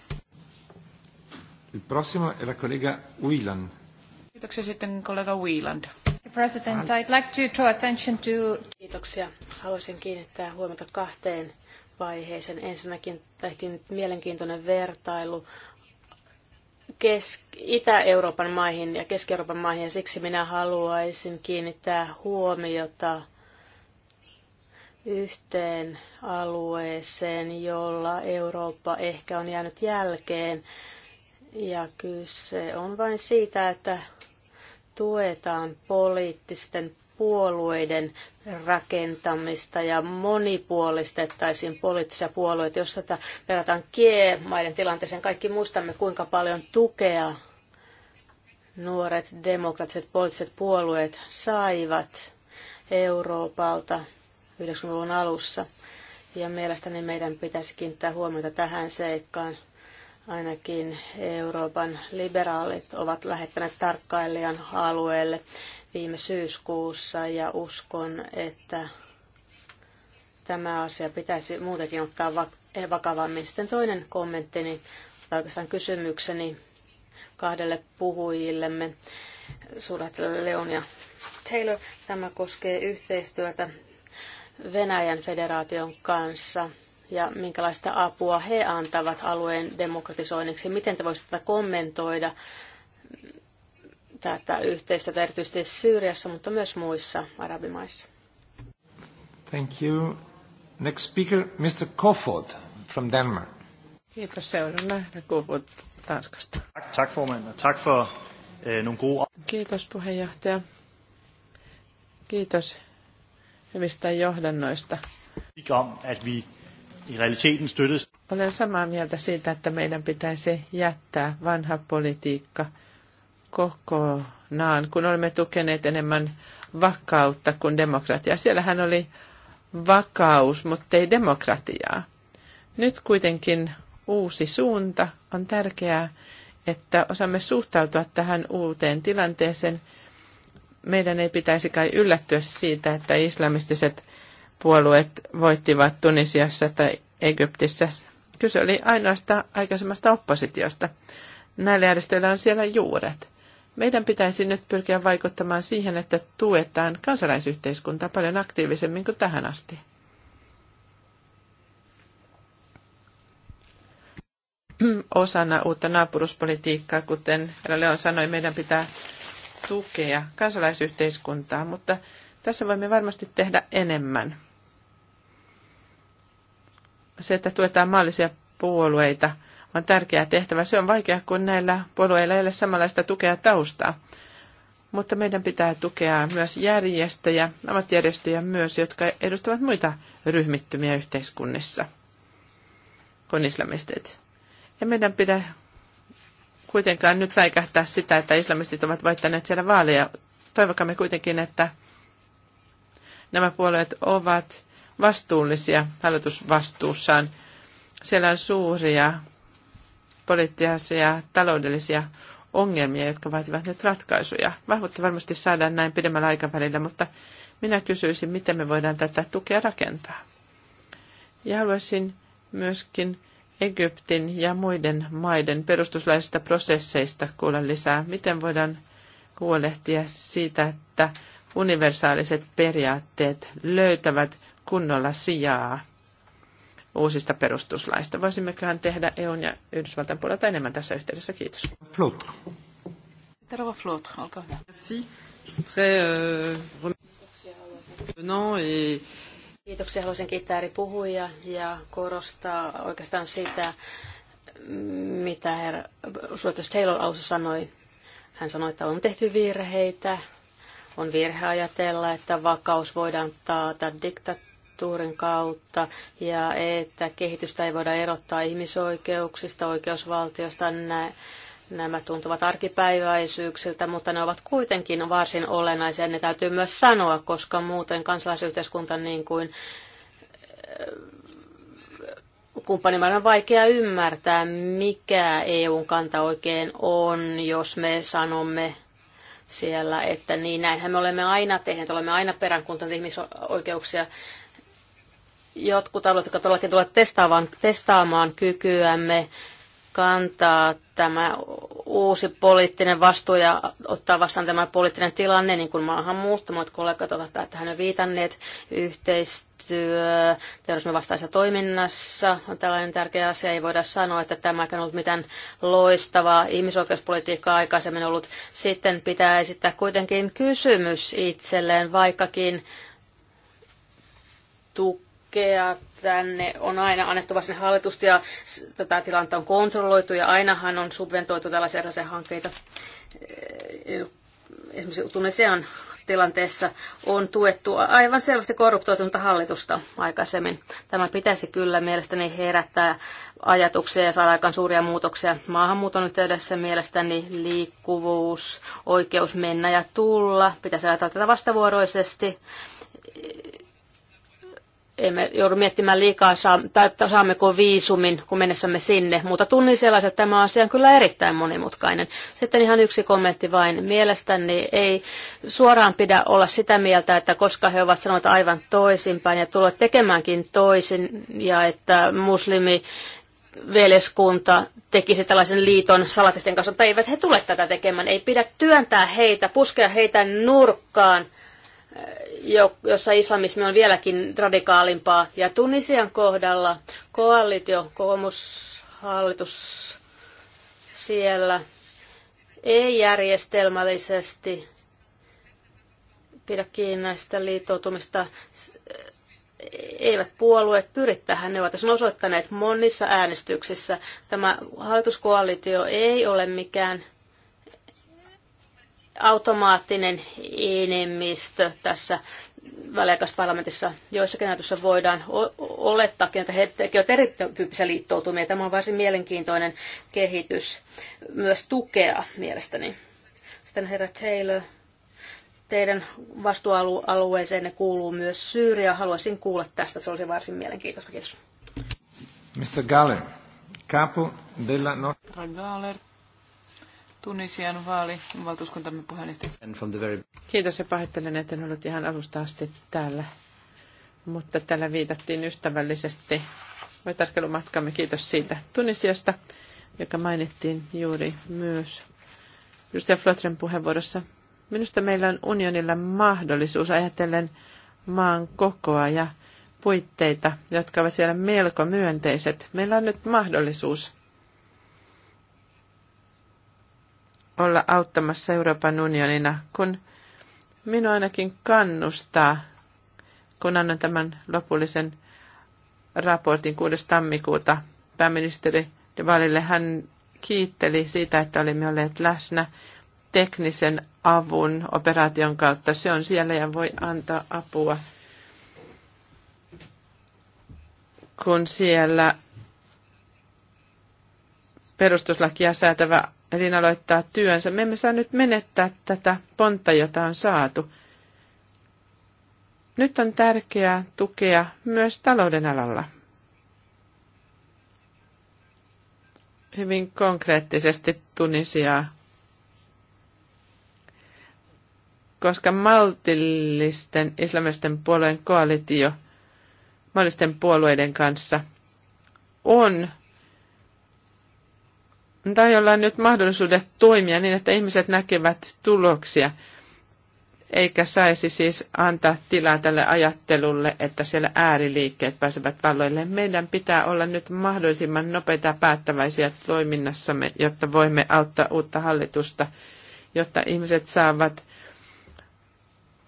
Il prossimo è la collega Kiitoksia sitten kollega Wieland. President, I'd like to draw attention to... Kiitoksia. Haluaisin kiinnittää huomiota kahteen vaiheeseen. Ensinnäkin tehtiin mielenkiintoinen vertailu Itä-Euroopan maihin ja Keski-Euroopan maihin, ja siksi minä haluaisin kiinnittää huomiota yhteen alueeseen, jolla Eurooppa ehkä on jäänyt jälkeen ja kyse on vain siitä, että tuetaan poliittisten puolueiden rakentamista ja monipuolistettaisiin poliittisia puolueita. Jos tätä verrataan kiemaiden tilanteeseen, kaikki muistamme, kuinka paljon tukea nuoret demokraattiset poliittiset puolueet saivat Euroopalta 90-luvun alussa. Ja mielestäni meidän pitäisi kiinnittää huomiota tähän seikkaan. Ainakin Euroopan liberaalit ovat lähettäneet tarkkailijan alueelle viime syyskuussa ja uskon, että tämä asia pitäisi muutenkin ottaa vakavammin. Sitten toinen kommenttini tai oikeastaan kysymykseni kahdelle puhujillemme, suuret Leon ja Taylor. Tämä koskee yhteistyötä Venäjän federaation kanssa ja minkälaista apua he antavat alueen demokratisoinniksi. Miten te voisitte kommentoida tätä yhteistä erityisesti Syyriassa, mutta myös muissa arabimaissa? Thank you. Next speaker, Mr. Kofod from Denmark. Kiitos seuraavana Kofod Tanskasta. Tak, formand, tak for øh, Kiitos puheenjohtaja. Kiitos hyvistä johdannoista. Om, at vi olen samaa mieltä siitä, että meidän pitäisi jättää vanha politiikka kokonaan, kun olemme tukeneet enemmän vakautta kuin demokratiaa. Siellähän oli vakaus, mutta ei demokratiaa. Nyt kuitenkin uusi suunta on tärkeää, että osaamme suhtautua tähän uuteen tilanteeseen. Meidän ei pitäisi kai yllättyä siitä, että islamistiset puolueet voittivat Tunisiassa tai Egyptissä. Kyse oli ainoastaan aikaisemmasta oppositiosta. Näillä järjestöillä on siellä juuret. Meidän pitäisi nyt pyrkiä vaikuttamaan siihen, että tuetaan kansalaisyhteiskuntaa paljon aktiivisemmin kuin tähän asti. Osana uutta naapuruspolitiikkaa, kuten Leon sanoi, meidän pitää tukea kansalaisyhteiskuntaa, mutta tässä voimme varmasti tehdä enemmän se, että tuetaan maallisia puolueita, on tärkeä tehtävä. Se on vaikea, kun näillä puolueilla ei ole samanlaista tukea taustaa. Mutta meidän pitää tukea myös järjestöjä, ammattijärjestöjä myös, jotka edustavat muita ryhmittymiä yhteiskunnissa kuin islamistit. Ja meidän pitää kuitenkaan nyt säikähtää sitä, että islamistit ovat voittaneet siellä vaaleja. Toivokamme kuitenkin, että nämä puolueet ovat vastuullisia hallitusvastuussaan. Siellä on suuria poliittisia ja taloudellisia ongelmia, jotka vaativat nyt ratkaisuja. Vahvuutta varmasti saadaan näin pidemmällä aikavälillä, mutta minä kysyisin, miten me voidaan tätä tukea rakentaa. Ja haluaisin myöskin Egyptin ja muiden maiden perustuslaisista prosesseista kuulla lisää. Miten voidaan huolehtia siitä, että universaaliset periaatteet löytävät kunnolla sijaa uusista perustuslaista. Voisimmeköhän tehdä EUn ja Yhdysvaltain puolelta enemmän tässä yhteydessä. Kiitos. Flot. Tervetuloa Flot, olkaa hyvä. Merci. Euh, Kiitoksia. Haluaisin kiittää eri puhujia ja korostaa oikeastaan sitä, mitä herra Suotus Taylor alussa sanoi. Hän sanoi, että on tehty virheitä, on virhe ajatella, että vakaus voidaan taata diktat kulttuurin kautta ja että kehitystä ei voida erottaa ihmisoikeuksista, oikeusvaltiosta. Nä- nämä tuntuvat arkipäiväisyyksiltä, mutta ne ovat kuitenkin varsin olennaisia. Ne täytyy myös sanoa, koska muuten kansalaisyhteiskunta niin kuin äh, kumppanimaiden on vaikea ymmärtää, mikä EUn kanta oikein on, jos me sanomme siellä, että niin näinhän me olemme aina tehneet, olemme aina peräänkuntaneet ihmisoikeuksia jotkut alueet, jotka todellakin tulevat testaamaan, testaamaan kykyämme kantaa tämä uusi poliittinen vastuu ja ottaa vastaan tämä poliittinen tilanne, niin kuin maahanmuuttamat kollegat ovat tähän jo viitanneet, yhteistyö terrorismin vastaisessa toiminnassa on tällainen tärkeä asia. Ei voida sanoa, että tämä on ollut mitään loistavaa ihmisoikeuspolitiikkaa aikaisemmin ollut. Sitten pitää esittää kuitenkin kysymys itselleen, vaikkakin tuk tukea tänne on aina annettu varsin hallitusta ja tätä tilannetta on kontrolloitu ja ainahan on subventoitu tällaisia erilaisia hankkeita. Esimerkiksi Tunisian tilanteessa on tuettu aivan selvästi korruptoitunutta hallitusta aikaisemmin. Tämä pitäisi kyllä mielestäni herättää ajatuksia ja saada aikaan suuria muutoksia. Maahanmuuton yhteydessä mielestäni liikkuvuus, oikeus mennä ja tulla, pitäisi ajatella tätä vastavuoroisesti emme joudu miettimään liikaa, saammeko viisumin, kun mennessämme sinne, mutta tunnin sellaiset, että tämä asia on kyllä erittäin monimutkainen. Sitten ihan yksi kommentti vain. Mielestäni ei suoraan pidä olla sitä mieltä, että koska he ovat sanoneet aivan toisinpäin ja tulevat tekemäänkin toisin, ja että muslimi veljeskunta tekisi tällaisen liiton salatisten kanssa, mutta eivät he tule tätä tekemään. Ei pidä työntää heitä, puskea heitä nurkkaan – jossa islamismi on vieläkin radikaalimpaa. Ja Tunisian kohdalla koalitio, kokoomushallitus siellä ei järjestelmällisesti pidä kiinni näistä liittoutumista. Eivät puolueet pyri tähän. Ne ovat sen osoittaneet monissa äänestyksissä. Tämä hallituskoalitio ei ole mikään automaattinen enemmistö tässä väliaikaisparlamentissa joissakin näytössä voidaan olettaa, että he tekevät erityyppisiä liittoutumia. Tämä on varsin mielenkiintoinen kehitys myös tukea mielestäni. Sitten herra Taylor, teidän vastuualueeseenne kuuluu myös Syyria. Haluaisin kuulla tästä, se olisi varsin mielenkiintoista. Kiitos. Mr. Galler, capo della... Galler, Tunisian vaali valtuuskuntamme puheenjohtaja. Very... Kiitos ja pahoittelen, että en ollut ihan alusta asti täällä. Mutta täällä viitattiin ystävällisesti tarkkailumatkamme. Kiitos siitä Tunisiasta, joka mainittiin juuri myös Christian Flotren puheenvuorossa. Minusta meillä on unionilla mahdollisuus ajatellen maan kokoa ja puitteita, jotka ovat siellä melko myönteiset. Meillä on nyt mahdollisuus olla auttamassa Euroopan unionina, kun minua ainakin kannustaa, kun annan tämän lopullisen raportin 6. tammikuuta pääministeri valille Hän kiitteli siitä, että olimme olleet läsnä teknisen avun operaation kautta. Se on siellä ja voi antaa apua, kun siellä perustuslakia säätävä elin aloittaa työnsä. Me emme saa nyt menettää tätä pontta, jota on saatu. Nyt on tärkeää tukea myös talouden alalla. Hyvin konkreettisesti Tunisiaa, koska maltillisten islamisten puolueen koalitio – mahdollisten puolueiden kanssa on on nyt mahdollisuudet toimia niin, että ihmiset näkevät tuloksia, eikä saisi siis antaa tilaa tälle ajattelulle, että siellä ääriliikkeet pääsevät valloille. Meidän pitää olla nyt mahdollisimman nopeita päättäväisiä toiminnassamme, jotta voimme auttaa uutta hallitusta, jotta ihmiset saavat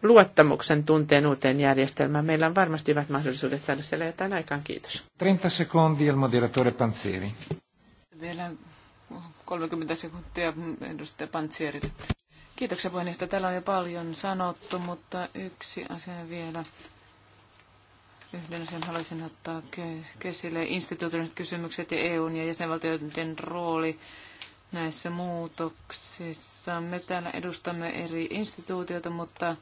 luottamuksen tunteen uuteen järjestelmään. Meillä on varmasti hyvät mahdollisuudet saada siellä jotain aikaan. Kiitos. 30 sekuntia, moderatore Panzeri. Vielä 30 sekuntia edustaja Pantsierille. Kiitoksia puheenjohtaja. Täällä on jo paljon sanottu, mutta yksi asia vielä. Yhden asian haluaisin ottaa kesille. Instituutioiset kysymykset ja EUn ja jäsenvaltioiden rooli näissä muutoksissa. Me täällä edustamme eri instituutioita, mutta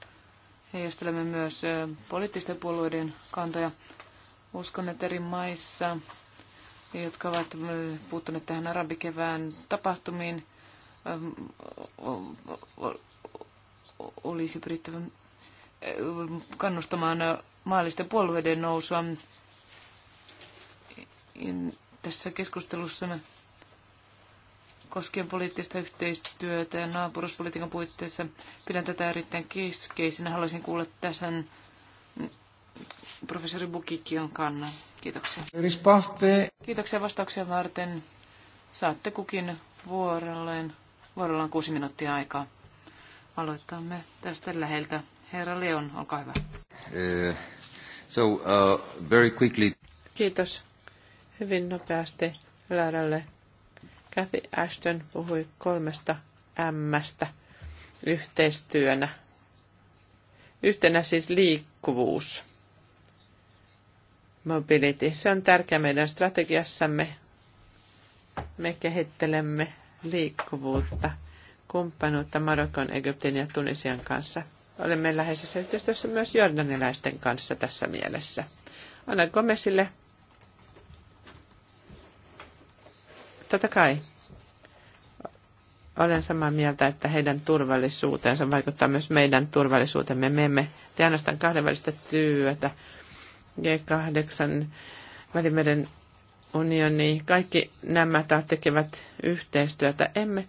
heijastelemme myös poliittisten puolueiden kantoja. Uskon, että eri maissa jotka ovat äh, puuttuneet tähän arabikevään tapahtumiin, ähm, olisi pyrittävä äh, kannustamaan äh, maallisten puolueiden nousua. Tässä keskustelussa koskien poliittista yhteistyötä ja naapuruspolitiikan puitteissa pidän tätä erittäin keskeisenä. Haluaisin kuulla tässä professori on kannan. Kiitoksia. Rispaste. Kiitoksia vastauksia varten. Saatte kukin vuorolleen, vuorollaan kuusi minuuttia aikaa. Aloitamme tästä läheltä. Herra Leon, olkaa hyvä. Uh, so, uh, very quickly. Kiitos. Hyvin nopeasti Laralle. Kathy Ashton puhui kolmesta M-stä yhteistyönä. Yhtenä siis liikkuvuus mobility. Se on tärkeä meidän strategiassamme. Me kehittelemme liikkuvuutta, kumppanuutta Marokon, Egyptin ja Tunisian kanssa. Olemme läheisessä yhteistyössä myös jordanilaisten kanssa tässä mielessä. Anna Gomesille. Totta kai. Olen samaa mieltä, että heidän turvallisuutensa vaikuttaa myös meidän turvallisuutemme. Me emme tee ainoastaan kahdenvälistä työtä, G8, Välimeren unioni, kaikki nämä tekevät yhteistyötä. Emme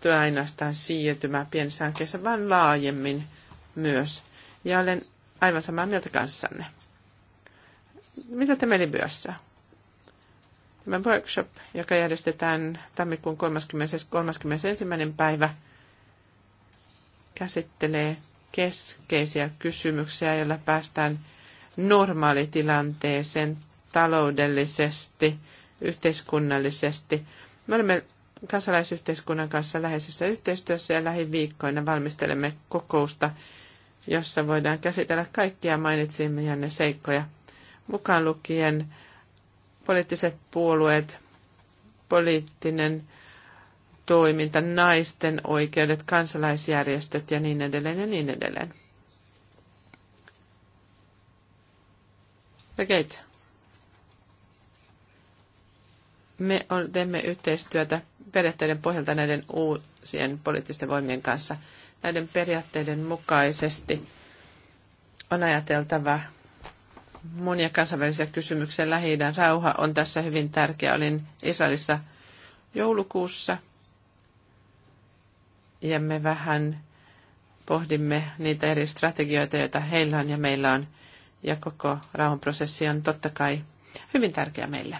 työ ainoastaan siirtymään pienessä hankkeessa, vaan laajemmin myös. Ja olen aivan samaa mieltä kanssanne. Mitä te Melibyössä? Tämä workshop, joka järjestetään tammikuun 30. 31. päivä, käsittelee keskeisiä kysymyksiä, joilla päästään normaalitilanteeseen taloudellisesti, yhteiskunnallisesti. Me olemme kansalaisyhteiskunnan kanssa läheisessä yhteistyössä ja lähiviikkoina valmistelemme kokousta, jossa voidaan käsitellä kaikkia mainitsimme ja ne seikkoja, mukaan lukien poliittiset puolueet, poliittinen toiminta, naisten oikeudet, kansalaisjärjestöt ja niin edelleen ja niin edelleen. Gates. Me teemme yhteistyötä periaatteiden pohjalta näiden uusien poliittisten voimien kanssa. Näiden periaatteiden mukaisesti on ajateltava monia kansainvälisiä kysymyksiä. lähi rauha on tässä hyvin tärkeä. Olin Israelissa joulukuussa ja me vähän pohdimme niitä eri strategioita, joita heillä on ja meillä on – ja koko rauhanprosessi on totta kai hyvin tärkeä meille.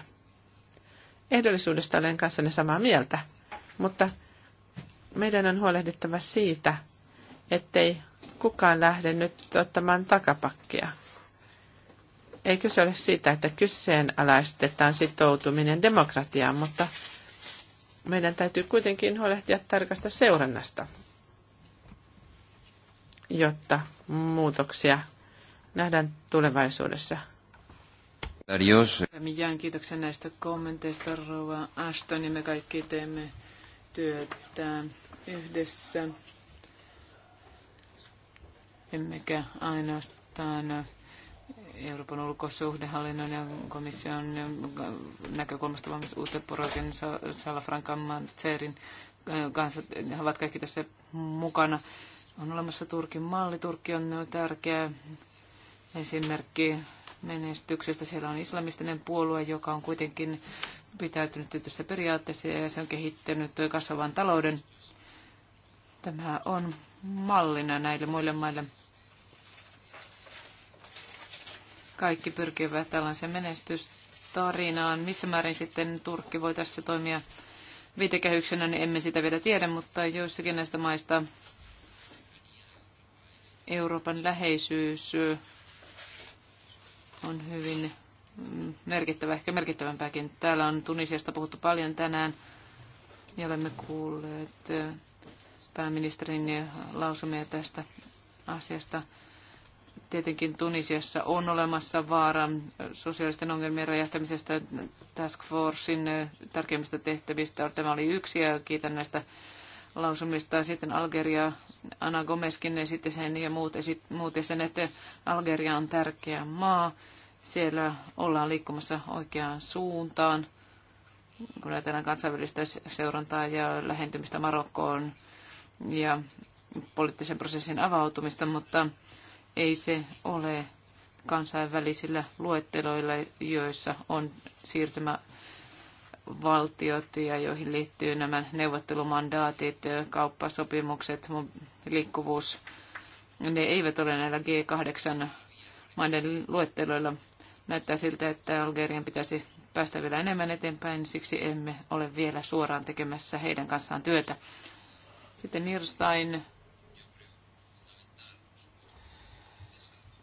Ehdollisuudesta olen kanssanne samaa mieltä, mutta meidän on huolehdittava siitä, ettei kukaan lähde nyt ottamaan takapakkia. Ei kyse ole siitä, että kyseenalaistetaan sitoutuminen demokratiaan, mutta meidän täytyy kuitenkin huolehtia tarkasta seurannasta, jotta muutoksia nähdään tulevaisuudessa. Adios. jään kiitoksia näistä kommenteista, Rova Ashton ja me kaikki teemme työtä yhdessä. Emmekä ainoastaan Euroopan ulkosuhdehallinnon ja komission näkökulmasta, vaan myös Porokin, Salafrankan, Manzerin äh, kanssa, ne ovat kaikki tässä mukana. On olemassa Turkin malli. Turkki on tärkeä esimerkki menestyksestä. Siellä on islamistinen puolue, joka on kuitenkin pitäytynyt tietystä periaatteessa ja se on kehittänyt kasvavan talouden. Tämä on mallina näille muille maille. Kaikki pyrkivät tällaiseen menestystarinaan. Missä määrin sitten Turkki voi tässä toimia viitekehyksenä, niin emme sitä vielä tiedä, mutta joissakin näistä maista Euroopan läheisyys on hyvin mm, merkittävä, ehkä merkittävämpääkin. Täällä on Tunisiasta puhuttu paljon tänään ja olemme kuulleet pääministerin lausumia tästä asiasta. Tietenkin Tunisiassa on olemassa vaara sosiaalisten ongelmien räjähtämisestä Task Forcein tärkeimmistä tehtävistä. Tämä oli yksi ja kiitän näistä lausumista. Sitten Algeria, Ana Gomeskin esitti sen ja muut, esit, muut että Algeria on tärkeä maa siellä ollaan liikkumassa oikeaan suuntaan. Kun ajatellaan kansainvälistä seurantaa ja lähentymistä Marokkoon ja poliittisen prosessin avautumista, mutta ei se ole kansainvälisillä luetteloilla, joissa on siirtymä valtiot ja joihin liittyy nämä neuvottelumandaatit, kauppasopimukset, liikkuvuus. Ne eivät ole näillä G8 maiden luetteloilla. Näyttää siltä, että Algerian pitäisi päästä vielä enemmän eteenpäin, siksi emme ole vielä suoraan tekemässä heidän kanssaan työtä. Sitten Nirstein.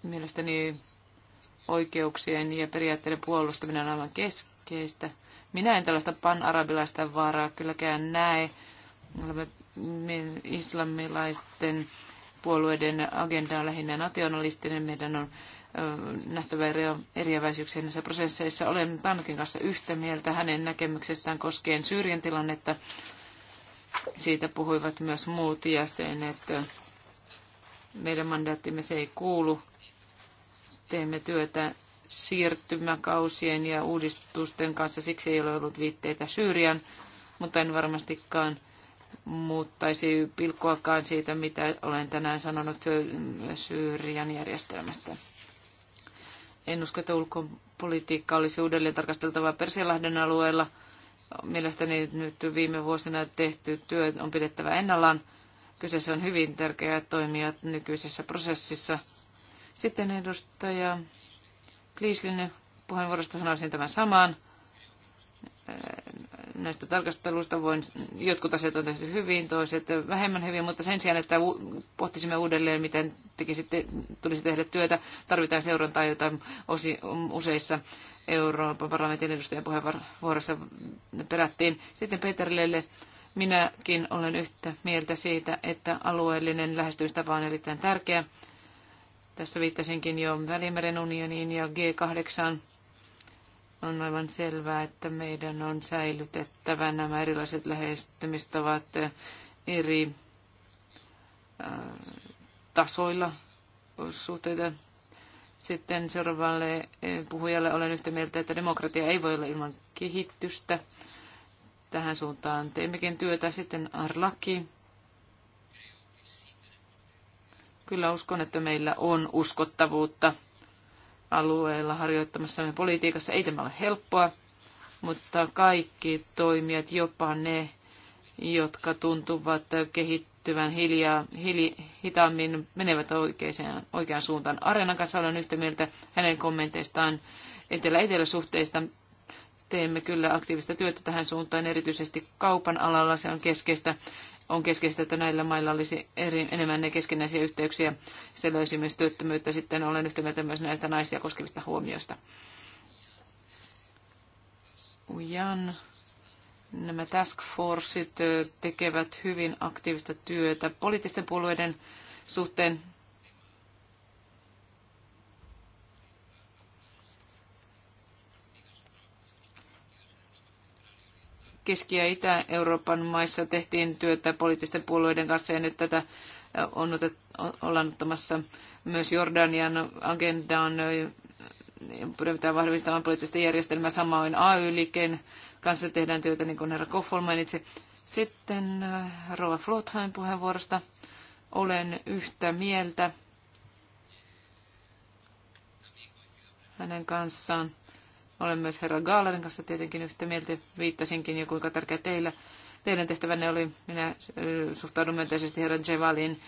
Mielestäni oikeuksien ja periaatteiden puolustaminen on aivan keskeistä. Minä en tällaista pan-arabilaista vaaraa kylläkään näe. Olemme islamilaisten puolueiden agenda on lähinnä nationalistinen. Meidän on nähtävä eriäväisyyksiä näissä prosesseissa. Olen Tankin kanssa yhtä mieltä hänen näkemyksestään koskien Syyrian tilannetta. Siitä puhuivat myös muut jäsenet. Meidän mandaattimme se ei kuulu. Teemme työtä siirtymäkausien ja uudistusten kanssa. Siksi ei ole ollut viitteitä Syyrian, mutta en varmastikaan muuttaisi pilkkuakaan siitä, mitä olen tänään sanonut Syyrian järjestelmästä. En usko, että ulkopolitiikka olisi uudelleen tarkasteltava Persialahden alueella. Mielestäni nyt viime vuosina tehty työ on pidettävä ennallaan. Kyseessä on hyvin tärkeää toimia nykyisessä prosessissa. Sitten edustaja Kliislinen puheenvuorosta sanoisin tämän samaan näistä tarkasteluista voin, jotkut asiat on tehty hyvin, toiset vähemmän hyvin, mutta sen sijaan, että pohtisimme uudelleen, miten tekisitte, tulisi tehdä työtä, tarvitaan seurantaa, jota osi, useissa Euroopan parlamentin edustajien puheenvuorossa perättiin. Sitten Lelle, minäkin olen yhtä mieltä siitä, että alueellinen lähestymistapa on erittäin tärkeä. Tässä viittasinkin jo Välimeren unioniin ja G8 on aivan selvää, että meidän on säilytettävä nämä erilaiset lähestymistavat eri äh, tasoilla suhteita. Sitten seuraavalle äh, puhujalle olen yhtä mieltä, että demokratia ei voi olla ilman kehitystä. Tähän suuntaan teemmekin työtä. Sitten Arlaki. Kyllä uskon, että meillä on uskottavuutta alueella harjoittamassamme politiikassa. Ei tämä ole helppoa, mutta kaikki toimijat, jopa ne, jotka tuntuvat kehittyvän hiljaa, hili, hitaammin, menevät oikeaan, oikeaan suuntaan. Arenan kanssa olen yhtä mieltä hänen kommenteistaan etelä-etelä-suhteista. Teemme kyllä aktiivista työtä tähän suuntaan, erityisesti kaupan alalla se on keskeistä on keskeistä, että näillä mailla olisi eri, enemmän ne keskinäisiä yhteyksiä. Se löysi myös työttömyyttä. Sitten olen yhtä mieltä myös näitä naisia koskevista huomioista. Ujan. Nämä task forceit tekevät hyvin aktiivista työtä poliittisten puolueiden suhteen Keski- ja Itä-Euroopan maissa tehtiin työtä poliittisten puolueiden kanssa ja nyt tätä äh, on otet, ollaan ottamassa myös Jordanian agendaan äh, pyritään vahvistamaan poliittista järjestelmää samoin AY-liikkeen kanssa tehdään työtä, niin kuin herra Koffol mainitsi. Sitten äh, Rova Flothain puheenvuorosta olen yhtä mieltä hänen kanssaan. Olen myös herra Gaalerin kanssa tietenkin yhtä mieltä. Viittasinkin jo, kuinka tärkeä teillä, teidän tehtävänne oli. Minä suhtaudun myönteisesti herra Jevalin.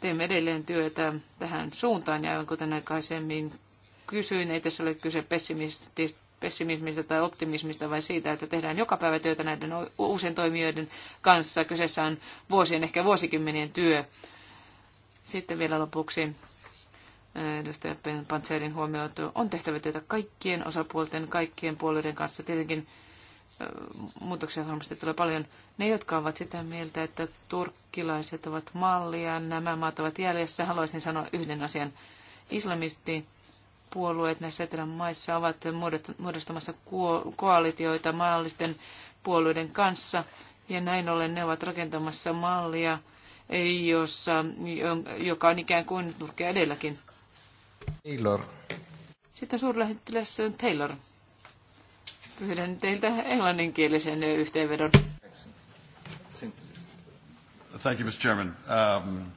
Teemme edelleen työtä tähän suuntaan ja aivan kuten aikaisemmin kysyin, ei tässä ole kyse pessimististä pessimismistä tai optimismista vai siitä, että tehdään joka päivä työtä näiden uusien toimijoiden kanssa. Kyseessä on vuosien, ehkä vuosikymmenien työ. Sitten vielä lopuksi edustaja Pantseerin huomioitu. On tehtävä tätä kaikkien osapuolten, kaikkien puolueiden kanssa. Tietenkin muutoksia varmasti tulee paljon. Ne, jotka ovat sitä mieltä, että turkkilaiset ovat mallia, nämä maat ovat jäljessä, haluaisin sanoa yhden asian. Islamisti puolueet näissä etelän maissa ovat muodostamassa koalitioita maallisten puolueiden kanssa, ja näin ollen ne ovat rakentamassa mallia, jossa, joka on ikään kuin Turkia edelläkin. Taylor. Sitten suurlähettiläs Taylor. Pyydän teiltä englanninkielisen yhteenvedon. Thank you, Mr. Chairman. Um,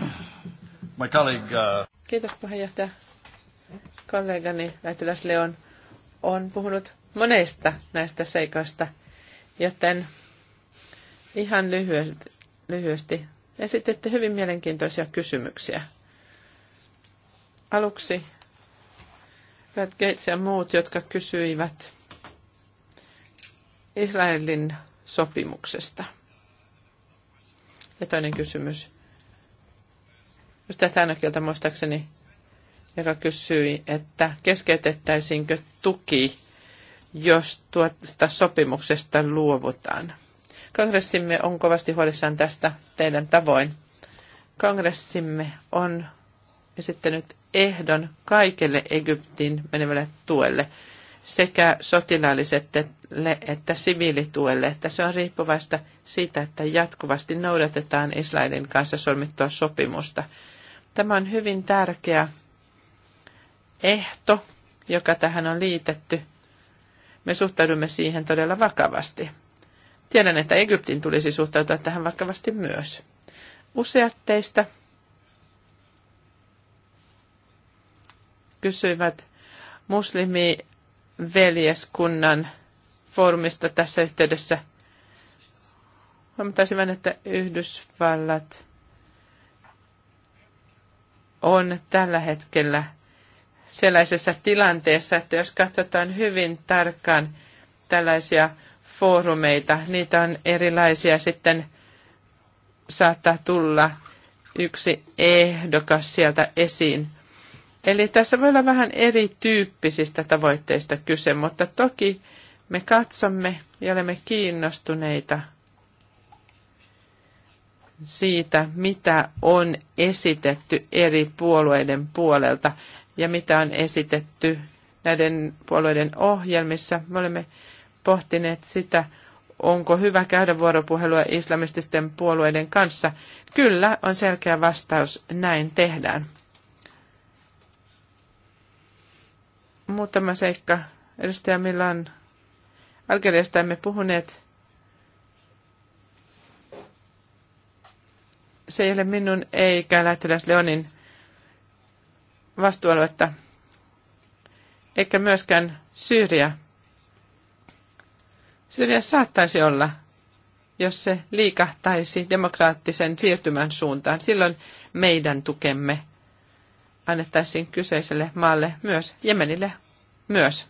my colleague, uh... Kiitos puheenjohtaja. Kollegani lähettiläs Leon on puhunut monesta näistä seikoista, joten ihan lyhyesti, lyhyesti esitette hyvin mielenkiintoisia kysymyksiä. Aluksi Brad Gates ja muut, jotka kysyivät Israelin sopimuksesta. Ja toinen kysymys. Mistä Tänäkiltä muistaakseni, joka kysyi, että keskeytettäisiinkö tuki, jos tuosta sopimuksesta luovutaan. Kongressimme on kovasti huolissaan tästä teidän tavoin. Kongressimme on esittänyt ehdon kaikelle Egyptin menevälle tuelle, sekä sotilaalliselle että siviilituelle, että se on riippuvasta siitä, että jatkuvasti noudatetaan Israelin kanssa solmittua sopimusta. Tämä on hyvin tärkeä ehto, joka tähän on liitetty. Me suhtaudumme siihen todella vakavasti. Tiedän, että Egyptin tulisi suhtautua tähän vakavasti myös. Useat teistä kysyivät muslimiveljeskunnan foorumista tässä yhteydessä. Huomattaisin että Yhdysvallat on tällä hetkellä sellaisessa tilanteessa, että jos katsotaan hyvin tarkkaan tällaisia foorumeita, niitä on erilaisia sitten saattaa tulla yksi ehdokas sieltä esiin. Eli tässä voi olla vähän erityyppisistä tavoitteista kyse, mutta toki me katsomme ja olemme kiinnostuneita siitä, mitä on esitetty eri puolueiden puolelta ja mitä on esitetty näiden puolueiden ohjelmissa. Me olemme pohtineet sitä, onko hyvä käydä vuoropuhelua islamististen puolueiden kanssa. Kyllä on selkeä vastaus, näin tehdään. Muutama seikka. Edustaja Millan, Algeriasta emme puhuneet. Se ei ole minun eikä lähettiläs Leonin vastuualuetta, eikä myöskään Syyriä. Syyriä saattaisi olla, jos se liikahtaisi demokraattisen siirtymän suuntaan. Silloin meidän tukemme annettaisiin kyseiselle maalle myös, Jemenille myös.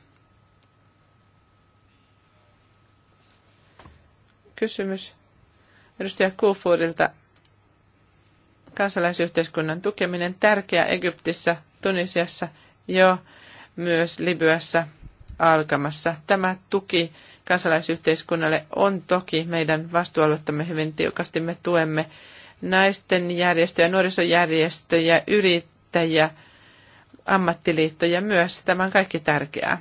Kysymys edustaja Kufuudilta. Kansalaisyhteiskunnan tukeminen tärkeä Egyptissä, Tunisiassa, jo myös Libyassa alkamassa. Tämä tuki kansalaisyhteiskunnalle on toki meidän vastuualuettamme hyvin tiukasti. Me tuemme naisten järjestöjä, nuorisojärjestöjä, yrittäjiä yrittäjiä, ammattiliittoja myös. Tämä on kaikki tärkeää.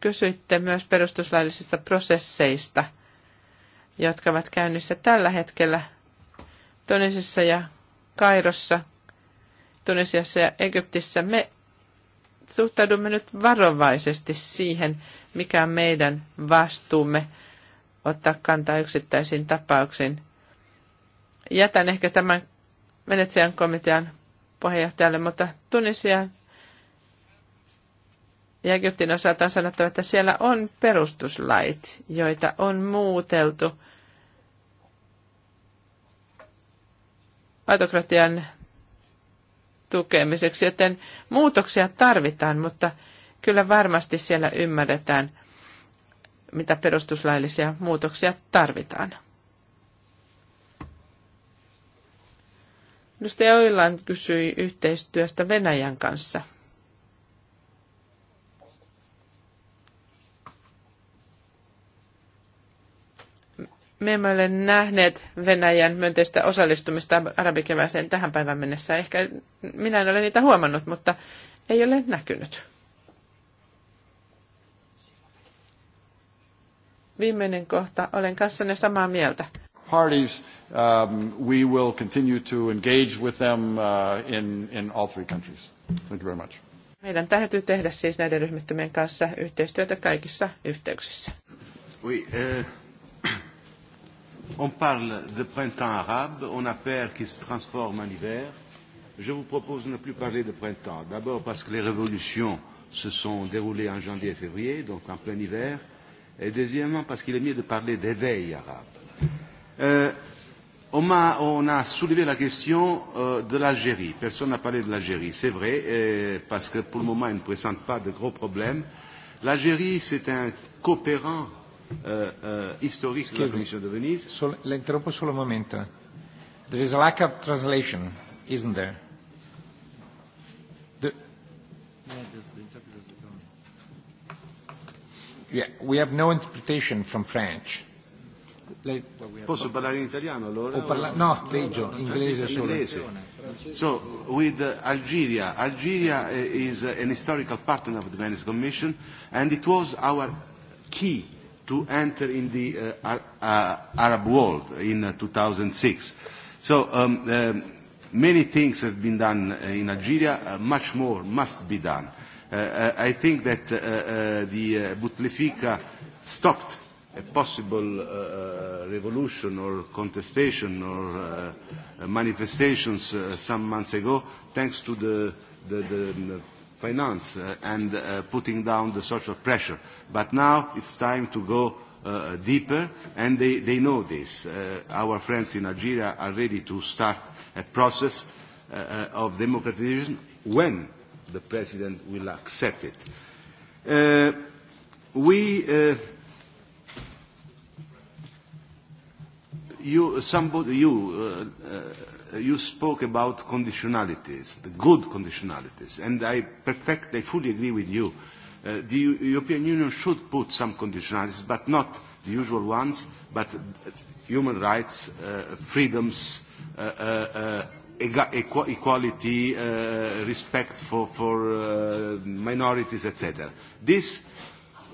Kysyitte myös perustuslaillisista prosesseista, jotka ovat käynnissä tällä hetkellä Tunisissa ja Kairossa, Tunisiassa ja Egyptissä. Me suhtaudumme nyt varovaisesti siihen, mikä on meidän vastuumme ottaa kantaa yksittäisiin tapauksiin. Jätän ehkä tämän Venetsian komitean puheenjohtajalle, mutta Tunisia ja Egyptin osalta on sanottava, että siellä on perustuslait, joita on muuteltu autokratian tukemiseksi, joten muutoksia tarvitaan, mutta kyllä varmasti siellä ymmärretään, mitä perustuslaillisia muutoksia tarvitaan. Edustaja Oiland kysyi yhteistyöstä Venäjän kanssa. me emme ole nähneet Venäjän myönteistä osallistumista arabikevääseen tähän päivään mennessä. Ehkä minä en ole niitä huomannut, mutta ei ole näkynyt. Viimeinen kohta. Olen kanssanne samaa mieltä. Parties Um, we will continue to engage with them uh, in, in all three countries. Thank you very much. Meidän täytyy tehdä siis näiden ryhmittymien kanssa yhteistyötä kaikissa yhteyksissä. Oui, euh, on parle de printemps arabe, on a peur qu'il se transforme en hiver. Je vous propose de ne plus parler de printemps. D'abord parce que les révolutions se sont déroulées en janvier et février, donc en plein hiver. Et deuxièmement parce qu'il est mieux de parler d'éveil arabe. Euh, on, a, on a soulevé la question euh, de l'Algérie. Personne n'a parlé de l'Algérie. C'est vrai, et, parce que pour le moment, elle ne présente pas de gros problèmes. L'Algérie, c'est un coopérant euh, euh, historique Excuse de la Commission me. de Venise. So, L'interrompo sur le moment. There is a lack of translation, isn't there? The... Yeah, we have no interpretation from French. Lei... Posso parlare in italiano allora? parla... No, peggio, no, inglese solo. Inglese. So, with uh, Algeria, Algeria is uh, an historical partner of the Venice Commission and it was our key to enter in the uh, uh, Arab world in uh, 2006. So, um, um, many things have been done uh, in Algeria, uh, much more must be done. Uh, uh I think that uh, uh, the uh, Bouteflika stopped a possible uh, uh, revolution or contestation or uh, uh, manifestations uh, some months ago thanks to the, the, the, the finance uh, and uh, putting down the social pressure. But now it's time to go uh, deeper and they, they know this. Uh, our friends in Algeria are ready to start a process uh, uh of democratization when the president will accept it. Uh, we uh, you, somebody, you, uh, uh, you spoke about conditionalities, the good conditionalities, and I perfectly, I fully agree with you. Uh, the U European Union should put some conditionalities, but not the usual ones, but human rights, uh, freedoms, uh, uh, uh equ equality, uh, respect for, for uh, minorities, etc. This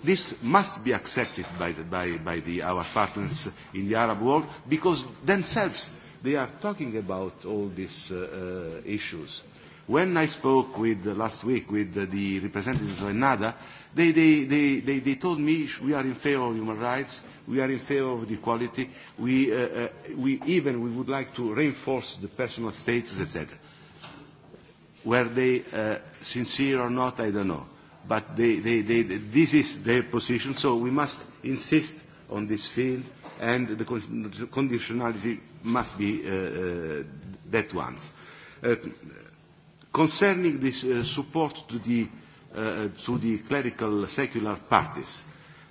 This must be accepted by, the, by, by the, our partners in the Arab world because themselves they are talking about all these uh, uh, issues. When I spoke with, uh, last week with uh, the representatives of NADA, they, they, they, they, they told me we are in favor of human rights, we are in favor of equality, we, uh, uh, we even we would like to reinforce the personal status, etc. Were they uh, sincere or not, I don't know but they, they, they, this is their position, so we must insist on this field, and the conditionality must be uh, uh that one. Uh, concerning this uh, support to the, uh, to the clerical secular parties,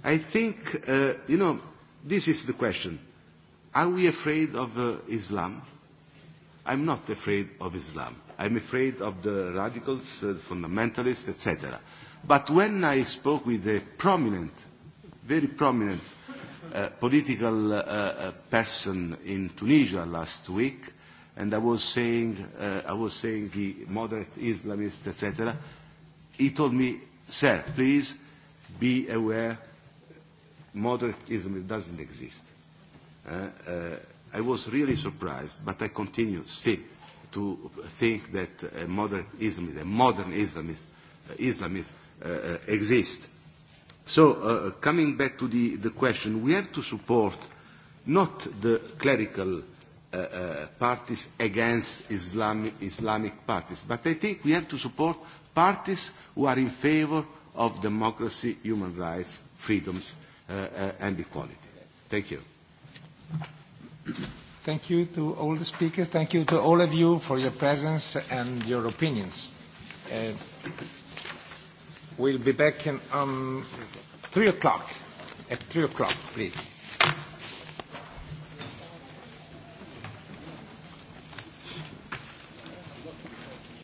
I think, uh, you know, this is the question. Are we afraid of uh, Islam? I'm not afraid of Islam. I'm afraid of the radicals, uh, fundamentalists, etc. But when I spoke with a prominent, very prominent uh, political uh, uh, person in Tunisia last week, and I was saying, uh, I was saying the moderate Islamists, etc., he told me, sir, please be aware, moderate Islamism doesn't exist. Uh, uh, I was really surprised, but I continue still to think that uh, moderate Islamism, modern Islamism, uh, Islamism uh, exist. So uh, coming back to the, the question, we have to support not the clerical uh, uh, parties against Islamic, Islamic parties, but I think we have to support parties who are in favor of democracy, human rights, freedoms uh, uh, and equality. Thank you. Thank you to all the speakers. Thank you to all of you for your presence and your opinions. Uh, We'll be back in, 3 um, o'clock. At 3 o'clock, please.